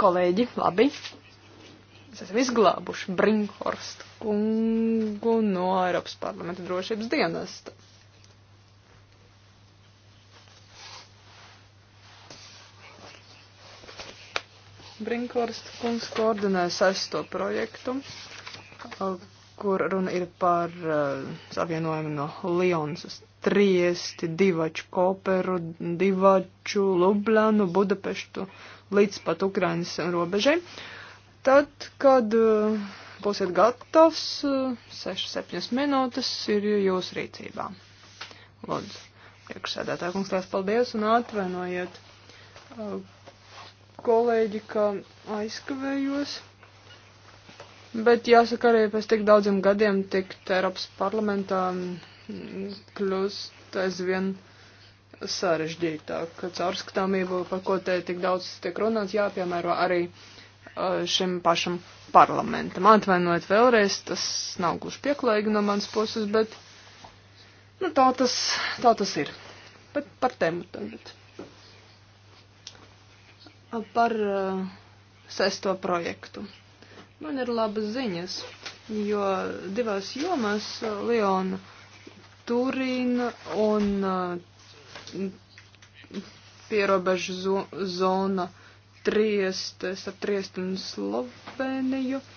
Kolēģi, labi. Mēs esam izglābuši Brinkhorst kungu no Eiropas parlamenta drošības dienesta. Brinkhorst kungs koordinē sesto projektu kur runa ir par uh, savienojumu no Lions uz Triesti, Divaču Koperu, Divaču, Lublanu, Budapeštu līdz pat Ukrainas robežai. Tad, kad uh, būsiet gatavs, uh, eh, 6-7 minūtes ir jūsu rīcībā. Lūdzu, priekšsēdētāj, kungs, tās paldies un atvainojiet. Uh, kolēģi, ka aizkavējos. Bet jāsaka arī pēc tik daudziem gadiem tikt Eiropas parlamentā mm, kļūst aizvien sarežģītāk, ka caurskatāmību, par ko te tik daudz tiek runāts, jāpiemēro arī uh, šim pašam parlamentam. Atvainojiet vēlreiz, tas nav gluži pieklājīgi no manas puses, bet nu, tā, tas, tā tas ir. Bet par tēmu tagad. Par uh, sesto projektu. Man ir labas ziņas, jo divās jomās Liona, Turīna un uh, pierobežu zona Trieste, starp Trieste un Sloveniju. Uh,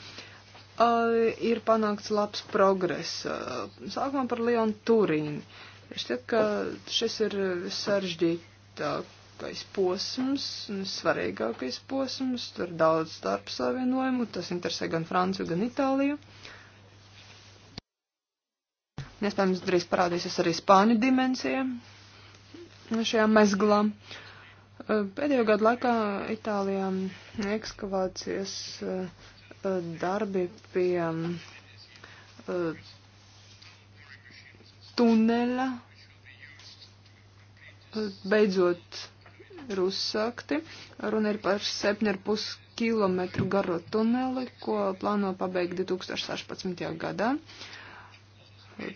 ir panākts labs progress. Uh, sākumā par Leonu Turīnu. Šķiet, ka šis ir sarežģītāk svarīgākais posms, svarīgākais posms, tur daudz starp savienojumu, tas interesē gan Franciju, gan Itāliju. Iespējams, drīz parādīsies arī Spāņu dimensija šajā mezglā. Pēdējo gadu laikā Itālijā ekskavācijas darbi pie tunela beidzot ir uzsākti. Runa ir par 7,5 km garo tuneli, ko plāno pabeigt 2016. gadā.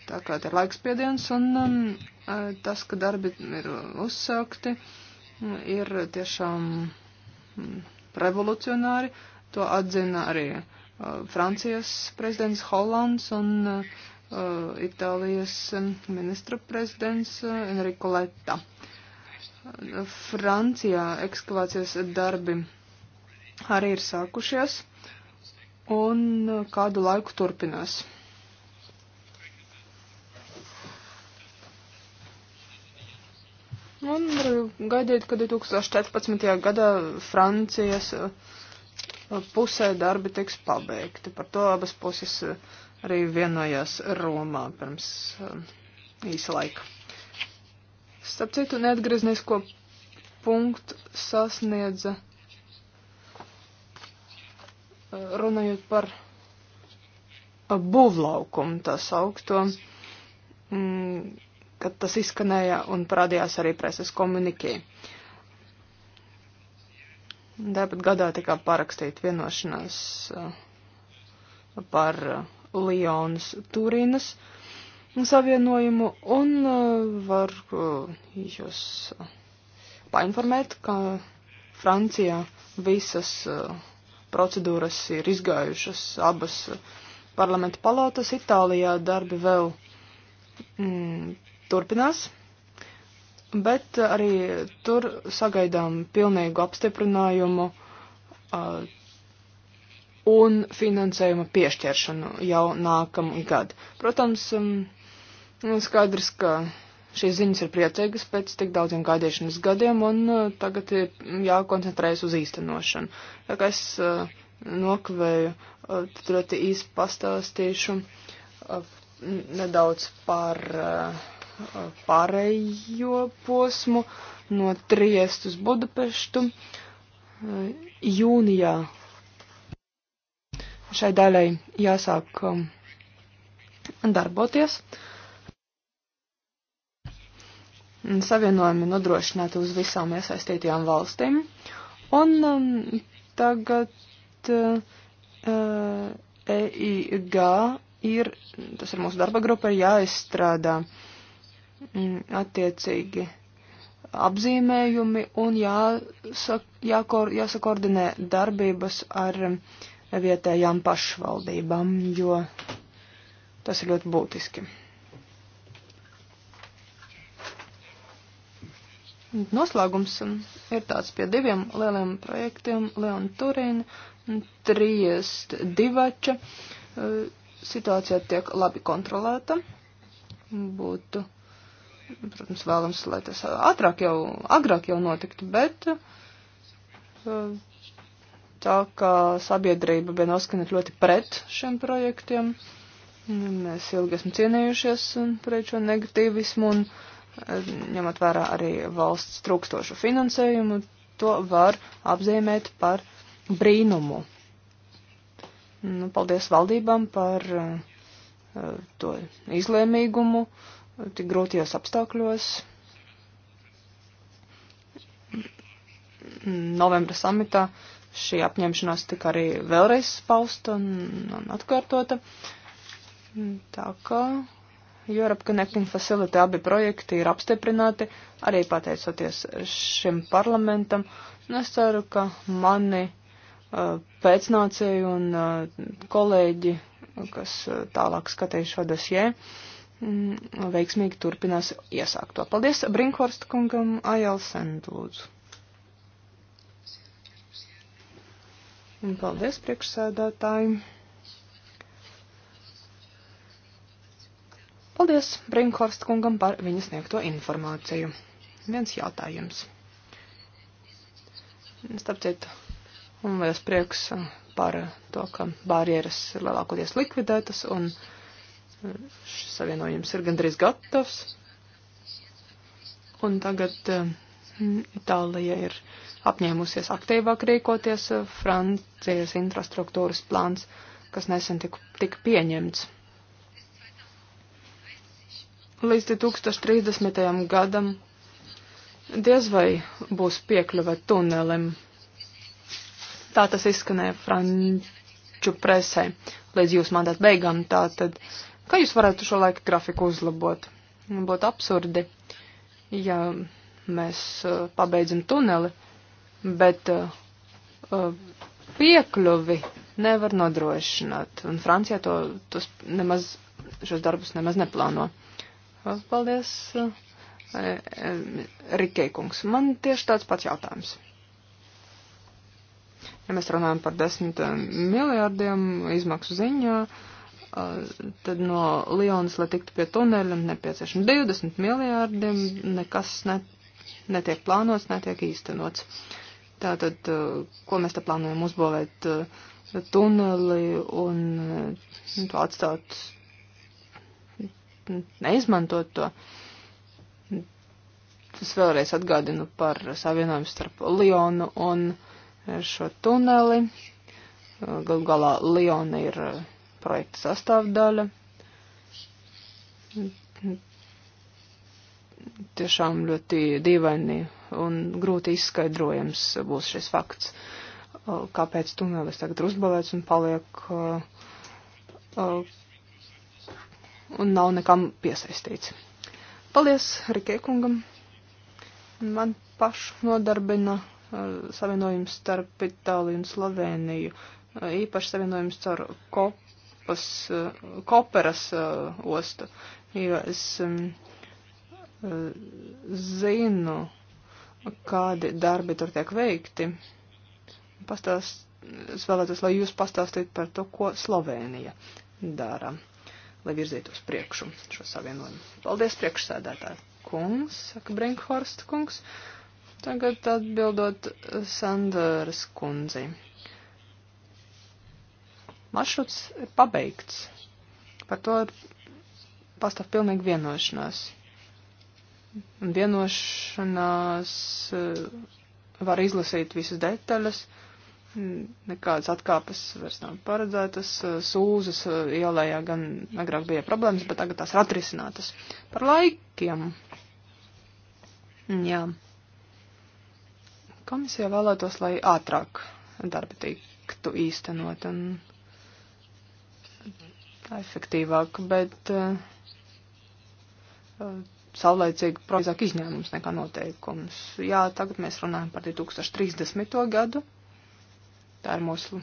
Tā kā te ir laikspiediens un um, tas, ka darbi ir uzsākti, ir tiešām um, revolucionāri. To atzina arī uh, Francijas prezidents Hollands un uh, Itālijas um, ministra prezidents uh, Enrico Letta. Francijā ekskavācijas darbi arī ir sākušies un kādu laiku turpinās. Un gaidīt, ka 2014. gadā Francijas uh, pusē darbi tiks pabeigti. Par to abas puses arī vienojās Romā pirms uh, īsa laika. Starp citu, neatgrieznisko punktu sasniedza e, runājot par būvlaukumu tā saukto, mm, kad tas izskanēja un parādījās arī preses komunikē. Tāpat gadā tika parakstīta vienošanās e, par Lionas Turīnas. Uh, savienojumu un uh, var uh, jūs uh, painformēt, ka Francijā visas procedūras ir izgājušas abas parlamenta palātas. Itālijā darbi vēl mm, turpinās, bet arī tur sagaidām pilnīgu apstiprinājumu uh, un finansējuma piešķiršanu jau nākamgad. Protams, um, Nu, skaidrs, ka šīs ziņas ir priecīgas pēc tik daudziem gādiešanas gadiem, un uh, tagad ir jākoncentrējas uz īstenošanu. Tā kā es uh, nokavēju, uh, tad ļoti īsi pastāstīšu uh, nedaudz par uh, pārējo posmu no Triest uz Budapeštu. Uh, jūnijā šai daļai jāsāk um, darboties. Uh, savienojumi nodrošināti uz visām iesaistītajām valstīm. Un um, tagad uh, EIG ir, tas ir mūsu darba grupa, ir jāizstrādā um, attiecīgi apzīmējumi un jāsak, jākor, jāsakoordinē darbības ar vietējām pašvaldībām, jo tas ir ļoti būtiski. Noslēgums um, ir tāds pie diviem lieliem projektiem - Leona Turīna, Triest Divača. Uh, situācija tiek labi kontrolēta. Būtu, protams, vēlams, lai tas ātrāk jau, agrāk jau notiktu, bet uh, tā kā sabiedrība Benoskan ir ļoti pret šiem projektiem, mēs ilgi esam cienījušies um, pret šo negatīvismu un. Uh, ņemot vērā arī valsts trūkstošu finansējumu, to var apzīmēt par brīnumu. Nu, paldies valdībām par uh, to izlēmīgumu tik grūtajos apstākļos. Novembra samitā šī apņemšanās tika arī vēlreiz spausta un, un atkārtota. Tā kā Europe Connecting Facility abi projekti ir apstiprināti, arī pateicoties šim parlamentam. Un es ceru, ka mani uh, pēcnācēji un uh, kolēģi, kas uh, tālāk skatīja šo dosjē, mm, veiksmīgi turpinās iesākt to. Paldies Brinkhorst kungam, Ajalsend lūdzu. Un paldies priekšsēdētājiem. Paldies Brinkhorst kungam par viņas sniegto informāciju. Viens jautājums. Starp citu, un liels prieks uh, par to, ka barjeras ir lielākoties likvidētas un uh, šis savienojums ir gandrīz gatavs. Un tagad uh, Itālija ir apņēmusies aktīvāk rīkoties Francijas infrastruktūras plāns, kas nesen tika, tika pieņemts līdz 2030. gadam diez vai būs piekļuve tunelim. Tā tas izskanēja franču presē līdz jūsu mandāta beigām. Tātad, kā jūs varētu šo laika grafiku uzlabot? Būtu absurdi, ja mēs uh, pabeidzam tuneli, bet uh, uh piekļuvi nevar nodrošināt. Un Francijā to, tos nemaz, šos darbus nemaz neplāno. Paldies, Rikeikungs. Man tieši tāds pats jautājums. Ja mēs runājam par desmit miljārdiem izmaksu ziņā, tad no Lionas, lai tiktu pie tuneļa, nepieciešami 20 miljārdiem, nekas ne, netiek plānots, netiek īstenots. Tātad, ko mēs te plānojam uzbūvēt tuneli un to nu, atstāt neizmantot to. Tas vēlreiz atgādinu par savienojumu starp Lionu un šo tuneli. Galu galā Liona ir uh, projekta sastāvdaļa. Tiešām ļoti dīvaini un grūti izskaidrojams būs šis fakts, uh, kāpēc tunelis tagad ir uzbūvēts un paliek uh, uh, un nav nekam piesaistīts. Paldies Rikē kungam. Man pašu nodarbina uh, eh, savienojums starp Itāliju un Sloveniju, uh, īpaši savienojums ar kopas, uh, koperas uh, ostu, jo es um, uh, zinu, kādi darbi tur tiek veikti. Pastāst, es vēlētos, lai jūs pastāstītu par to, ko Slovenija dara lai virzītu uz priekšu šo savienojumu. Paldies priekšsēdētāji. Kungs, saka Brinkhorst kungs. Tagad atbildot Sanders kundzi. Maršruts ir pabeigts. Par to pastāv pilnīgi vienošanās. Un vienošanās eh, var izlasīt visas detaļas. Uh, Nekādas atkāpes vairs nav paredzētas. Sūzas uh, ielējā gan agrāk bija problēmas, bet tagad tās ir atrisinātas. Par laikiem. Jā. Komisija vēlētos, lai ātrāk darbi tiktu īstenot un tā efektīvāk, bet uh, uh saulēcīgi proizāk izņēmums nekā noteikums. Jā, tagad mēs runājam par 2030. gadu Tā ir mūsu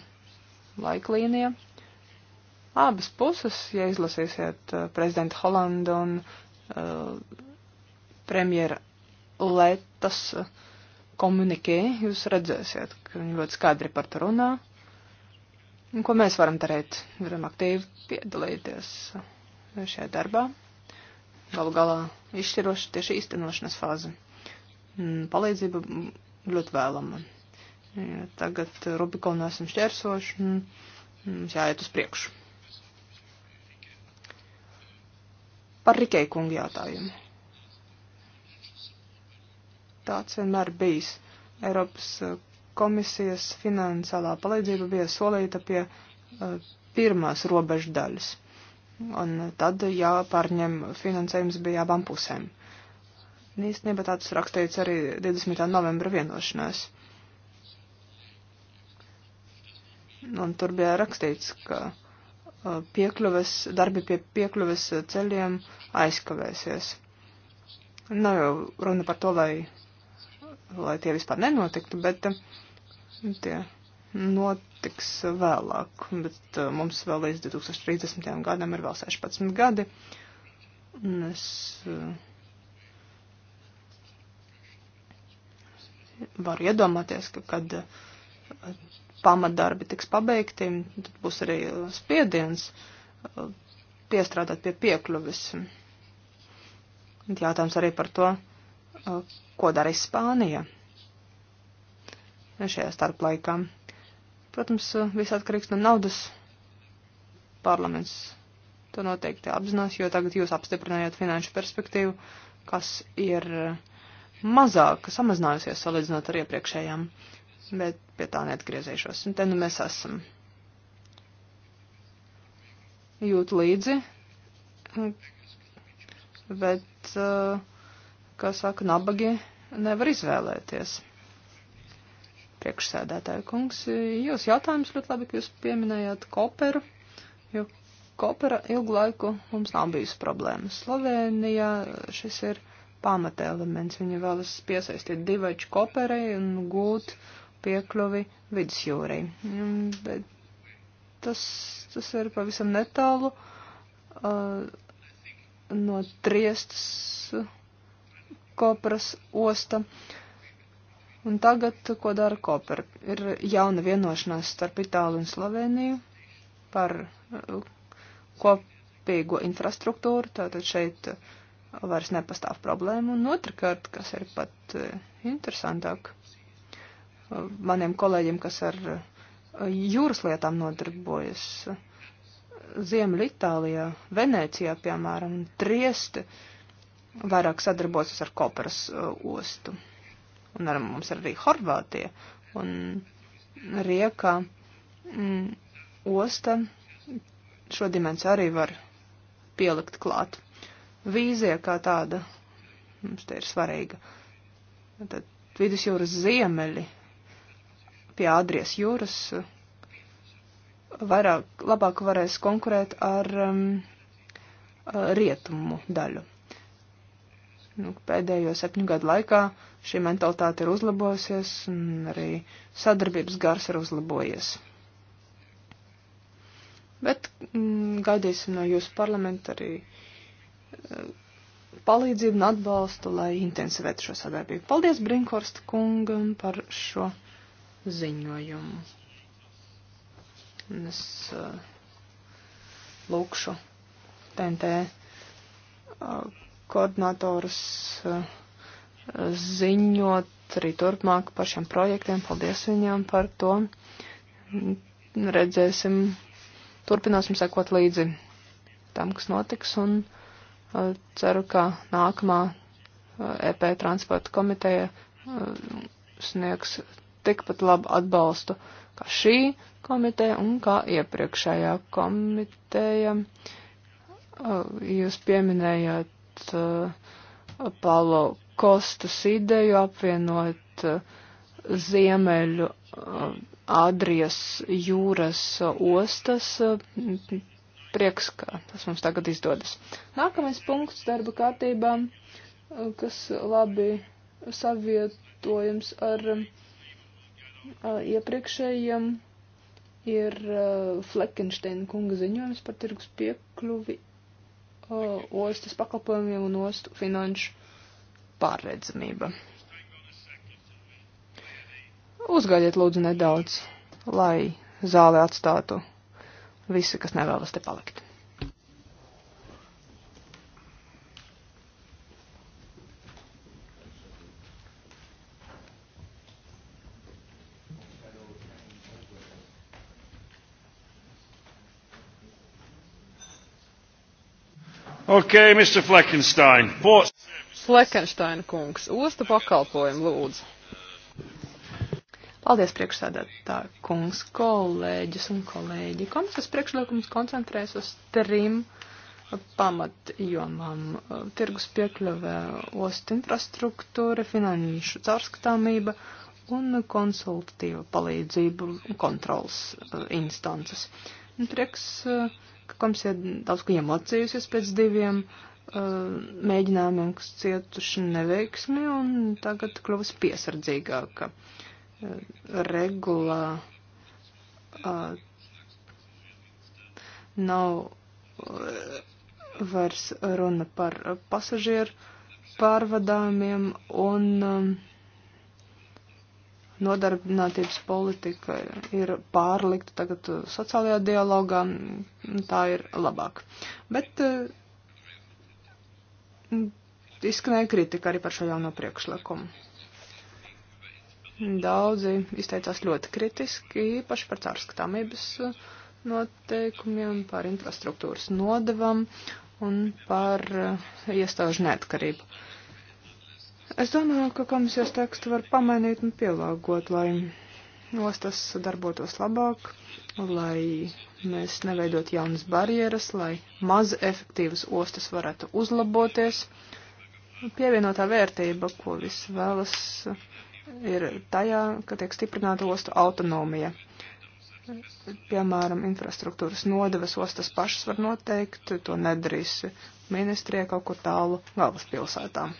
laika līnija. Abas puses, ja izlasīsiet uh, prezidenta Holanda un uh, premjera Letas uh, eh, komunikē, jūs redzēsiet, ka viņi ļoti skaidri par to runā. Un ko mēs varam darīt? Varam aktīvi piedalīties šajā darbā. Galu galā izšķiroša tieši īstenošanas fāze. Mm, palīdzība ļoti vēlama. Ja tagad eh, Rubikonā esam šķērsoši, mums jāiet uz priekšu. Par Rikei kungu jautājumu. Tāds vienmēr bijis. Eiropas eh, komisijas finansiālā palīdzība bija solīta pie uh, pirmās robežu daļas. Un tad jāpārņem finansējums bija abām pusēm. Īstenībā tāds rakstīts arī 20. novembra vienošanās. Uh, un tur bija rakstīts, ka uh, piekļuves, darbi pie piekļuves ceļiem aizkavēsies. Nav jau runa par to, lai, lai tie vispār nenotiktu, bet uh, tie notiks vēlāk. Bet uh, mums vēl līdz 2030. gadam ir vēl 16 gadi. Un es varu iedomāties, ka kad uh, pamatdarbi tiks pabeigti, tad būs arī uh, spiediens uh, piestrādāt pie piekļuvis. Jautājums arī par to, uh, ko darīs Spānija šajā starplaikā. Protams, viss atkarīgs no naudas. Parlaments to noteikti apzinās, jo tagad jūs apstiprinājāt finanšu perspektīvu, kas ir mazāk samazinājusies salīdzinot ar iepriekšējām. Uh, bet pie tā neatgriezīšos. Un te nu mēs esam. Jūt līdzi, bet, eh, kā saka, nabagi nevar izvēlēties. Priekšsēdētāja kungs, jūs jautājums ļoti labi, ka jūs pieminējāt koperu, jo kopera ilgu laiku mums nav bijusi problēmas. Slovenijā šis ir pamata elements, viņi vēlas piesaistīt divaču koperai un gūt uh, piekļuvi vidusjūrai. Mm, bet tas, tas ir pavisam netālu uh, no Triestas kopras osta. Un tagad, ko dara Koper? Ir jauna vienošanās starp Itāliju un Sloveniju par uh, kopīgo infrastruktūru, tātad šeit uh, vairs nepastāv problēma. Un otrkārt, kas ir pat uh, interesantāk, maniem kolēģiem, kas ar eh, jūras lietām nodarbojas. Ziemļa Itālijā, Venecijā, piemēram, Trieste vairāk sadarbosies ar Koperas eh, ostu. Un ar, mums ir arī Horvātija un Rieka mm, osta. Šo dimensiju arī var pielikt klāt. Vīzija kā tāda mums te ir svarīga. Tad vidusjūras ziemeļi pie Adrijas jūras vairāk, labāk varēs konkurēt ar um, uh, rietumu daļu. Nu, pēdējo septiņu gadu laikā šī mentalitāte ir uzlabojusies un arī sadarbības gars ir uzlabojies. Bet mm, gaidīsim no jūsu parlamenta arī uh, palīdzību un atbalstu, lai intensivētu šo sadarbību. Paldies Brinkhorst kungam par šo ziņojumu. Un es uh, lūkšu TNT uh, koordinatorus uh, ziņot arī turpmāk par šiem projektiem. Paldies viņiem par to. Redzēsim, turpināsim sekot līdzi tam, kas notiks, un uh, ceru, ka nākamā uh, EP transporta komiteja uh, sniegs tikpat labu atbalstu kā šī komiteja un kā iepriekšējā komiteja. Uh, jūs pieminējāt uh, Paulo Kostas ideju apvienot uh, ziemeļu Adrijas jūras ostas. Prieks, ka tas mums tagad izdodas. Nākamais punkts darba kārtībā, kas labi savietojams ar um, iepriekšējiem ir Fleckensteina kunga ziņojums par tirgus piekļuvi ostas pakalpojumiem un ostu finanšu pārredzamība. Uzgaidiet lūdzu nedaudz, lai zāli atstātu visi, kas nevēlas te palikt. Ok, Mr. Fleckenstein. Ports. Fleckensteina kungs, ostu pakalpojumu lūdzu. Paldies, priekšsēdētā kungs, kolēģis un kolēģi. Komisijas priekšlikums koncentrēs uz trim pamatjomām - tirgus piekļuvē, ostu infrastruktūra, finanšu caurskatāmība un konsultatīva palīdzība kontrols eh, instances. Un prieks uh, ka komisija daudz ko iemācījusies pēc diviem uh, mēģinājumiem, kas cietuši neveiksmi, un tagad kļuvusi piesardzīgāka. Uh, regulā uh, nav uh, vairs runa par pasažieru pārvadājumiem un uh, nodarbinātības politika ir pārlikta tagad uh, sociālajā dialogā, tā ir labāk. Bet uh, izskanēja kritika arī par šo jauno priekšlikumu. Daudzi izteicās ļoti kritiski, īpaši par cārskatāmības uh, noteikumiem, par infrastruktūras nodevam un par iestāžu neatkarību. Uh, Es domāju, ka komisijas tekstu var pamainīt un pielāgot, lai ostas darbotos labāk, lai mēs neveidot jaunas barjeras, lai maz efektīvas ostas varētu uzlaboties. Pievienotā vērtība, ko viss vēlas, ir tajā, ka tiek stiprināta ostu autonomija. Piemēram, infrastruktūras nodevas ostas pašas var noteikt, to nedarīs ministrie kaut kur tālu galvaspilsētām.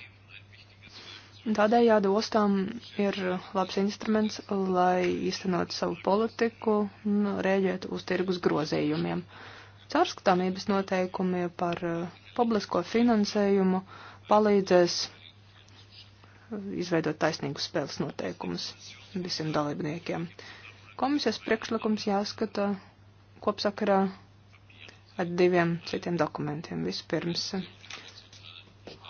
Tādējādi ostām ir labs instruments, lai īstenot savu politiku un rēģētu uz tirgus grozījumiem. Cārskatāmības noteikumi par eh, publisko finansējumu palīdzēs eh, izveidot taisnīgus spēles noteikumus visiem dalībniekiem. Komisijas priekšlikums jāskata kopsakarā ar diviem citiem dokumentiem. Vispirms eh,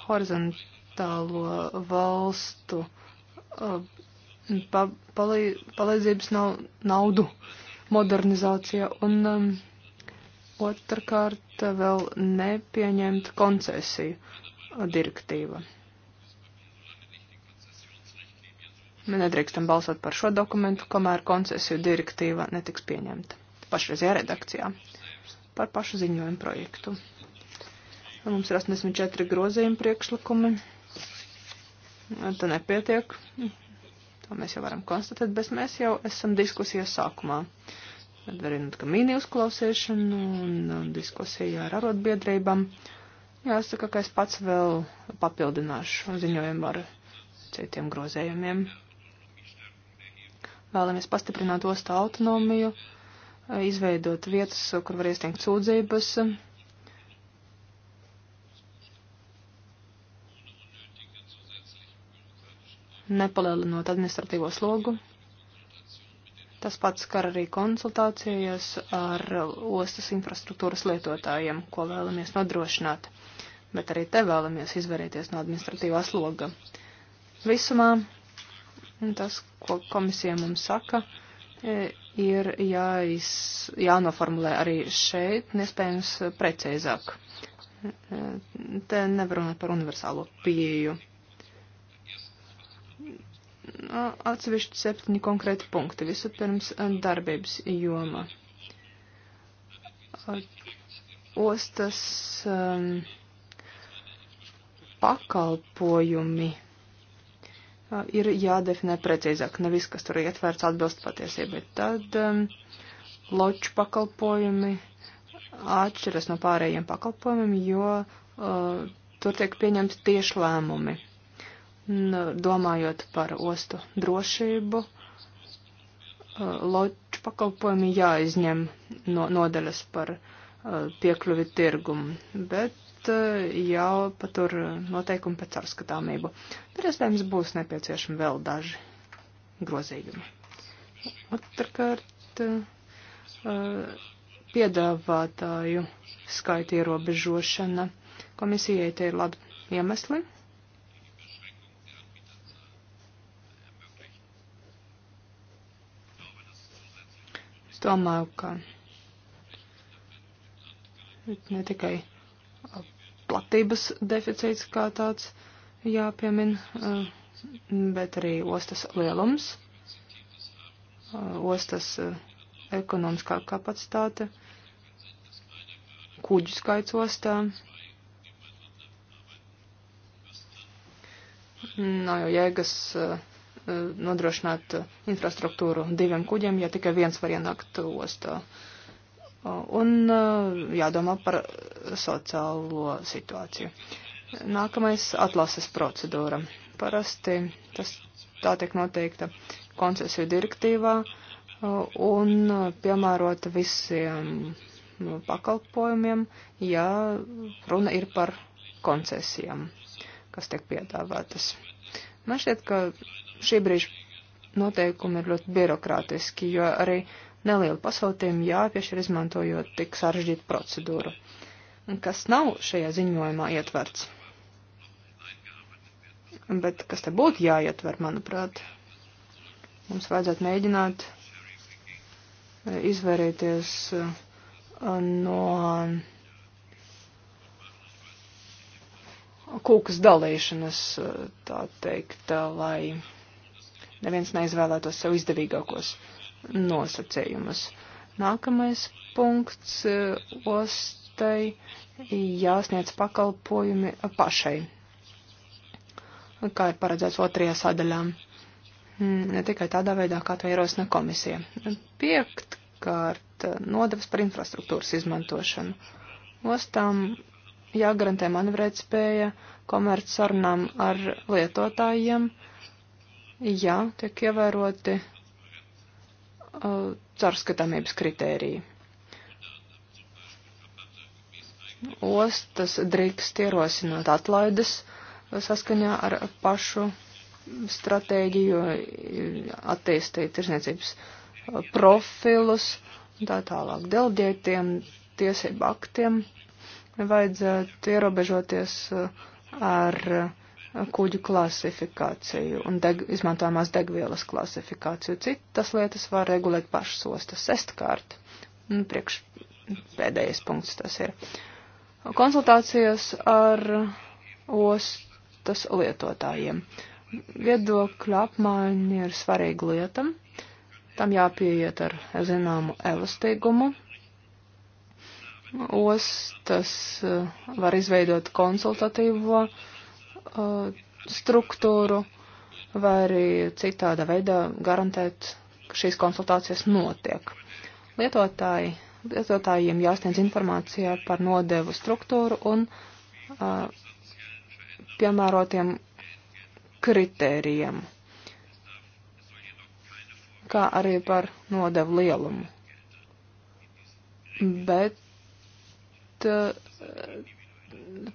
horizontāli attālo valstu uh, pa, palī, palīdzības nav, naudu modernizācijā un um, otrkārt uh, vēl nepieņemta koncesiju direktīva. Mēs nedrīkstam balsot par šo dokumentu, kamēr koncesiju direktīva netiks pieņemta pašreizajā redakcijā par pašu ziņojumu projektu. Mums ir 84 grozījumi priekšlikumi te nepietiek. To mēs jau varam konstatēt, bet mēs jau esam diskusijas sākumā. Tad arī nu, mini uzklausīšana un diskusija ar arotbiedrībām. Jāsaka, ka es pats vēl papildināšu ziņojumu ar citiem grozējumiem. Vēlamies pastiprināt ostu autonomiju, izveidot vietas, kur var iesniegt sūdzības, nepalielinot administratīvo slogu. Tas pats skar arī konsultācijas ar ostas infrastruktūras lietotājiem, ko vēlamies nodrošināt, bet arī te vēlamies izvairīties no administratīvā sloga. Visumā tas, ko komisija mums saka, e, ir jāiz, jānoformulē arī šeit, nespējams precīzāk. E, te nevar runāt par universālo pieju atsevišķi septiņi konkrēti punkti. Vispirms darbības joma. Ostas um, pakalpojumi ir jādefinē precīzāk. Nevis, kas tur ietverts atbilst patiesībai. Tad um, loču pakalpojumi atšķiras no pārējiem pakalpojumiem, jo uh, tur tiek pieņemti tieši lēmumi domājot par ostu drošību, loģu pakalpojumi jāizņem no nodaļas par piekļuvi tirgumu, bet jāpatur noteikumi pēc arskatāmību. Tur iespējams būs nepieciešami vēl daži grozījumi. Otrakārt, piedāvātāju skaita ierobežošana. Komisijai te ir labi iemesli Es domāju, ka ne tikai platības deficīts kā tāds jāpiemin, eh, bet arī ostas lielums, eh, ostas eh, ekonomiskā kapacitāte, kuģu skaits ostā. Nav jau jēgas uh, Eh, nodrošināt infrastruktūru diviem kuģiem, ja tikai viens var ienākt ostā. Eh, un eh, jādomā par sociālo situāciju. Nākamais atlases procedūra. Parasti tas tā tiek noteikta koncesiju direktīvā un piemērota visiem mm, pakalpojumiem, ja runa ir par koncesijām, kas tiek piedāvātas. Man šķiet, ka šī brīža noteikumi ir ļoti birokrātiski, jo arī nelielu pasautījumu jāpiešķir izmantojot tik sarežģītu procedūru, kas nav šajā ziņojumā ietverts. Bet kas te būtu jāietver, manuprāt, mums vajadzētu mēģināt eh, izvairīties eh, no kūkas dalīšanas, eh, tā teikt, lai neviens neizvēlētos sev izdevīgākos nosacējumus. Nākamais punkts eh, - ostai jāsniedz pakalpojumi pašai, kā ir paredzēts otrajā sadaļā. Hmm, ne tikai tādā veidā, kā to ierosina komisija. Piektkārt, nodevs par infrastruktūras izmantošanu. Ostām jāgarantē manevrētspēja komerc sarunām ar lietotājiem. Uh, ja tiek ievēroti uh, caurskatāmības kritēriji. Ostas drīkst ierosināt atlaides uh, saskaņā ar pašu stratēģiju, attīstīt tirsniecības uh, profilus un tā tālāk. Delģētiem tiesību aktiem vajadzētu ierobežoties uh, ar uh, kuģu klasifikāciju un deg izmantojamās degvielas klasifikāciju. Citas lietas var regulēt pašas ostas. Sestkārt, nu, priekš pēdējais punkts tas ir. Konsultācijas ar ostas lietotājiem. Viedokļa apmaiņa ir svarīga lieta. Tam jāpieiet ar zināmu elastīgumu, ostas eh, var izveidot konsultatīvo struktūru vai arī citāda veidā garantēt, ka šīs konsultācijas notiek. Lietotāji, lietotājiem jāsniedz informācija par nodevu struktūru un uh, piemērotiem kritērijiem, kā arī par nodevu lielumu. Bet uh,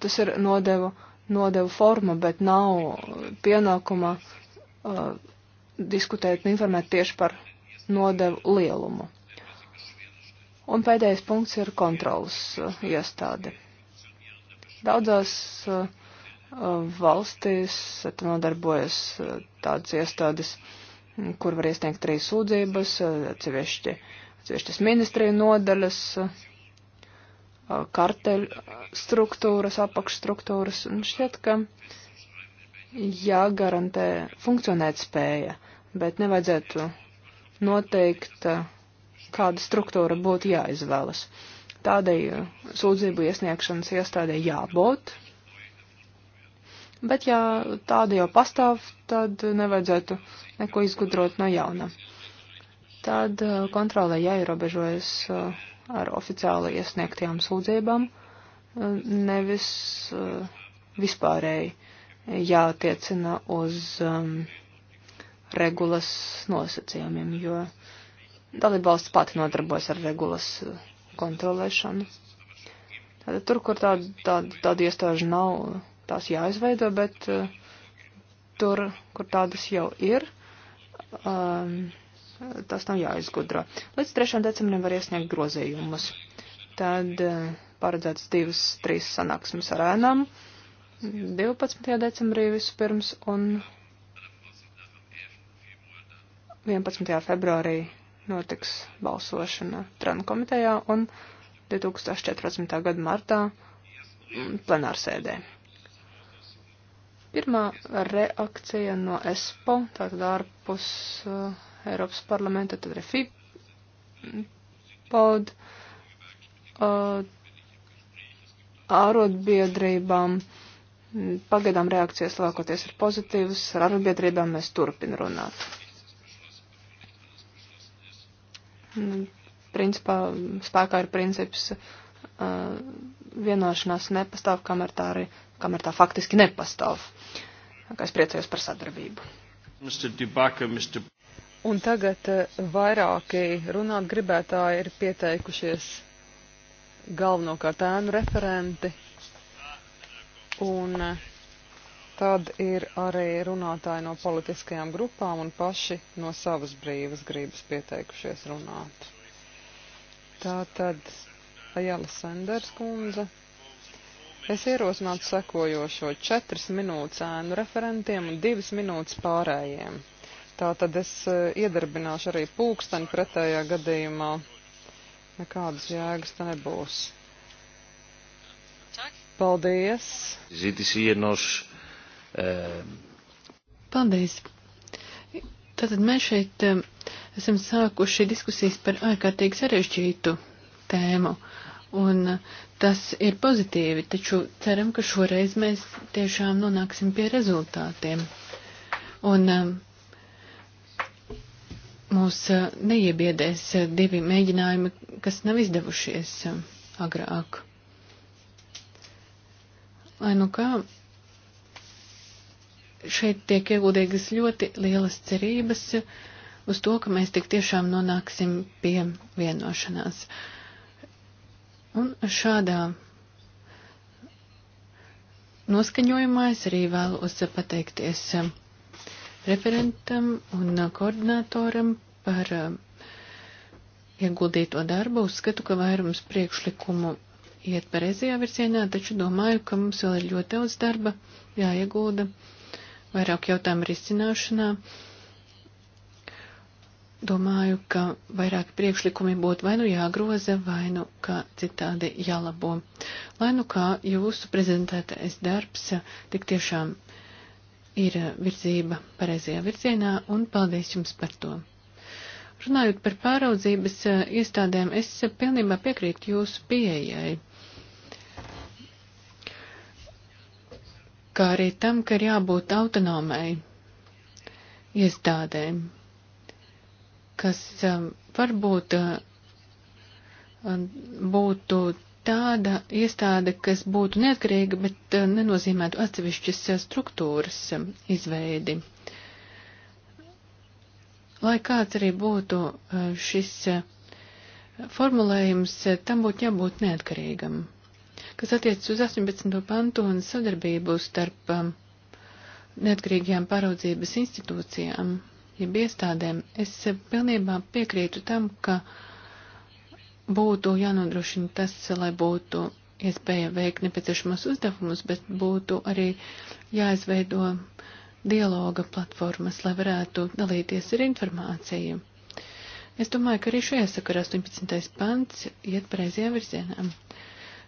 tas ir nodevu uh, nodevu forma, bet nav pienākuma uh, diskutēt un informēt tieši par nodevu lielumu. Un pēdējais punkts ir kontrolas uh, iestāde. Daudzās uh, uh valstīs uh, nodarbojas uh, tādas iestādes, mm, kur var iesniegt trīs sūdzības, uh, atsevišķi, atsevišķas ministrija nodaļas. Uh, Uh, karteļu struktūras, apakšstruktūras, un šķiet, ka jāgarantē funkcionēt spēja, bet nevajadzētu noteikt, uh, kāda struktūra būtu jāizvēlas. Tādai uh, sūdzību iesniegšanas iestādē jābūt, bet ja tāda jau pastāv, tad nevajadzētu neko izgudrot no jauna. Tad kontrolē jāierobežojas uh, ar oficiāli iesniegtajām sūdzībām, nevis eh, vispārēji jātiecina uz um, regulas nosacījumiem, jo dalībvalsts pati nodarbojas ar regulas kontrolēšanu. Tātad tur, kur tāda, tāda, tāda iestāža nav, tās jāizveido, bet uh, tur, kur tādas jau ir, um, tas nav jāizgudro. Līdz 3. decembrim var iesniegt grozījumus. Tad eh, paredzēts divas, trīs sanāksmes ar ēnām. 12. decembrī vispirms un 11. februārī notiks balsošana Trana komitejā un 2014. gada martā mm, plenārsēdē. Pirmā reakcija no ESPO, tātad ārpus uh, Eiropas parlamenta, tad arī FIPOD, uh, ārotbiedrībām. Pagaidām reakcijas lielākoties ir pozitīvas, ar arotbiedrībām mēs turpin runāt. Nu, principā spēkā ir princips uh, vienošanās nepastāv, kamēr tā, arī, kamēr tā faktiski nepastāv. Kā es priecājos par sadarbību. Mr. Debaka, Mr. Un tagad eh, vairāki runāt gribētāji ir pieteikušies galvenokārt ēnu referenti. Un eh, tad ir arī runātāji no politiskajām grupām un paši no savas brīvas gribas pieteikušies runāt. Tā tad Ajala Senders kundze. Es ierosinātu sekojošo četras minūtes ēnu referentiem un divas minūtes pārējiem. Tā tad es eh, iedarbināšu arī pulksteni pretējā gadījumā. Nekādas jēgas te nebūs. Paldies! Ehm, Paldies! Tātad mēs šeit ehm, esam sākuši diskusijas par ārkārtīgi sarežģītu tēmu. Un eh, tas ir pozitīvi, taču ceram, ka šoreiz mēs tiešām nonāksim pie rezultātiem. Un ehm, mūs eh, neiebiedēs eh, divi mēģinājumi, kas nav izdevušies eh, agrāk. Lai nu kā, šeit tiek ieguldīgas ļoti lielas cerības uz to, ka mēs tik tiešām nonāksim pie vienošanās. Un šādā noskaņojumā es arī vēlos pateikties referentam un koordinatoram par eh, ieguldīto darbu. Uzskatu, ka vairums priekšlikumu iet pareizajā virzienā, taču domāju, ka mums vēl ir ļoti daudz darba jāiegulda vairāk jautājumu risināšanā. Domāju, ka vairāki priekšlikumi būtu vai nu jāgroza, vai nu kā citādi jālabo. Lai nu kā jūsu prezentētais darbs eh, tik tiešām ir eh, virzība pareizajā virzienā, un paldies jums par to. Runājot par pāraudzības eh, iestādēm, es eh, pilnībā piekrītu jūsu pieejai. Kā arī tam, ka ir jābūt autonomai iestādēm, kas eh, varbūt būtu tāda iestāde, kas būtu neatkarīga, bet nenozīmētu atsevišķas struktūras izveidi. Lai kāds arī būtu eh, šis eh, formulējums, eh, tam būtu jābūt neatkarīgam. Kas attiecas uz 18. pantu un sadarbību starp neatkarīgajām pāraudzības institūcijām, jeb iestādēm, es pilnībā piekrītu tam, ka būtu jānodrošina tas, lai būtu iespēja veikt nepieciešamos uzdevumus, bet būtu arī jāizveido dialoga platformas, lai varētu dalīties ar informāciju. Es domāju, ka arī šajā sakarā 18. pants iet pareizajā virzienā.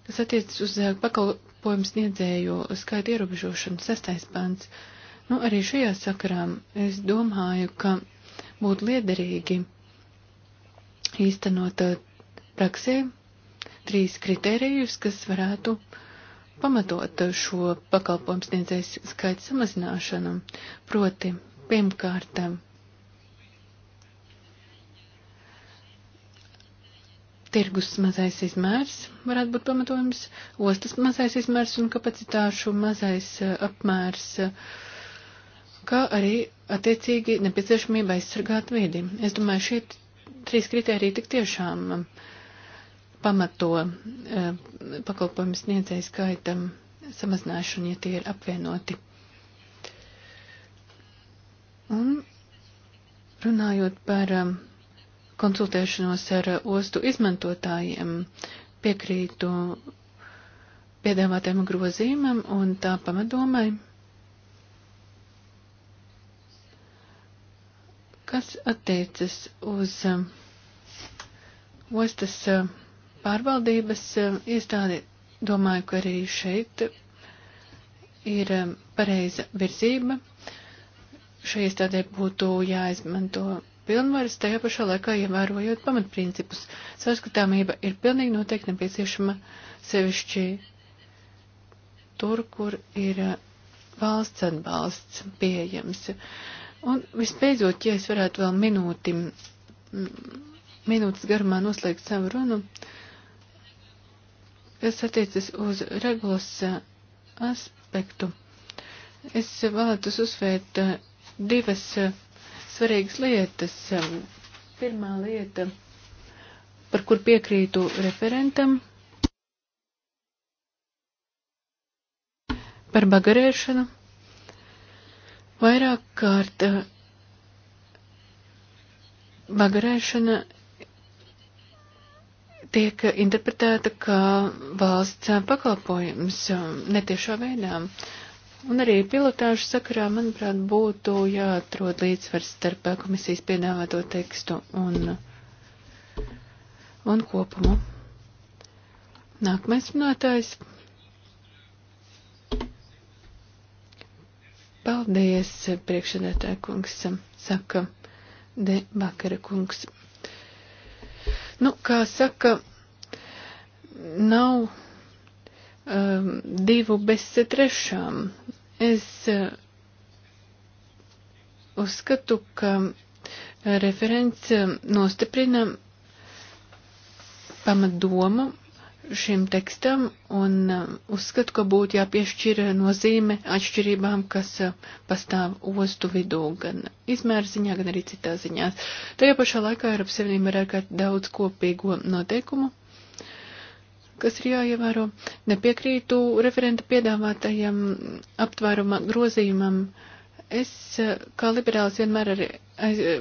Kas attiecas uz eh, pakalpojumu sniedzēju skaitu ierobežošanu, 6. pants. Nu, arī šajā sakarā es domāju, ka būtu liederīgi īstenot eh, praksē trīs kritērijus, kas varētu uh, pamatot šo pakalpojumu sniedzēju skaitu samazināšanu. Proti, pirmkārt, tirgus mazais izmērs varētu būt pamatojums, ostas mazais izmērs un kapacitāšu mazais eh, apmērs, kā arī attiecīgi nepieciešamība aizsargāt vidi. Es domāju, šie trīs kritēriji tik tiešām uh, pamato e, pakalpojumu sniedzēju skaitam samazināšanu, ja tie ir apvienoti. Un runājot par e, konsultēšanos ar ostu izmantotājiem, piekrītu piedāvātajam grozījumam un tā pamadomai, kas attiecas uz e, ostas uh, pārvaldības um, iestādi, domāju, ka arī šeit ir um, pareiza virzība. Šai iestādē būtu jāizmanto pilnvaras, tajā pašā laikā ievērojot pamatprincipus. Saskatāmība ir pilnīgi noteikti nepieciešama sevišķi tur, kur ir uh, valsts atbalsts pieejams. Un visbeidzot, ja es varētu vēl minūti, minūtes garumā noslēgt savu runu, uh, kas attiecas uz regulas uh, aspektu, es vēlētos uzsvērt uh, divas uh, svarīgas lietas. Um, pirmā lieta, par kur piekrītu referentam, par bagarēšanu. Vairāk kārt bagarēšana tiek interpretēta kā valsts pakalpojums um, netiešā veidā. Un arī pilotāžu sakarā, manuprāt, būtu jāatrod līdzsvars starp komisijas piedāvāto tekstu un, un kopumu. Nākamais runātājs. Paldies, priekšsēdētāja kungs, saka De Bakara kungs. Nu, kā saka, nav um, divu bez trešām. Es uh, uzskatu, ka referents um, nostiprina pamatdomu šim tekstam un um, uzskatu, ka būtu jāpiešķir nozīme atšķirībām, kas uh, pastāv ostu vidū, gan izmēra ziņā, gan arī citā ziņā. Tajā pašā laikā Eiropas Savienība ir ārkārt daudz kopīgo noteikumu, kas ir jāievēro. Nepiekrītu referenta piedāvātajam aptvēruma grozījumam. Es, uh, kā liberāls, vienmēr, arī,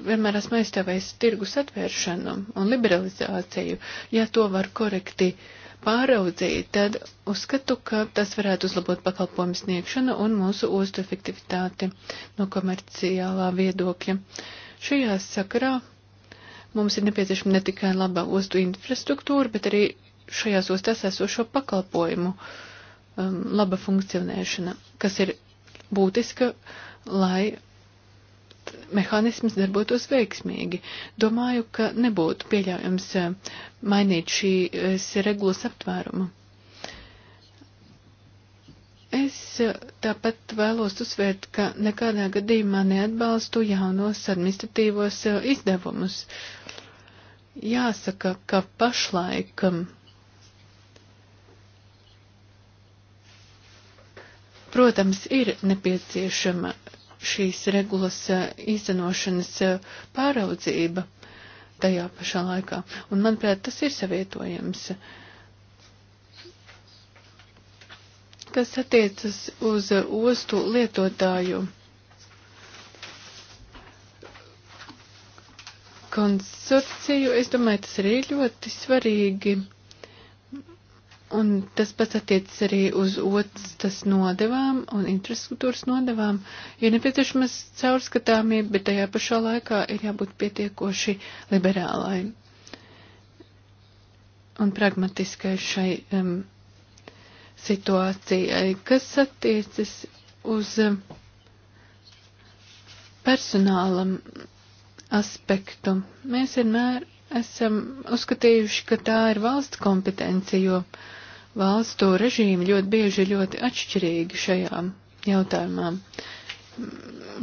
vienmēr esmu aizstāvējis tirgus atvēršanu un liberalizāciju, ja to var korekti uh, pāraudzīt, tad uzskatu, ka tas varētu uzlabot pakalpojumu sniegšanu un mūsu ostu efektivitāti no komerciālā viedokļa. Šajā sakarā mums ir nepieciešama ne tikai laba ostu infrastruktūra, bet arī šajās ostās esošo pakalpojumu um, laba funkcionēšana, kas ir būtiska, lai mehānisms darbotos veiksmīgi. Domāju, ka nebūtu pieļaujams eh, mainīt šīs eh, regulas aptvērumu. Es eh, tāpat vēlos uzsvērt, ka nekādā gadījumā neatbalstu jaunos administratīvos izdevumus. Jāsaka, ka pašlaik um, protams, ir nepieciešama šīs regulas eh, īstenošanas eh, pāraudzība tajā pašā laikā. Un, manuprāt, tas ir savietojams. Kas attiecas uz ostu lietotāju konsorciju, es domāju, tas arī ļoti svarīgi Un tas pats attiecas arī uz otras nodevām un infrastruktūras nodevām. Ir nepieciešamas caurskatāmība, bet tajā pašā laikā ir jābūt pietiekoši liberālai un pragmatiskai šai um, situācijai, kas attiecas uz um, personālam aspektu. Mēs vienmēr esam uzskatījuši, ka tā ir valsts kompetencija, jo valstu režīmi ļoti bieži ir ļoti atšķirīgi šajām jautājumām.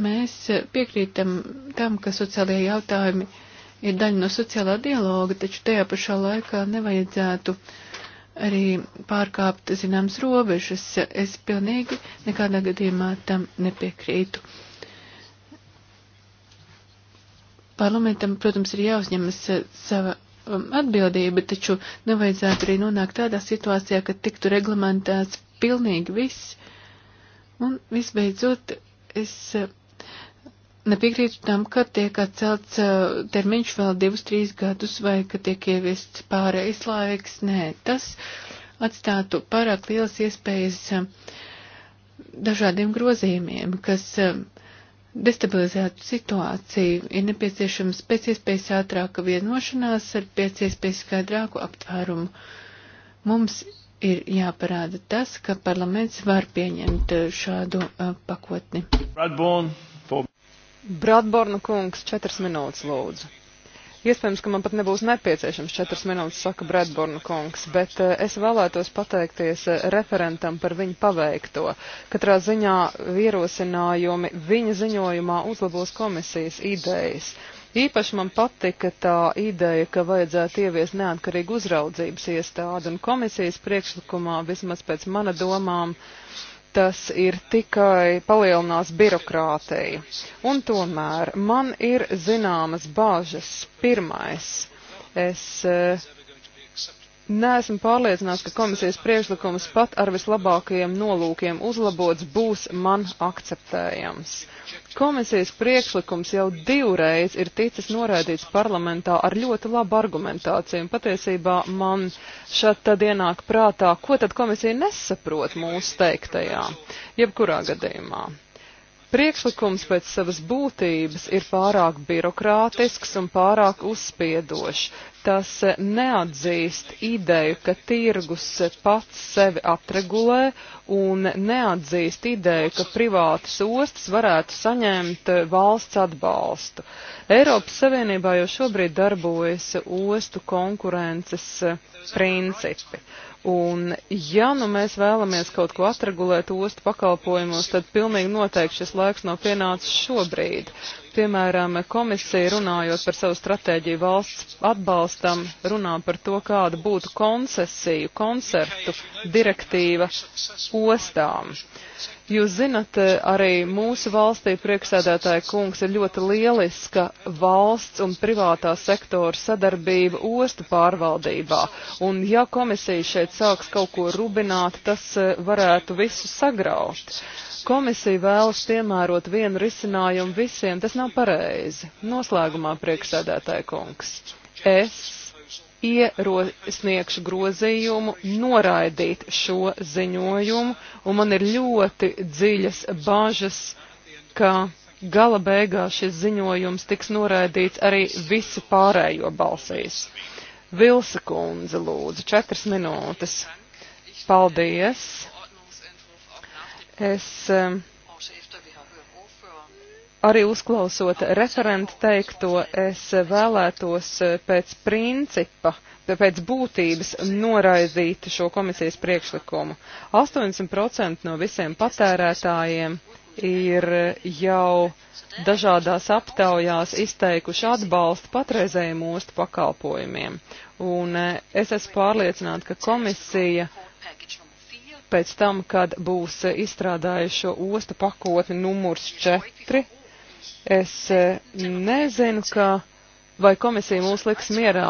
Mēs piekrītam tam, ka sociālajie jautājumi ir daļa no sociālā dialoga, taču tajā pašā laikā nevajadzētu arī pārkāpt zināmas robežas. Es pilnīgi nekādā gadījumā tam nepiekrītu. Parlamentam, protams, ir jāuzņemas sava Um, atbildība, taču nevajadzētu arī nonākt tādā situācijā, ka tiktu reglamentēts pilnīgi viss. Un visbeidzot, es uh, nepiekrītu tam, ka tiek atcelts uh, termiņš vēl divus, trīs gadus vai ka tiek ieviests pārējais laiks. Nē, tas atstātu pārāk lielas iespējas uh, dažādiem grozījumiem, kas destabilizētu situāciju, ir nepieciešams pēc iespējas ātrāka vienošanās ar pēc iespējas skaidrāku aptvērumu. Mums ir jāparāda tas, ka parlaments var pieņemt eh, šādu uh, pakotni. Bradborn, for... Bradborna kungs, četras minūtes lūdzu. Iespējams, ka man pat nebūs nepieciešams četras minūtes, saka Bredborna kungs, bet eh, es vēlētos pateikties eh, referentam par viņu paveikto. Katrā ziņā ierosinājumi viņa ziņojumā uzlabos komisijas idejas. Īpaši man patika tā ideja, ka vajadzētu ievies neatkarīgu uzraudzības iestādi, un komisijas priekšlikumā, vismaz pēc mana domām, uh, tas ir tikai palielinās birokrātiju. Un tomēr man ir zināmas bāžas. Pirmais, es eh, Neesmu pārliecināts, ka komisijas priekšlikums pat ar vislabākajiem nolūkiem uzlabots būs man akceptējams. Komisijas priekšlikums jau divreiz ir ticis noraidīts parlamentā ar ļoti labu argumentāciju, un patiesībā man šad tad ienāk prātā, ko tad komisija nesaprot mūsu teiktajā, jebkurā gadījumā. Priekšlikums pēc savas būtības ir pārāk birokrātisks un pārāk uzspiedošs. Tas neatzīst ideju, ka tirgus pats sevi atregulē un neatzīst ideju, ka privātas ostas varētu saņemt valsts atbalstu. Eiropas Savienībā jau šobrīd darbojas ostu konkurences principi. Un, ja nu mēs vēlamies kaut ko atregulēt ostu pakalpojumos, tad pilnīgi noteikti šis laiks nav pienācis šobrīd. Piemēram, komisija runājot par savu stratēģiju valsts atbalstam, runā par to, kāda būtu koncesiju, koncertu direktīva ostām. Jūs zinat, eh, arī mūsu valstī priekšsēdētāja kungs ir ļoti lieliska valsts un privātā sektora sadarbība ostu pārvaldībā. Un ja komisija šeit sāks kaut ko rubināt, tas eh, varētu visu sagraut. Komisija vēlas piemērot vienu risinājumu visiem, tas nav pareizi. Noslēgumā priekšsēdētāja kungs. Es ierosniegšu grozījumu noraidīt šo ziņojumu, un man ir ļoti dziļas bažas, ka gala beigā šis ziņojums tiks noraidīts arī visu pārējo balsīs. Vilsa kundze lūdzu, četras minūtes. Paldies! Es um, arī uzklausot referentu teikto, es vēlētos uh, pēc principa, pēc būtības noraidīt šo komisijas priekšlikumu. 80% no visiem patērētājiem ir uh, jau dažādās aptaujās izteikuši atbalstu patreizējiem ostu pakalpojumiem. Un uh, es esmu pārliecināta, ka komisija pēc tam, kad būs izstrādājušo ostu pakotni numurs 4. Es e, nezinu, ka vai komisija mūs liks mierā.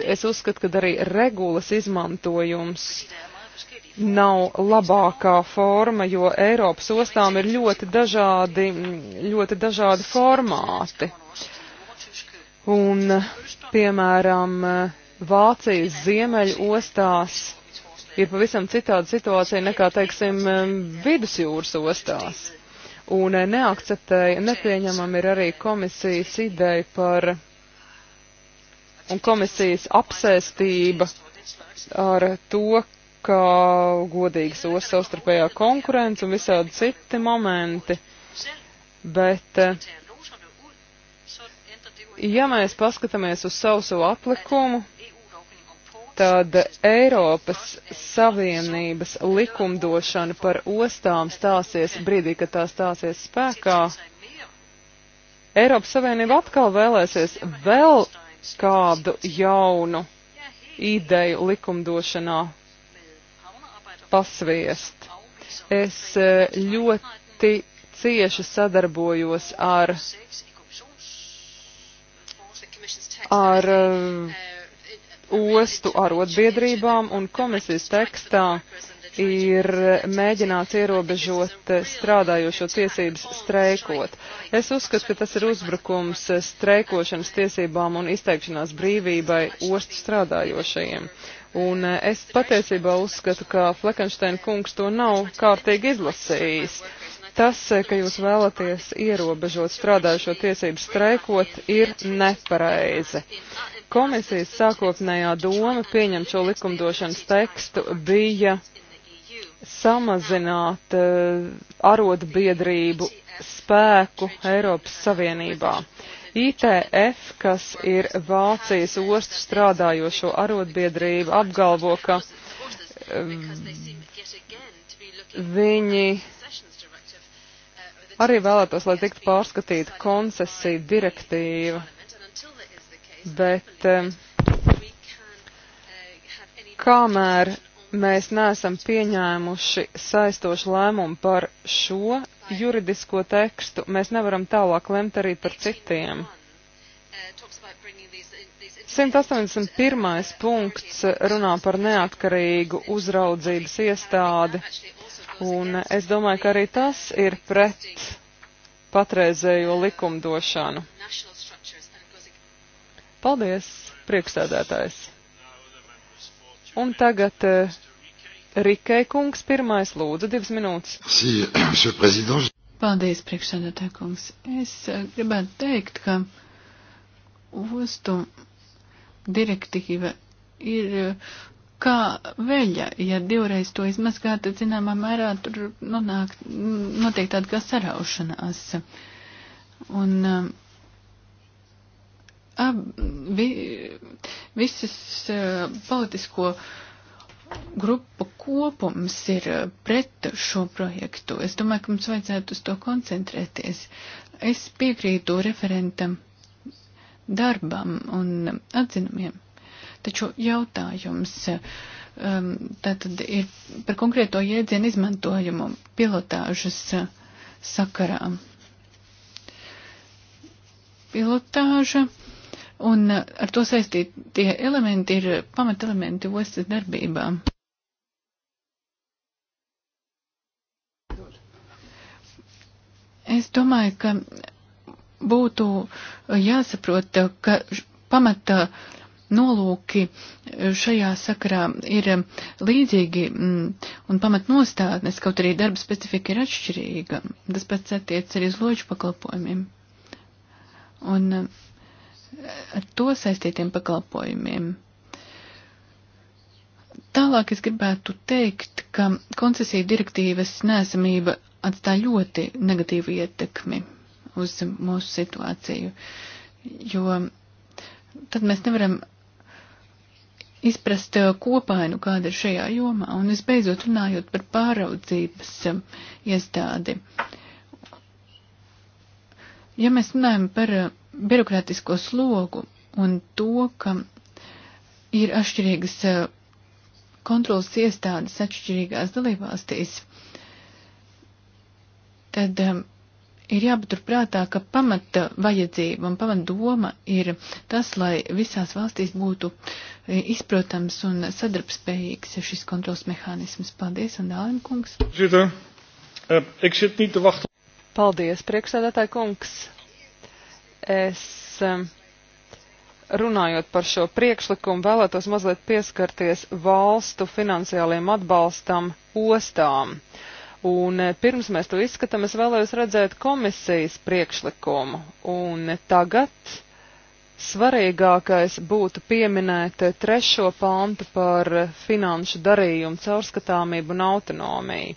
Es uzskatu, ka arī regulas izmantojums nav labākā forma, jo Eiropas ostām ir ļoti dažādi, ļoti dažādi formāti. Un, piemēram, Vācijas ziemeļu ostās ir pavisam citāda situācija nekā, teiksim, vidusjūras ostās. Un eh, neakceptēja, nepieņemam ir arī komisijas ideja par un komisijas apsēstība ar to, kā godīgas ostas savstarpējā konkurence un visādi citi momenti. Bet, eh, ja mēs paskatāmies uz savu savu aplikumu, Tātad Eiropas Savienības likumdošana par ostām stāsies brīdī, kad tā stāsies spēkā. Eiropas Savienība atkal vēlēsies vēl kādu jaunu ideju likumdošanā pasviest. Es e, ļoti cieši sadarbojos ar, ar e, ostu arotbiedrībām, un komisijas tekstā ir mēģināts ierobežot strādājošo tiesības streikot. Es uzskatu, ka tas ir uzbrukums streikošanas tiesībām un izteikšanās brīvībai ostu strādājošajiem. Un eh, es patiesībā uzskatu, ka Flekensteina kungs to nav kārtīgi izlasījis. Tas, eh, ka jūs vēlaties ierobežot strādājušo tiesību streikot, ir nepareizi. Komisijas sākotnējā doma pieņemt šo likumdošanas tekstu bija samazināt uh, arotbiedrību spēku Eiropas Savienībā. ITF, kas ir Vācijas ostu strādājošo arotbiedrību, apgalvo, ka eh, viņi arī vēlētos, lai tiktu pārskatīta koncesija direktīva bet eh, kamēr mēs neesam pieņēmuši saistošu lēmumu par šo juridisko tekstu, mēs nevaram tālāk lemt arī par citiem. 181. punkts runā par neatkarīgu uzraudzības iestādi, un es domāju, ka arī tas ir pret patreizējo likumdošanu. Paldies, priekšsēdētājs. Un tagad uh, eh, Rikei kungs pirmais lūdzu divas minūtes. Paldies, priekšsēdētāj kungs. Es uh, gribētu teikt, ka ostu direktīva ir uh, kā veļa, ja divreiz to izmazgā, tad zināmā mērā tur nonāk, notiek tāda kā saraušanās. Un uh, ab, vi, visas politisko grupu kopums ir pret šo projektu. Es domāju, ka mums vajadzētu uz to koncentrēties. Es piekrītu referentam darbam un atzinumiem. Taču jautājums um, tātad ir par konkrēto jēdzienu izmantojumu pilotāžas sakarā. Pilotāža Un ar to saistītie elementi ir pamatelementi ostas darbībām. Es domāju, ka būtu jāsaprot, ka pamata nolūki šajā sakarā ir līdzīgi mm, un pamatnostādnes, kaut arī darba specifika ir atšķirīga. Tas pats attiec arī uz loģu pakalpojumiem. Un uh, ar to saistītiem pakalpojumiem. Tālāk es gribētu teikt, ka koncesiju direktīvas nesamība atstāja ļoti negatīvu ietekmi uz mūsu situāciju, jo tad mēs nevaram izprast eh, kopainu, kāda ir šajā jomā, un visbeidzot runājot par pāraudzības eh, iestādi. Ja mēs runājam par eh, birokrātisko slogu un to, ka ir atšķirīgas eh, kontrolas iestādes atšķirīgās dalībvalstīs, tad um, ir jāpaturprātā, ka pamata vajadzība un pamata doma ir tas, lai visās valstīs būtu eh, izprotams un sadarbspējīgs šis kontrols mehānisms. Paldies, Andālim kungs. Paldies, priekšsēdētāji kungs. Es um, runājot par šo priekšlikumu vēlētos mazliet pieskarties valstu finansiāliem atbalstam ostām. Un eh, pirms mēs to izskatām, es vēlējos redzēt komisijas priekšlikumu. Un eh, tagad Svarīgākais būtu pieminēt trešo pantu par finanšu darījumu caurskatāmību un autonomiju,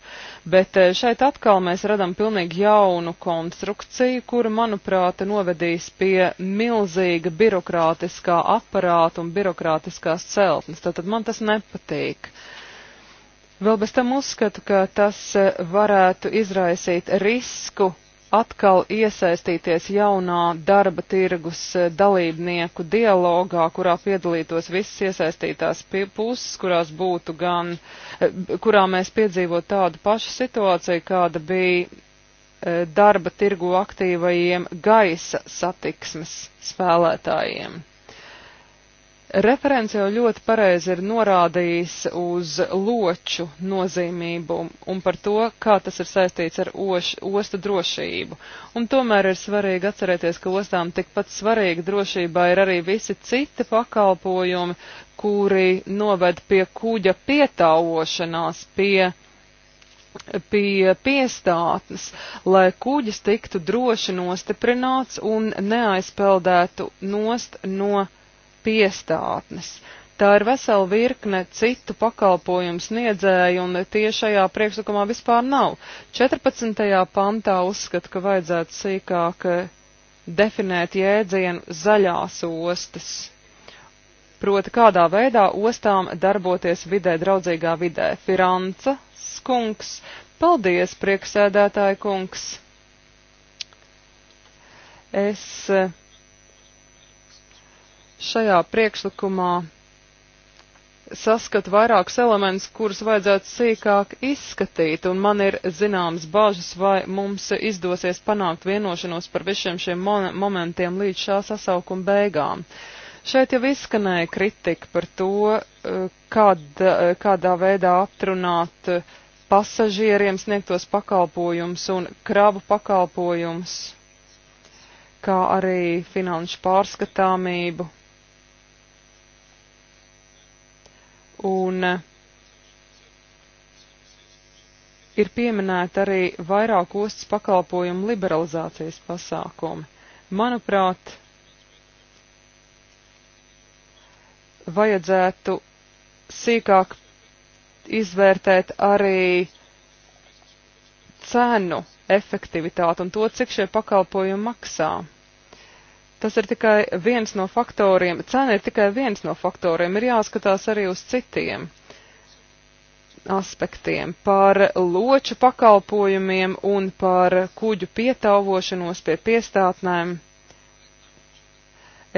bet eh, šeit atkal mēs radam pilnīgi jaunu konstrukciju, kura, manuprāt, novedīs pie milzīga birokrātiskā aparāta un birokrātiskās celtnes. Tātad man tas nepatīk. Vēl bez tam uzskatu, ka tas eh, varētu izraisīt risku atkal iesaistīties jaunā darba tirgus eh, dalībnieku dialogā, kurā piedalītos visas iesaistītās puses, kurās būtu gan, eh, kurā mēs piedzīvotu tādu pašu situāciju, kāda bija eh, darba tirgu aktīvajiem gaisa satiksmes spēlētājiem. Referents jau ļoti pareizi ir norādījis uz loču nozīmību un par to, kā tas ir saistīts ar oš, ostu drošību. Un tomēr ir svarīgi atcerēties, ka ostām tikpat svarīgi drošībā ir arī visi citi pakalpojumi, kuri noved pie kuģa pietauošanās, pie pie piestātnes, lai kuģis tiktu droši nostiprināts un neaizpeldētu nost no piestātnes. Tā ir vesela virkne citu pakalpojumu sniedzēju, un tie šajā priekšlikumā vispār nav. 14. pantā uzskata, ka vajadzētu sīkāk eh, definēt jēdzienu zaļās ostas. Proti, kādā veidā ostām darboties vidē draudzīgā vidē. Firanca, skunks, paldies, prieksēdētāji kungs. Es uh, šajā priekšlikumā saskat vairākus elementus, kurus vajadzētu sīkāk izskatīt, un man ir zināmas bažas, vai mums izdosies panākt vienošanos par visiem šiem momentiem līdz šā sasaukuma beigām. Šeit jau izskanēja kritika par to, eh, kad, eh, kādā veidā aptrunāt eh, pasažieriem sniegtos pakalpojumus un kravu pakalpojumus, kā arī finanšu pārskatāmību Un eh, ir pieminēta arī vairāk ostas pakalpojumu liberalizācijas pasākumi. Manuprāt, vajadzētu sīkāk izvērtēt arī cenu efektivitāti un to, cik šie pakalpojumi maksā. Tas ir tikai viens no faktoriem, cena ir tikai viens no faktoriem, ir jāskatās arī uz citiem aspektiem, par loču pakalpojumiem un par kuģu pietāvošanos pie piestātnēm.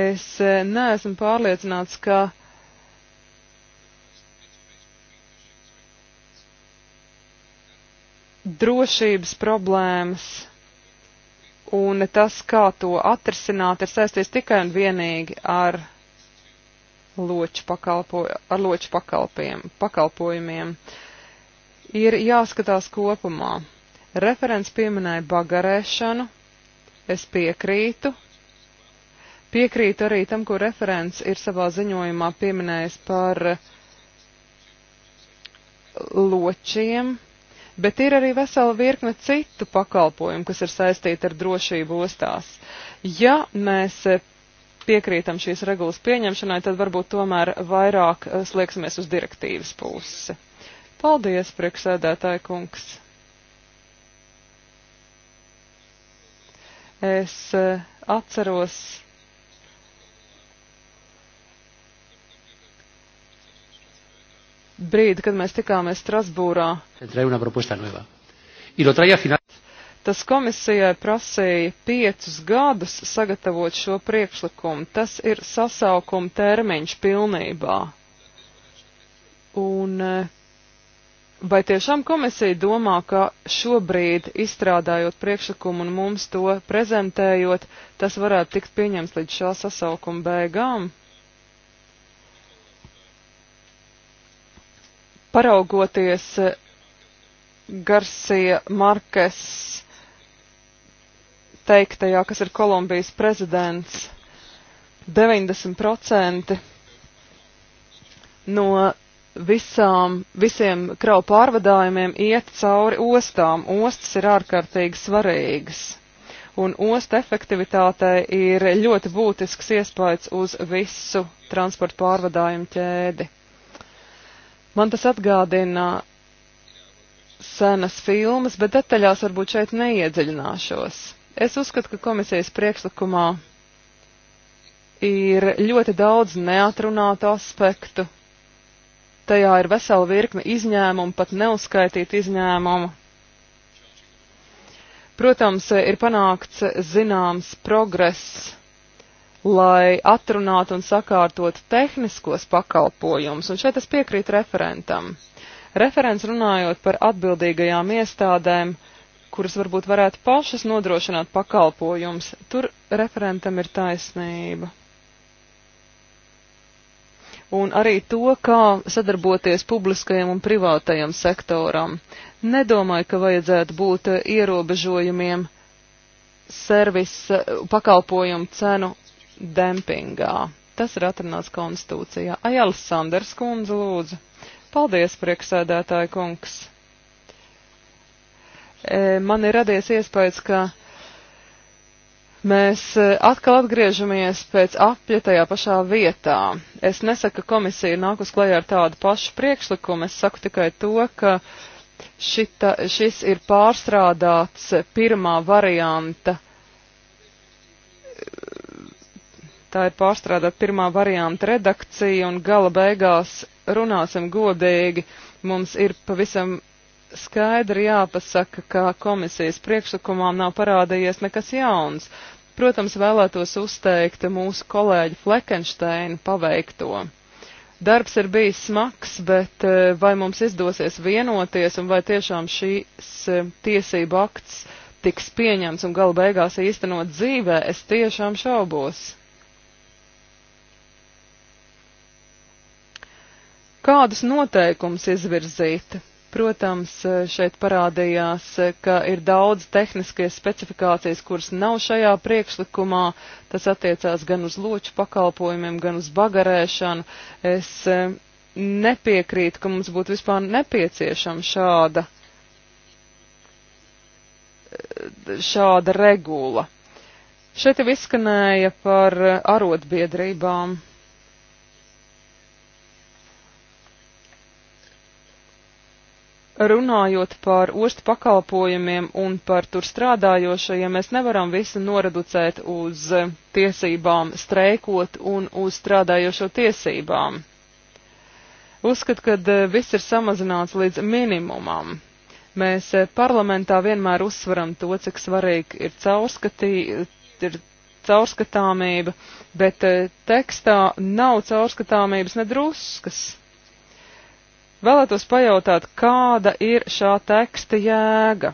Es e, neesmu pārliecināts, ka drošības problēmas un tas, kā to atrisināt, ir saistīts tikai un vienīgi ar loču, pakalpo, ar loču pakalpojumiem. Ir jāskatās kopumā. Referents pieminēja bagarēšanu, es piekrītu. Piekrītu arī tam, ko referents ir savā ziņojumā pieminējis par ločiem, bet ir arī vesela virkne citu pakalpojumu, kas ir saistīti ar drošību ostās. Ja mēs eh, piekrītam šīs regulas pieņemšanai, tad varbūt tomēr vairāk eh, slieksimies uz direktīvas pusi. Paldies, priekšsēdētāji kungs! Es eh, atceros brīdi, kad mēs tikāmies Strasbūrā. Tas komisijai prasīja piecus gadus sagatavot šo priekšlikumu. Tas ir sasaukuma termiņš pilnībā. Un eh, vai tiešām komisija domā, ka šobrīd izstrādājot priekšlikumu un mums to prezentējot, tas varētu tikt pieņemts līdz šā sasaukuma beigām? Paraugoties eh, Garcia Markes teiktajā, kas ir Kolumbijas prezidents, 90% no visām, visiem kravu pārvadājumiem iet cauri ostām. Ostas ir ārkārtīgi svarīgas un ostu efektivitātei ir ļoti būtisks iespējas uz visu transportu pārvadājumu ķēdi. Man tas atgādina senas filmas, bet detaļās varbūt šeit neiedziļināšos. Es uzskatu, ka komisijas priekšlikumā ir ļoti daudz neatrunātu aspektu. Tajā ir vesela virkne izņēmumu, pat neuzskaitīt izņēmumu. Protams, ir panākts zināms progress lai atrunātu un sakārtotu tehniskos pakalpojumus, un šeit es piekrītu referentam. Referents runājot par atbildīgajām iestādēm, kuras varbūt varētu pašas nodrošināt pakalpojumus, tur referentam ir taisnība. Un arī to, kā sadarboties publiskajam un privātajam sektoram. Nedomāju, ka vajadzētu būt ierobežojumiem servisa pakalpojumu cenu dempingā. Tas ir atrunāts konstitūcijā. Ajāls Sanders kundze lūdzu. Paldies, prieksēdētāji kungs. E, man ir radies iespējas, ka mēs e, atkal atgriežamies pēc apļa tajā pašā vietā. Es nesaku, ka komisija nākus klajā ar tādu pašu priekšlikumu, es saku tikai to, ka šita, šis ir pārstrādāts pirmā varianta tā ir pārstrādāt pirmā varianta redakcija un gala beigās runāsim godīgi. Mums ir pavisam skaidri jāpasaka, ka komisijas priekšlikumā nav parādījies nekas jauns. Protams, vēlētos uzteikt mūsu kolēģi Fleckensteinu paveikto. Darbs ir bijis smags, bet e, vai mums izdosies vienoties un vai tiešām šīs e, tiesību akts tiks pieņemts un gala beigās īstenot dzīvē, es tiešām šaubos. Kādus noteikumus izvirzīt? Protams, šeit parādījās, ka ir daudz tehniskās specifikācijas, kuras nav šajā priekšlikumā. Tas attiecās gan uz loču pakalpojumiem, gan uz bagarēšanu. Es eh, nepiekrītu, ka mums būtu vispār nepieciešama šāda, eh, šāda regula. Šeit jau izskanēja par eh, arotbiedrībām. runājot par ostu pakalpojumiem un par tur strādājošajiem, mēs nevaram visu noreducēt uz tiesībām streikot un uz strādājošo tiesībām. Uzskat, ka e, viss ir samazināts līdz minimumam. Mēs e, parlamentā vienmēr uzsveram to, cik svarīgi ir, caurskatī, ir caurskatāmība, bet e, tekstā nav caurskatāmības nedruskas. Vēlētos pajautāt, kāda ir šā teksta jēga?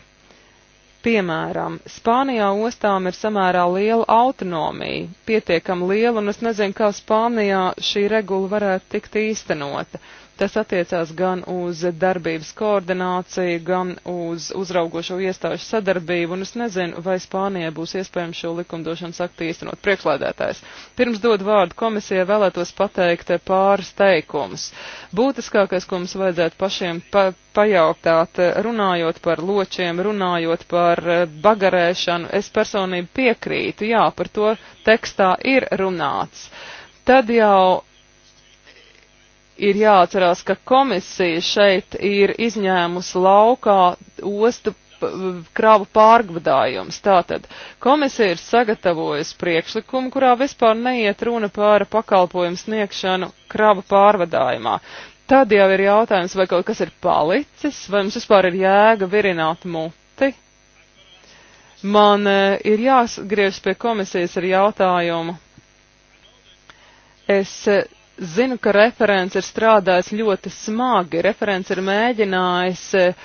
Piemēram, Spānijā ostām ir samērā liela autonomija, pietiekam liela, un es nezinu, kā Spānijā šī regula varētu tikt īstenota. Uh, Tas attiecās gan uz darbības koordināciju, gan uz uzraugošo iestāžu sadarbību, un es nezinu, vai Spānijai būs iespējams šo likumdošanas aktu īstenot. Priekšlēdētājs, pirms dod vārdu komisijai, vēlētos pateikt pāris teikumus. Būtiskākais, ko mums vajadzētu pašiem pa pajautāt, runājot par ločiem, runājot par bagarēšanu, es personīgi piekrītu, jā, par to tekstā ir runāts. Tad jau ir jāatcerās, ka komisija šeit ir izņēmusi laukā ostu kravu pārgvadājums. Tātad komisija ir sagatavojusi priekšlikumu, kurā vispār neiet runa par pakalpojumu sniegšanu kravu pārvadājumā. Tad jau ir jautājums, vai kaut kas ir palicis, vai mums vispār ir jēga virināt muti. Man e, ir jāsgriežas pie komisijas ar jautājumu. Es e, Zinu, ka referents ir strādājis ļoti smagi. Referents ir mēģinājis eh,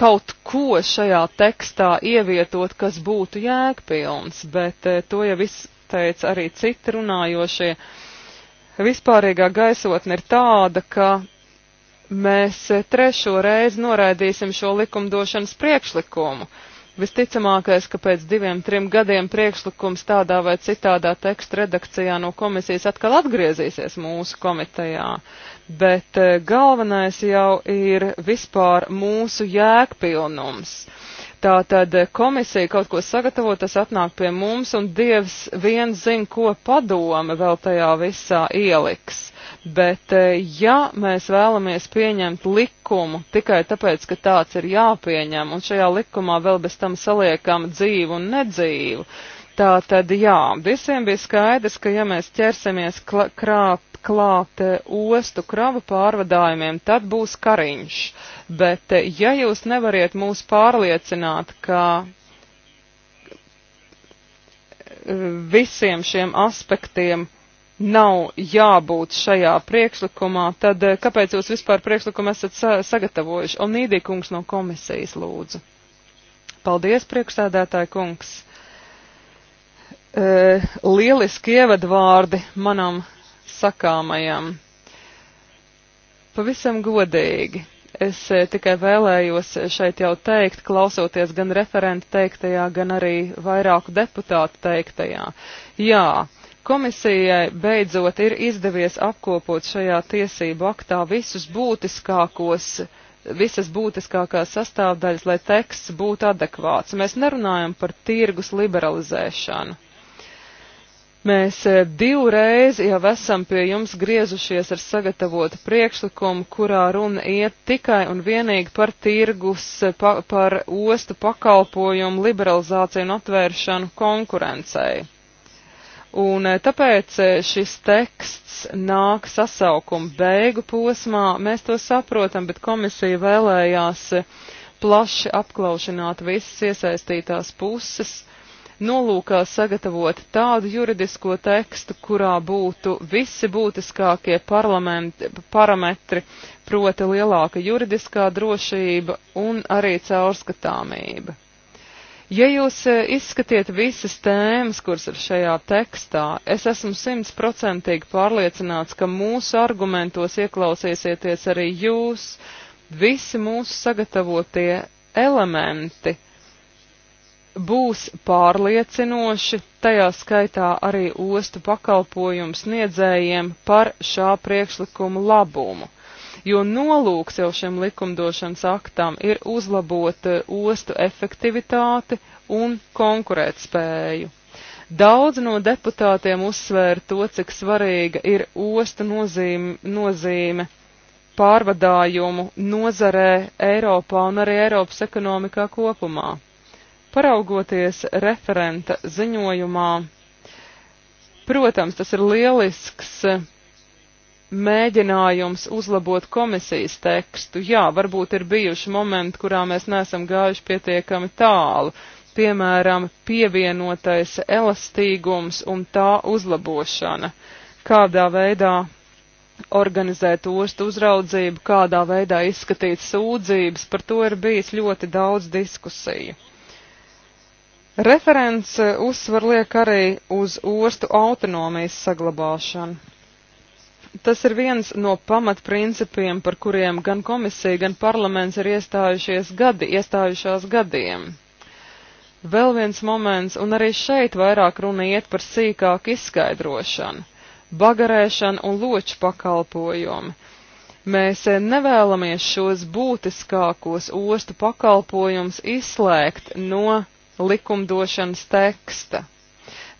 kaut ko šajā tekstā ievietot, kas būtu jēgpilns, bet eh, to jau izteica arī citi runājošie. Vispārīgā gaisotne ir tāda, ka mēs eh, trešo reizi noraidīsim šo likumdošanas priekšlikumu. Visticamākais, ka pēc diviem, trim gadiem priekšlikums tādā vai citādā teksta redakcijā no komisijas atkal atgriezīsies mūsu komitejā, bet eh, galvenais jau ir vispār mūsu jēgpilnums. Tātad eh, komisija kaut ko sagatavo, tas atnāk pie mums, un Dievs viens zina, ko padome vēl tajā visā ieliks. Bet e, ja mēs vēlamies pieņemt likumu tikai tāpēc, ka tāds ir jāpieņem, un šajā likumā vēl bez tam saliekam dzīvu un nedzīvu, tā tad jā, visiem bija skaidrs, ka ja mēs ķersimies krāt klāt e, ostu kravu pārvadājumiem, tad būs kariņš. Bet e, ja jūs nevariet mūs pārliecināt, ka visiem šiem aspektiem nav jābūt šajā priekšlikumā, tad eh, kāpēc jūs vispār priekšlikumu esat sa sagatavojuši? Un Nīdīkungs no komisijas lūdzu. Paldies, priekšsēdētāji kungs. E, lieliski ievadvārdi manam sakāmajam. Pavisam godīgi. Es eh, tikai vēlējos šeit jau teikt, klausoties gan referenta teiktajā, gan arī vairāku deputātu teiktajā. Jā, uh, Komisijai beidzot ir izdevies apkopot šajā tiesību aktā visus būtiskākos visas būtiskākās sastāvdaļas, lai teksts būtu adekvāts. Mēs nerunājam par tirgus liberalizēšanu. Mēs eh, divreiz jau esam pie jums griezušies ar sagatavotu priekšlikumu, kurā runa iet tikai un vienīgi par tirgus, eh, pa, par ostu pakalpojumu liberalizāciju un atvēršanu konkurencei. Un eh, tāpēc eh, šis teksts nāk sasaukuma beigu posmā, mēs to saprotam, bet komisija vēlējās eh, plaši apklaušanāt visas iesaistītās puses, nolūkā sagatavot tādu juridisko tekstu, kurā būtu visi būtiskākie parametri, proti lielāka juridiskā drošība un arī caurskatāmība. Ja jūs e, izskatiet visas tēmas, kuras ir šajā tekstā, es esmu simtprocentīgi pārliecināts, ka mūsu argumentos ieklausīsieties arī jūs, visi mūsu sagatavotie elementi būs pārliecinoši, tajā skaitā arī ostu pakalpojumu sniedzējiem par šā priekšlikuma labumu jo nolūks jau šim likumdošanas aktam ir uzlabot eh, ostu efektivitāti un konkurētspēju. Daudz no deputātiem uzsvēra to, cik svarīga ir ostu nozīme, nozīme pārvadājumu nozarē Eiropā un arī Eiropas ekonomikā kopumā. Paraugoties referenta ziņojumā, protams, tas ir lielisks mēģinājums uzlabot komisijas tekstu. Jā, varbūt ir bijuši momenti, kurā mēs neesam gājuši pietiekami tālu, piemēram, pievienotais elastīgums un tā uzlabošana, kādā veidā organizēt ostu uzraudzību, kādā veidā izskatīt sūdzības, par to ir bijis ļoti daudz diskusiju. Referents uzsver liek arī uz ostu autonomijas saglabāšanu. Tas ir viens no pamatprincipiem, par kuriem gan komisija, gan parlaments ir iestājušies gadi, iestājušās gadiem. Vēl viens moments, un arī šeit vairāk runa iet par sīkāku izskaidrošanu, bagarēšanu un loču pakalpojumu. Mēs eh, nevēlamies šos būtiskākos ostu pakalpojumus izslēgt no likumdošanas teksta.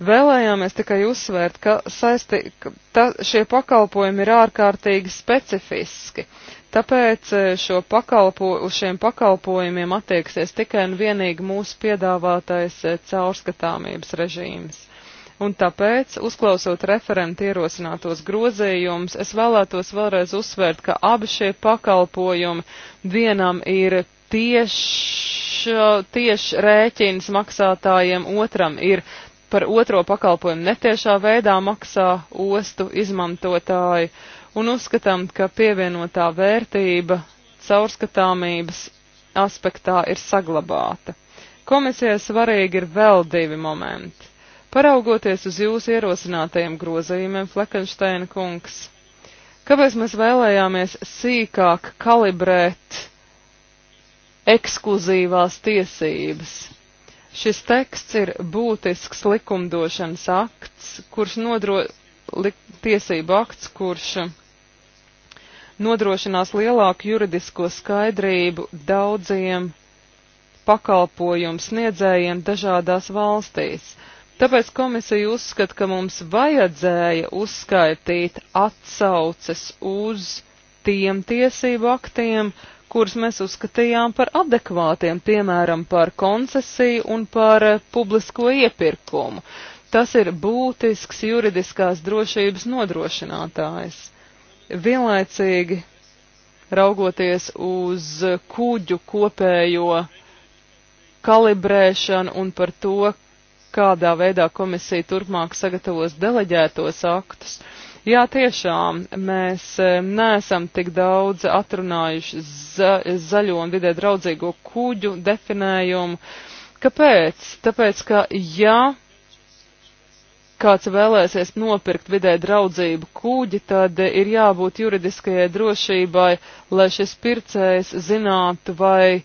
Vēlējāmies tikai uzsvērt, ka saisti, ka ta, šie pakalpojumi ir ārkārtīgi specifiski. Tāpēc e, šo pakalpo, uz šiem pakalpojumiem attieksies tikai un vienīgi mūsu piedāvātais e, caurskatāmības režīms. Un tāpēc, uzklausot referenta ierosinātos grozījumus, es vēlētos vēlreiz uzsvērt, ka abi šie pakalpojumi vienam ir tieši tieš rēķins maksātājiem, otram ir par otro pakalpojumu netiešā veidā maksā ostu izmantotāji, un uzskatām, ka pievienotā vērtība caurskatāmības aspektā ir saglabāta. Komisijai svarīgi ir vēl divi momenti. Paraugoties uz jūsu ierosinātajiem grozījumiem, Fleckensteina kungs, kāpēc mēs vēlējāmies sīkāk kalibrēt ekskluzīvās tiesības? Šis teksts ir būtisks likumdošanas akts, kurš nodro, lik, tiesību akts, kurš nodrošinās lielāku juridisko skaidrību daudziem pakalpojumu sniedzējiem dažādās valstīs. Tāpēc komisija uzskata, ka mums vajadzēja uzskaitīt atsauces uz tiem tiesību aktiem, kurus mēs uzskatījām par adekvātiem, piemēram, par koncesiju un par eh, publisko iepirkumu. Tas ir būtisks juridiskās drošības nodrošinātājs. Vienlaicīgi raugoties uz kuģu kopējo kalibrēšanu un par to, kādā veidā komisija turpmāk sagatavos deleģētos aktus. Uh, Jā, tiešām mēs e, neesam tik daudz atrunājuši za, zaļo un vidē draudzīgo kuģu definējumu. Kāpēc? Tāpēc, ka ja kāds vēlēsies nopirkt vidē draudzību kuģi, tad ir jābūt juridiskajai drošībai, lai šis pircējs zinātu, vai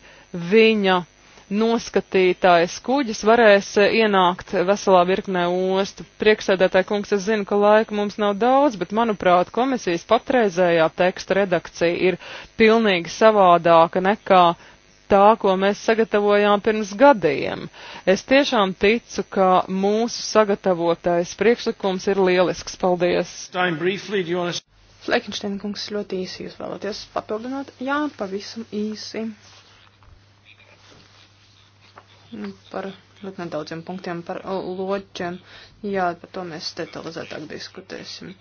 viņa noskatītājs kuģis varēs eh, ienākt veselā virknē ostu. Prieksēdētāji kungs, es zinu, ka laika mums nav daudz, bet manuprāt, komisijas patreizējā teksta redakcija ir pilnīgi savādāka nekā tā, ko mēs sagatavojām pirms gadiem. Es tiešām ticu, ka mūsu sagatavotais priekšlikums ir lielisks. Paldies! Flekinšteina kungs ļoti īsi jūs vēlaties papildināt? Jā, pavisam īsi. Nu, par ļoti nedaudziem punktiem par loķiem. Jā, par to mēs detalizētāk diskutēsim.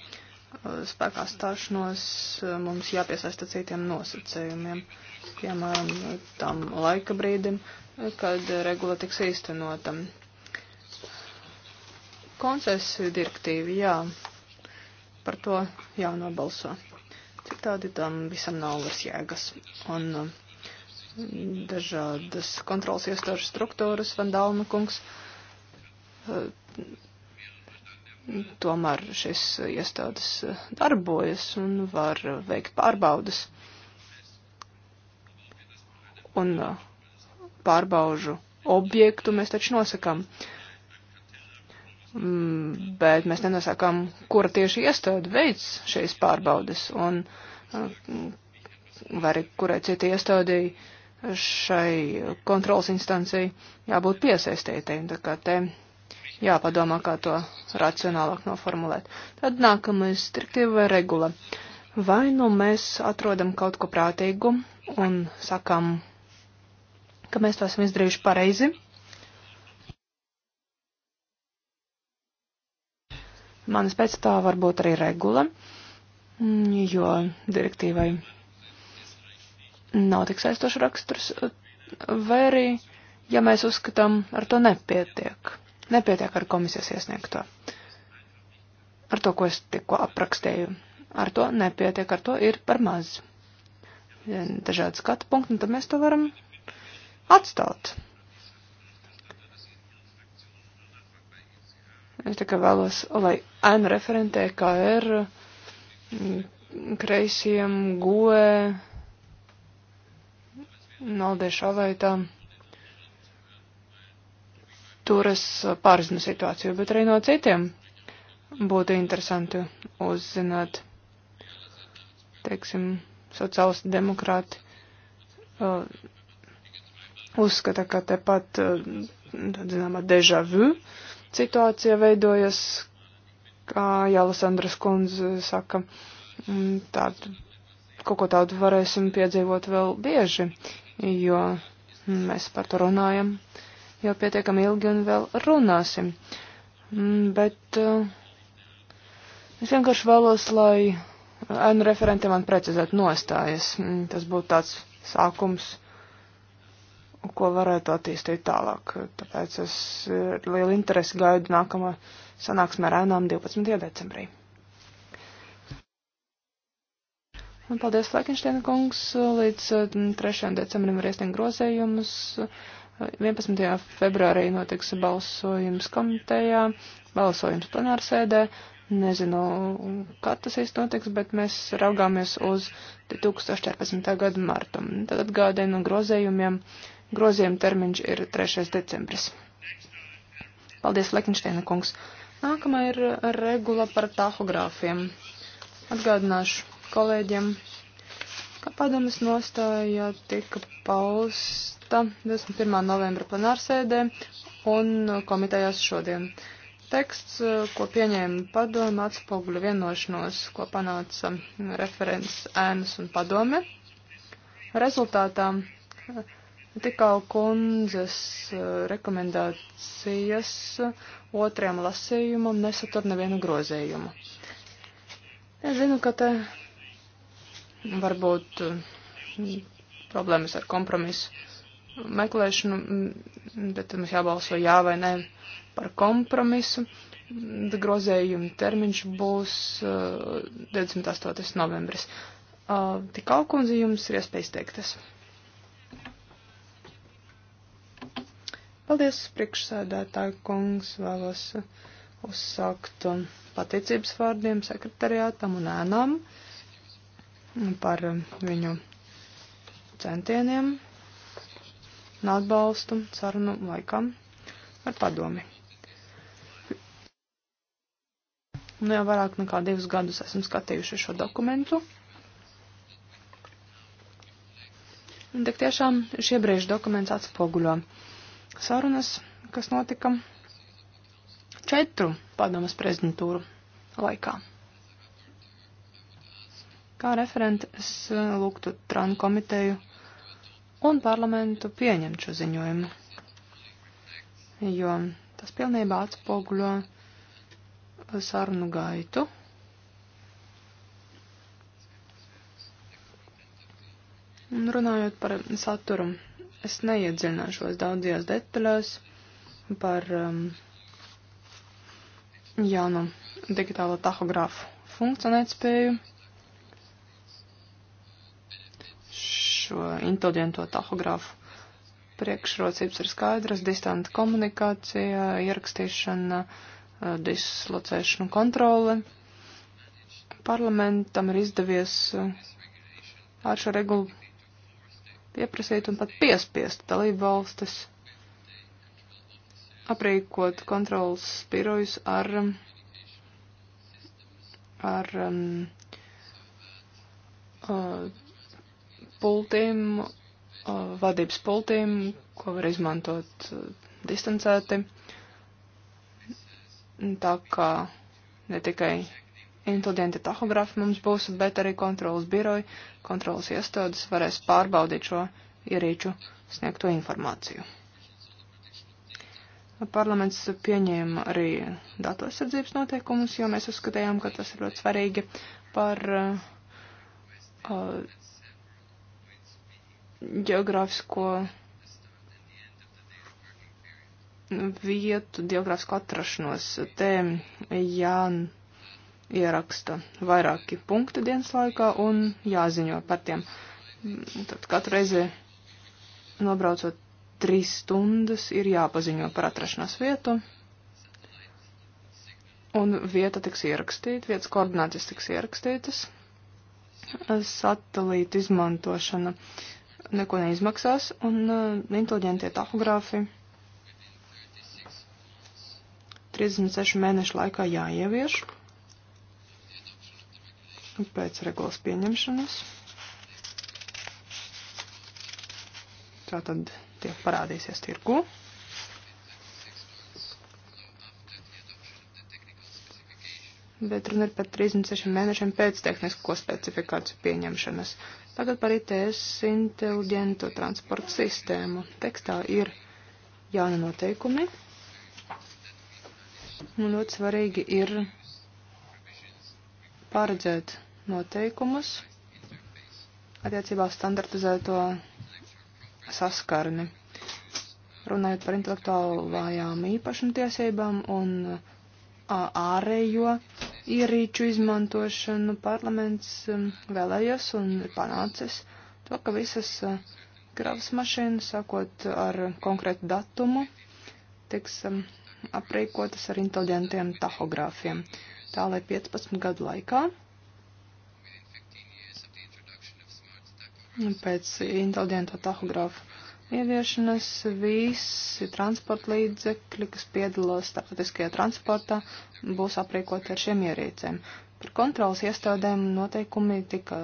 Spēkā stāšanos mums jāpiesaista citiem nosacējumiem, piemēram, tam laika brīdim, kad regula tiks īstenota. Koncesiju direktīvi, jā, par to jānobalso. Citādi tam visam nav vairs jēgas. Un, uh, dažādas kontrols iestāžu struktūras, Vandalna kungs. Tomēr šis iestādes darbojas un var veikt pārbaudas. Un uh, pārbaužu objektu mēs taču nosakam. Mm, bet mēs nenosakām, kura tieši iestāde veids šīs pārbaudas un uh, vai arī kurai citai iestādēji šai kontrols instancijai jābūt piesaistītēm, tā kā te jāpadomā, kā to racionālāk noformulēt. Tad nākamais direktīva vai regula. Vai nu mēs atrodam kaut ko prātīgu un sakam, ka mēs to esam izdarījuši pareizi, manas pēc tā varbūt arī regula, mm, jo direktīvai nav tik saistošs raksturs, vai arī, ja mēs uzskatām, ar to nepietiek. Nepietiek ar komisijas iesniegto. Ar to, ko es tikko aprakstēju. Ar to nepietiek, ar to ir par maz. Dažādi skatu punkti, un nu, tad mēs to varam atstāt. Es tikai vēlos, lai N referentē, e kā ir mm, kreisiem, goe, Naldiešavaitā turas pārzinu situāciju, bet arī no citiem būtu interesanti uzzināt, teiksim, sociālisti demokrāti uh, uzskata, ka tepat, uh, zināmā, deja vu situācija veidojas, kā Jālis Andras kundze saka, tādu, kaut ko tādu varēsim piedzīvot vēl bieži, jo mēs par to runājam jau pietiekami ilgi un vēl runāsim. Mm, bet eh, es vienkārši vēlos, lai ēnu referenti man precizētu nostājas. Mm, tas būtu tāds sākums, ko varētu attīstīt tālāk. Tāpēc es ar eh, lielu interesi gaidu nākamā sanāksmē ar ēnām 12. decembrī. Un paldies, Lekinšteina kungs. Līdz 3. Eh, decembrim var iesniegt grozējumus. 11. Eh, februārī notiks balsojums komitejā, balsojums plenārsēdē. Nezinu, kad tas īsti notiks, bet mēs raugāmies uz 2014. gada martu. Tad atgādēju no grozējumiem. Grozījuma termiņš ir 3. decembris. Paldies, Lekinšteina kungs. Nākamā ir regula par tahogrāfiem. Atgādināšu kolēģiem, ka padomas nostāja tika pausta 21. novembra plenārsēdē un komitējās šodien. Teksts, ko pieņēma padoma, atspoguļo vienošanos, ko panāca referents ēnas un padome. Rezultātā tikau kundzes rekomendācijas otrajam lasījumam nesatur nevienu grozējumu. Es zinu, ka te varbūt mm, problēmas ar kompromisu meklēšanu, mm, bet mums jābalso jā vai nē par kompromisu. Mm, grozējuma termiņš būs 28. Uh, novembris. Uh, tik alkundze jums ir iespēja izteikties. Paldies, priekšsēdētāji kungs, vēlos uzsākt um, pateicības vārdiem sekretariātam un ēnām. Uh, par um, viņu centieniem un atbalstu sarunu laikam ar padomi. Nu, jau vairāk nekā divus gadus esam skatījuši šo dokumentu. Un tik tiešām šie brīži dokuments atspoguļo sarunas, kas notika četru padomas prezidentūru laikā. Kā referenti es eh, lūgtu Tran komiteju un parlamentu pieņemt šo ziņojumu, jo tas pilnībā atspoguļo eh, sarunu gaitu. Un runājot par saturu, es neiedziļināšos daudzajās detaļās par um, jaunu digitālo tahogrāfu funkcionētspēju. spēju šo inteliģento tahografu priekšrocības ir skaidras, distanta komunikācija, ierakstīšana, eh, dislocēšana un kontrole. Parlamentam ir izdevies eh, ar šo regulu pieprasīt un pat piespiest dalību valstis aprīkot kontrolas birojus ar, ar um, uh, pultiem, uh, vadības pultiem, ko var izmantot uh, distancēti. Tā kā ne tikai inteliģenti tahografi mums būs, bet arī kontrolas biroji, kontrolas iestādes varēs pārbaudīt šo ierīču sniegto informāciju. Parlaments pieņēma arī datu aizsardzības noteikumus, jo mēs uzskatījām, ka tas ir ļoti svarīgi par uh, uh ģeogrāfisko vietu, ģeogrāfisko atrašanos. Te jāieraksta vairāki punkti dienas laikā un jāziņo par tiem. Tad katru reizi nobraucot trīs stundas ir jāpaziņo par atrašanās vietu. Un vieta tiks ierakstīta, vietas koordinācijas tiks ierakstītas. Satelīta izmantošana uh, neko neizmaksās, un uh, inteliģentie tahogrāfi 36 mēnešu laikā jāievieš pēc regulas pieņemšanas. Tā tad tie parādīsies tirgu. Bet runa ir par 36 mēnešiem pēc tehnisko specifikāciju pieņemšanas. Tagad par ITS inteliģento transporta sistēmu. Tekstā ir jauni noteikumi. Un ļoti svarīgi ir paredzēt noteikumus attiecībā standartizēto saskarni. Runājot par intelektuālajām īpašumtiesībām un ārējo ierīču izmantošanu parlaments um, vēlējos un ir panācis to, ka visas uh, kravas mašīnas, sākot ar konkrētu datumu, tiks um, aprīkotas ar inteliģentiem tahogrāfiem. Tā lai 15 gadu laikā pēc inteliģentā tahogrāfa ieviešanas visi transporta līdzekļi, kas piedalās starptautiskajā transportā, būs aprīkoti ar šiem ierīcēm. Par kontrolas iestādēm noteikumi tika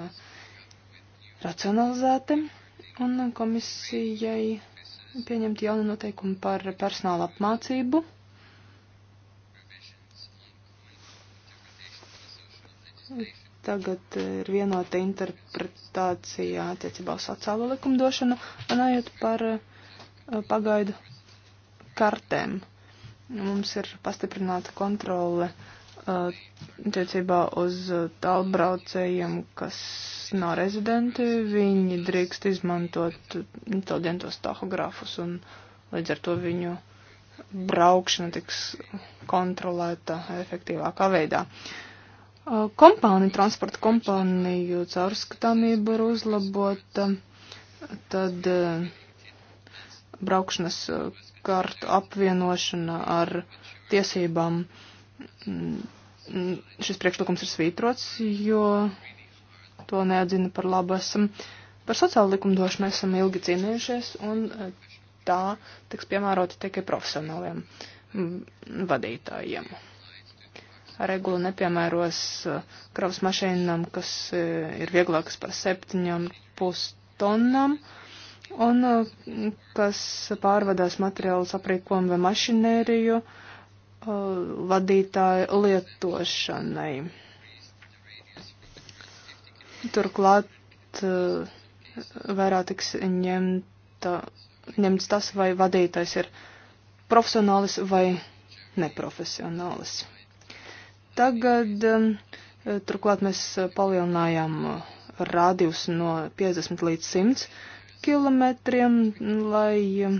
racionalizēti un komisijai pieņemti jauni noteikumi par personāla apmācību tagad ir vienota interpretācija attiecībā uz sociālo likumdošanu, runājot par eh, pagaidu kartēm. Mums ir pastiprināta kontrole eh, attiecībā uz eh, tālbraucējiem, kas nav rezidenti. Viņi drīkst izmantot inteliģentos tahogrāfus un līdz ar to viņu braukšana tiks kontrolēta efektīvākā veidā. Uh, Uh, kompāniju, transporta kompāniju caurskatāmība ir uzlabota, uh, tad uh, braukšanas kartu apvienošana ar tiesībām. Mm, mm, šis priekšlikums ir svītrots, jo to neatzina par labu esam. Par sociālu likumdošanu esam ilgi cīnījušies, un tā tiks piemērota tikai profesionāliem mm, vadītājiem regula nepiemēros eh, kravas mašīnām, kas eh, ir vieglākas par septiņām pustonnām un eh, kas pārvadās materiālus aprīkojumu vai mašinēriju vadītāju lietošanai. Turklāt vērā tiks ņemta, ņemts tas, vai vadītājs ir profesionālis vai neprofesionālis. Tagad um, turklāt mēs palielinājām uh, rādījus no 50 līdz 100 kilometriem, lai um,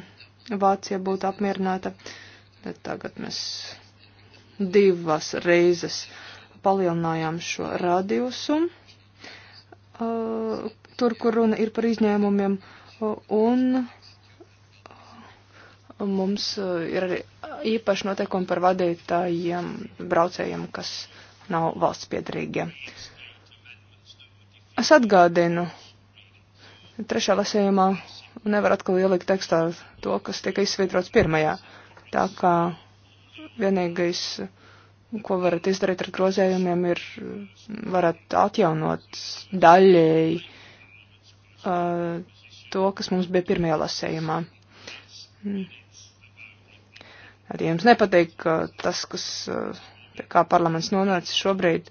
Vācija būtu apmierināta. Bet tagad mēs divas reizes palielinājām šo radiusu, uh, tur, kur runa ir par izņēmumiem, uh, un Mums uh, ir arī īpaši noteikumi par vadītājiem, braucējiem, kas nav valsts piedarīgie. Es atgādinu, trešā lasījumā nevar atkal ielikt tekstā to, kas tika izsvītrots pirmajā. Tā kā vienīgais, ko varat izdarīt ar grozējumiem, ir varat atjaunot daļēji uh, to, kas mums bija pirmajā lasējumā. Mm arī jums nepatīk ka tas, kas, eh, pie kā parlaments nonāca šobrīd,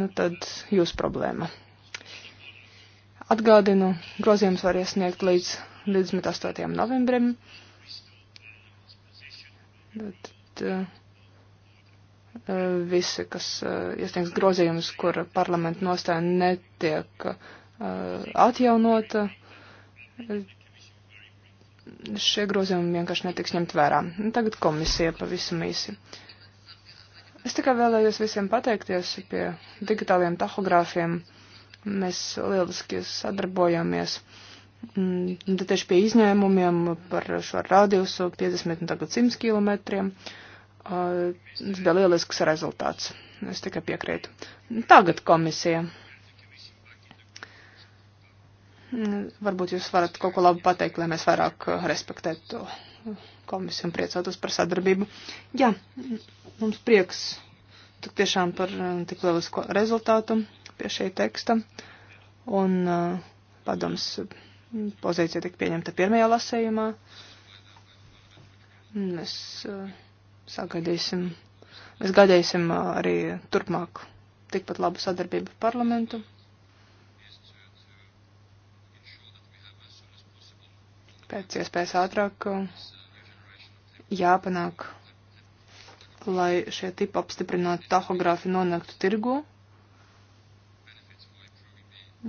nu tad jūs problēma. Atgādinu, grozījums var iesniegt līdz 28. novembrim. Tad, uh, visi, kas eh, iesniegs grozījumus, kur parlamenta nostāja netiek atjaunota, šie grozījumi vienkārši netiks ņemt vērā. Nu, tagad komisija pavisam īsi. Es tikai vēlējos visiem pateikties pie digitāliem tahogrāfiem. Mēs lieliski sadarbojamies. Mm, tad tieši pie izņēmumiem par šo radiusu 50 un tagad 100 km. Tas bija lielisks rezultāts. Es tikai piekrītu. Tagad komisija. Varbūt jūs varat kaut ko labu pateikt, lai mēs vairāk respektētu komisiju un priecātos par sadarbību. Jā, mums prieks tik tiešām par eh, tik lielisko rezultātu pie šī teksta. Un eh, padoms pozīcija tika pieņemta pirmajā lasējumā. Mēs eh, sagaidīsim, mēs gaidīsim arī turpmāk tikpat labu sadarbību parlamentu. pēc iespējas ātrāk uh, jāpanāk, lai šie tipi apstiprināti tahogrāfi nonāktu tirgu,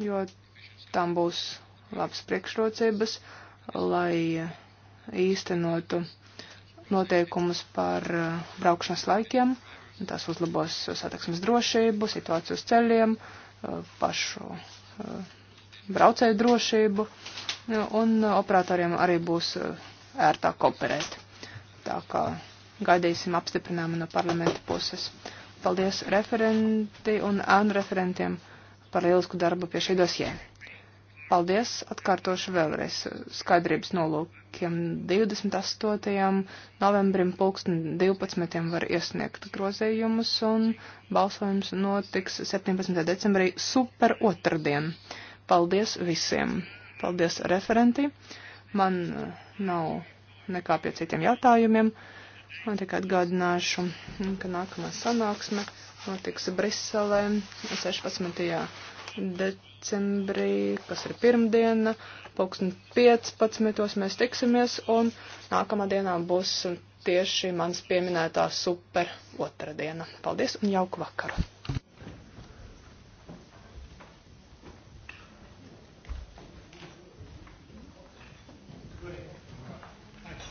jo tam būs labas priekšrocības, lai īstenotu noteikumus par uh, braukšanas laikiem. Tas uzlabos satiksmes drošību, situāciju uz ceļiem, uh, pašu braucēju drošību un operatoriem arī būs eh, ērtāk operēt. Tā kā gaidīsim apstiprinājumu no parlamenta puses. Paldies referenti un ānu referentiem par lielisku darbu pie šī dosie. Paldies, atkārtošu vēlreiz skaidrības nolūkiem 28. novembrim pulksten 12. var iesniegt grozējumus un balsojums notiks 17. decembrī super otrdien. Paldies visiem! Paldies referentī. Man uh, nav nekā pie citiem jautājumiem. Man tikai atgādināšu, ka nākamā sanāksme notiks Briselē 16. decembrī, kas ir pirmdiena, pulksten 15. mēs tiksimies un nākamā dienā būs tieši mans pieminētā super otrdiena. Paldies un jauku vakaru!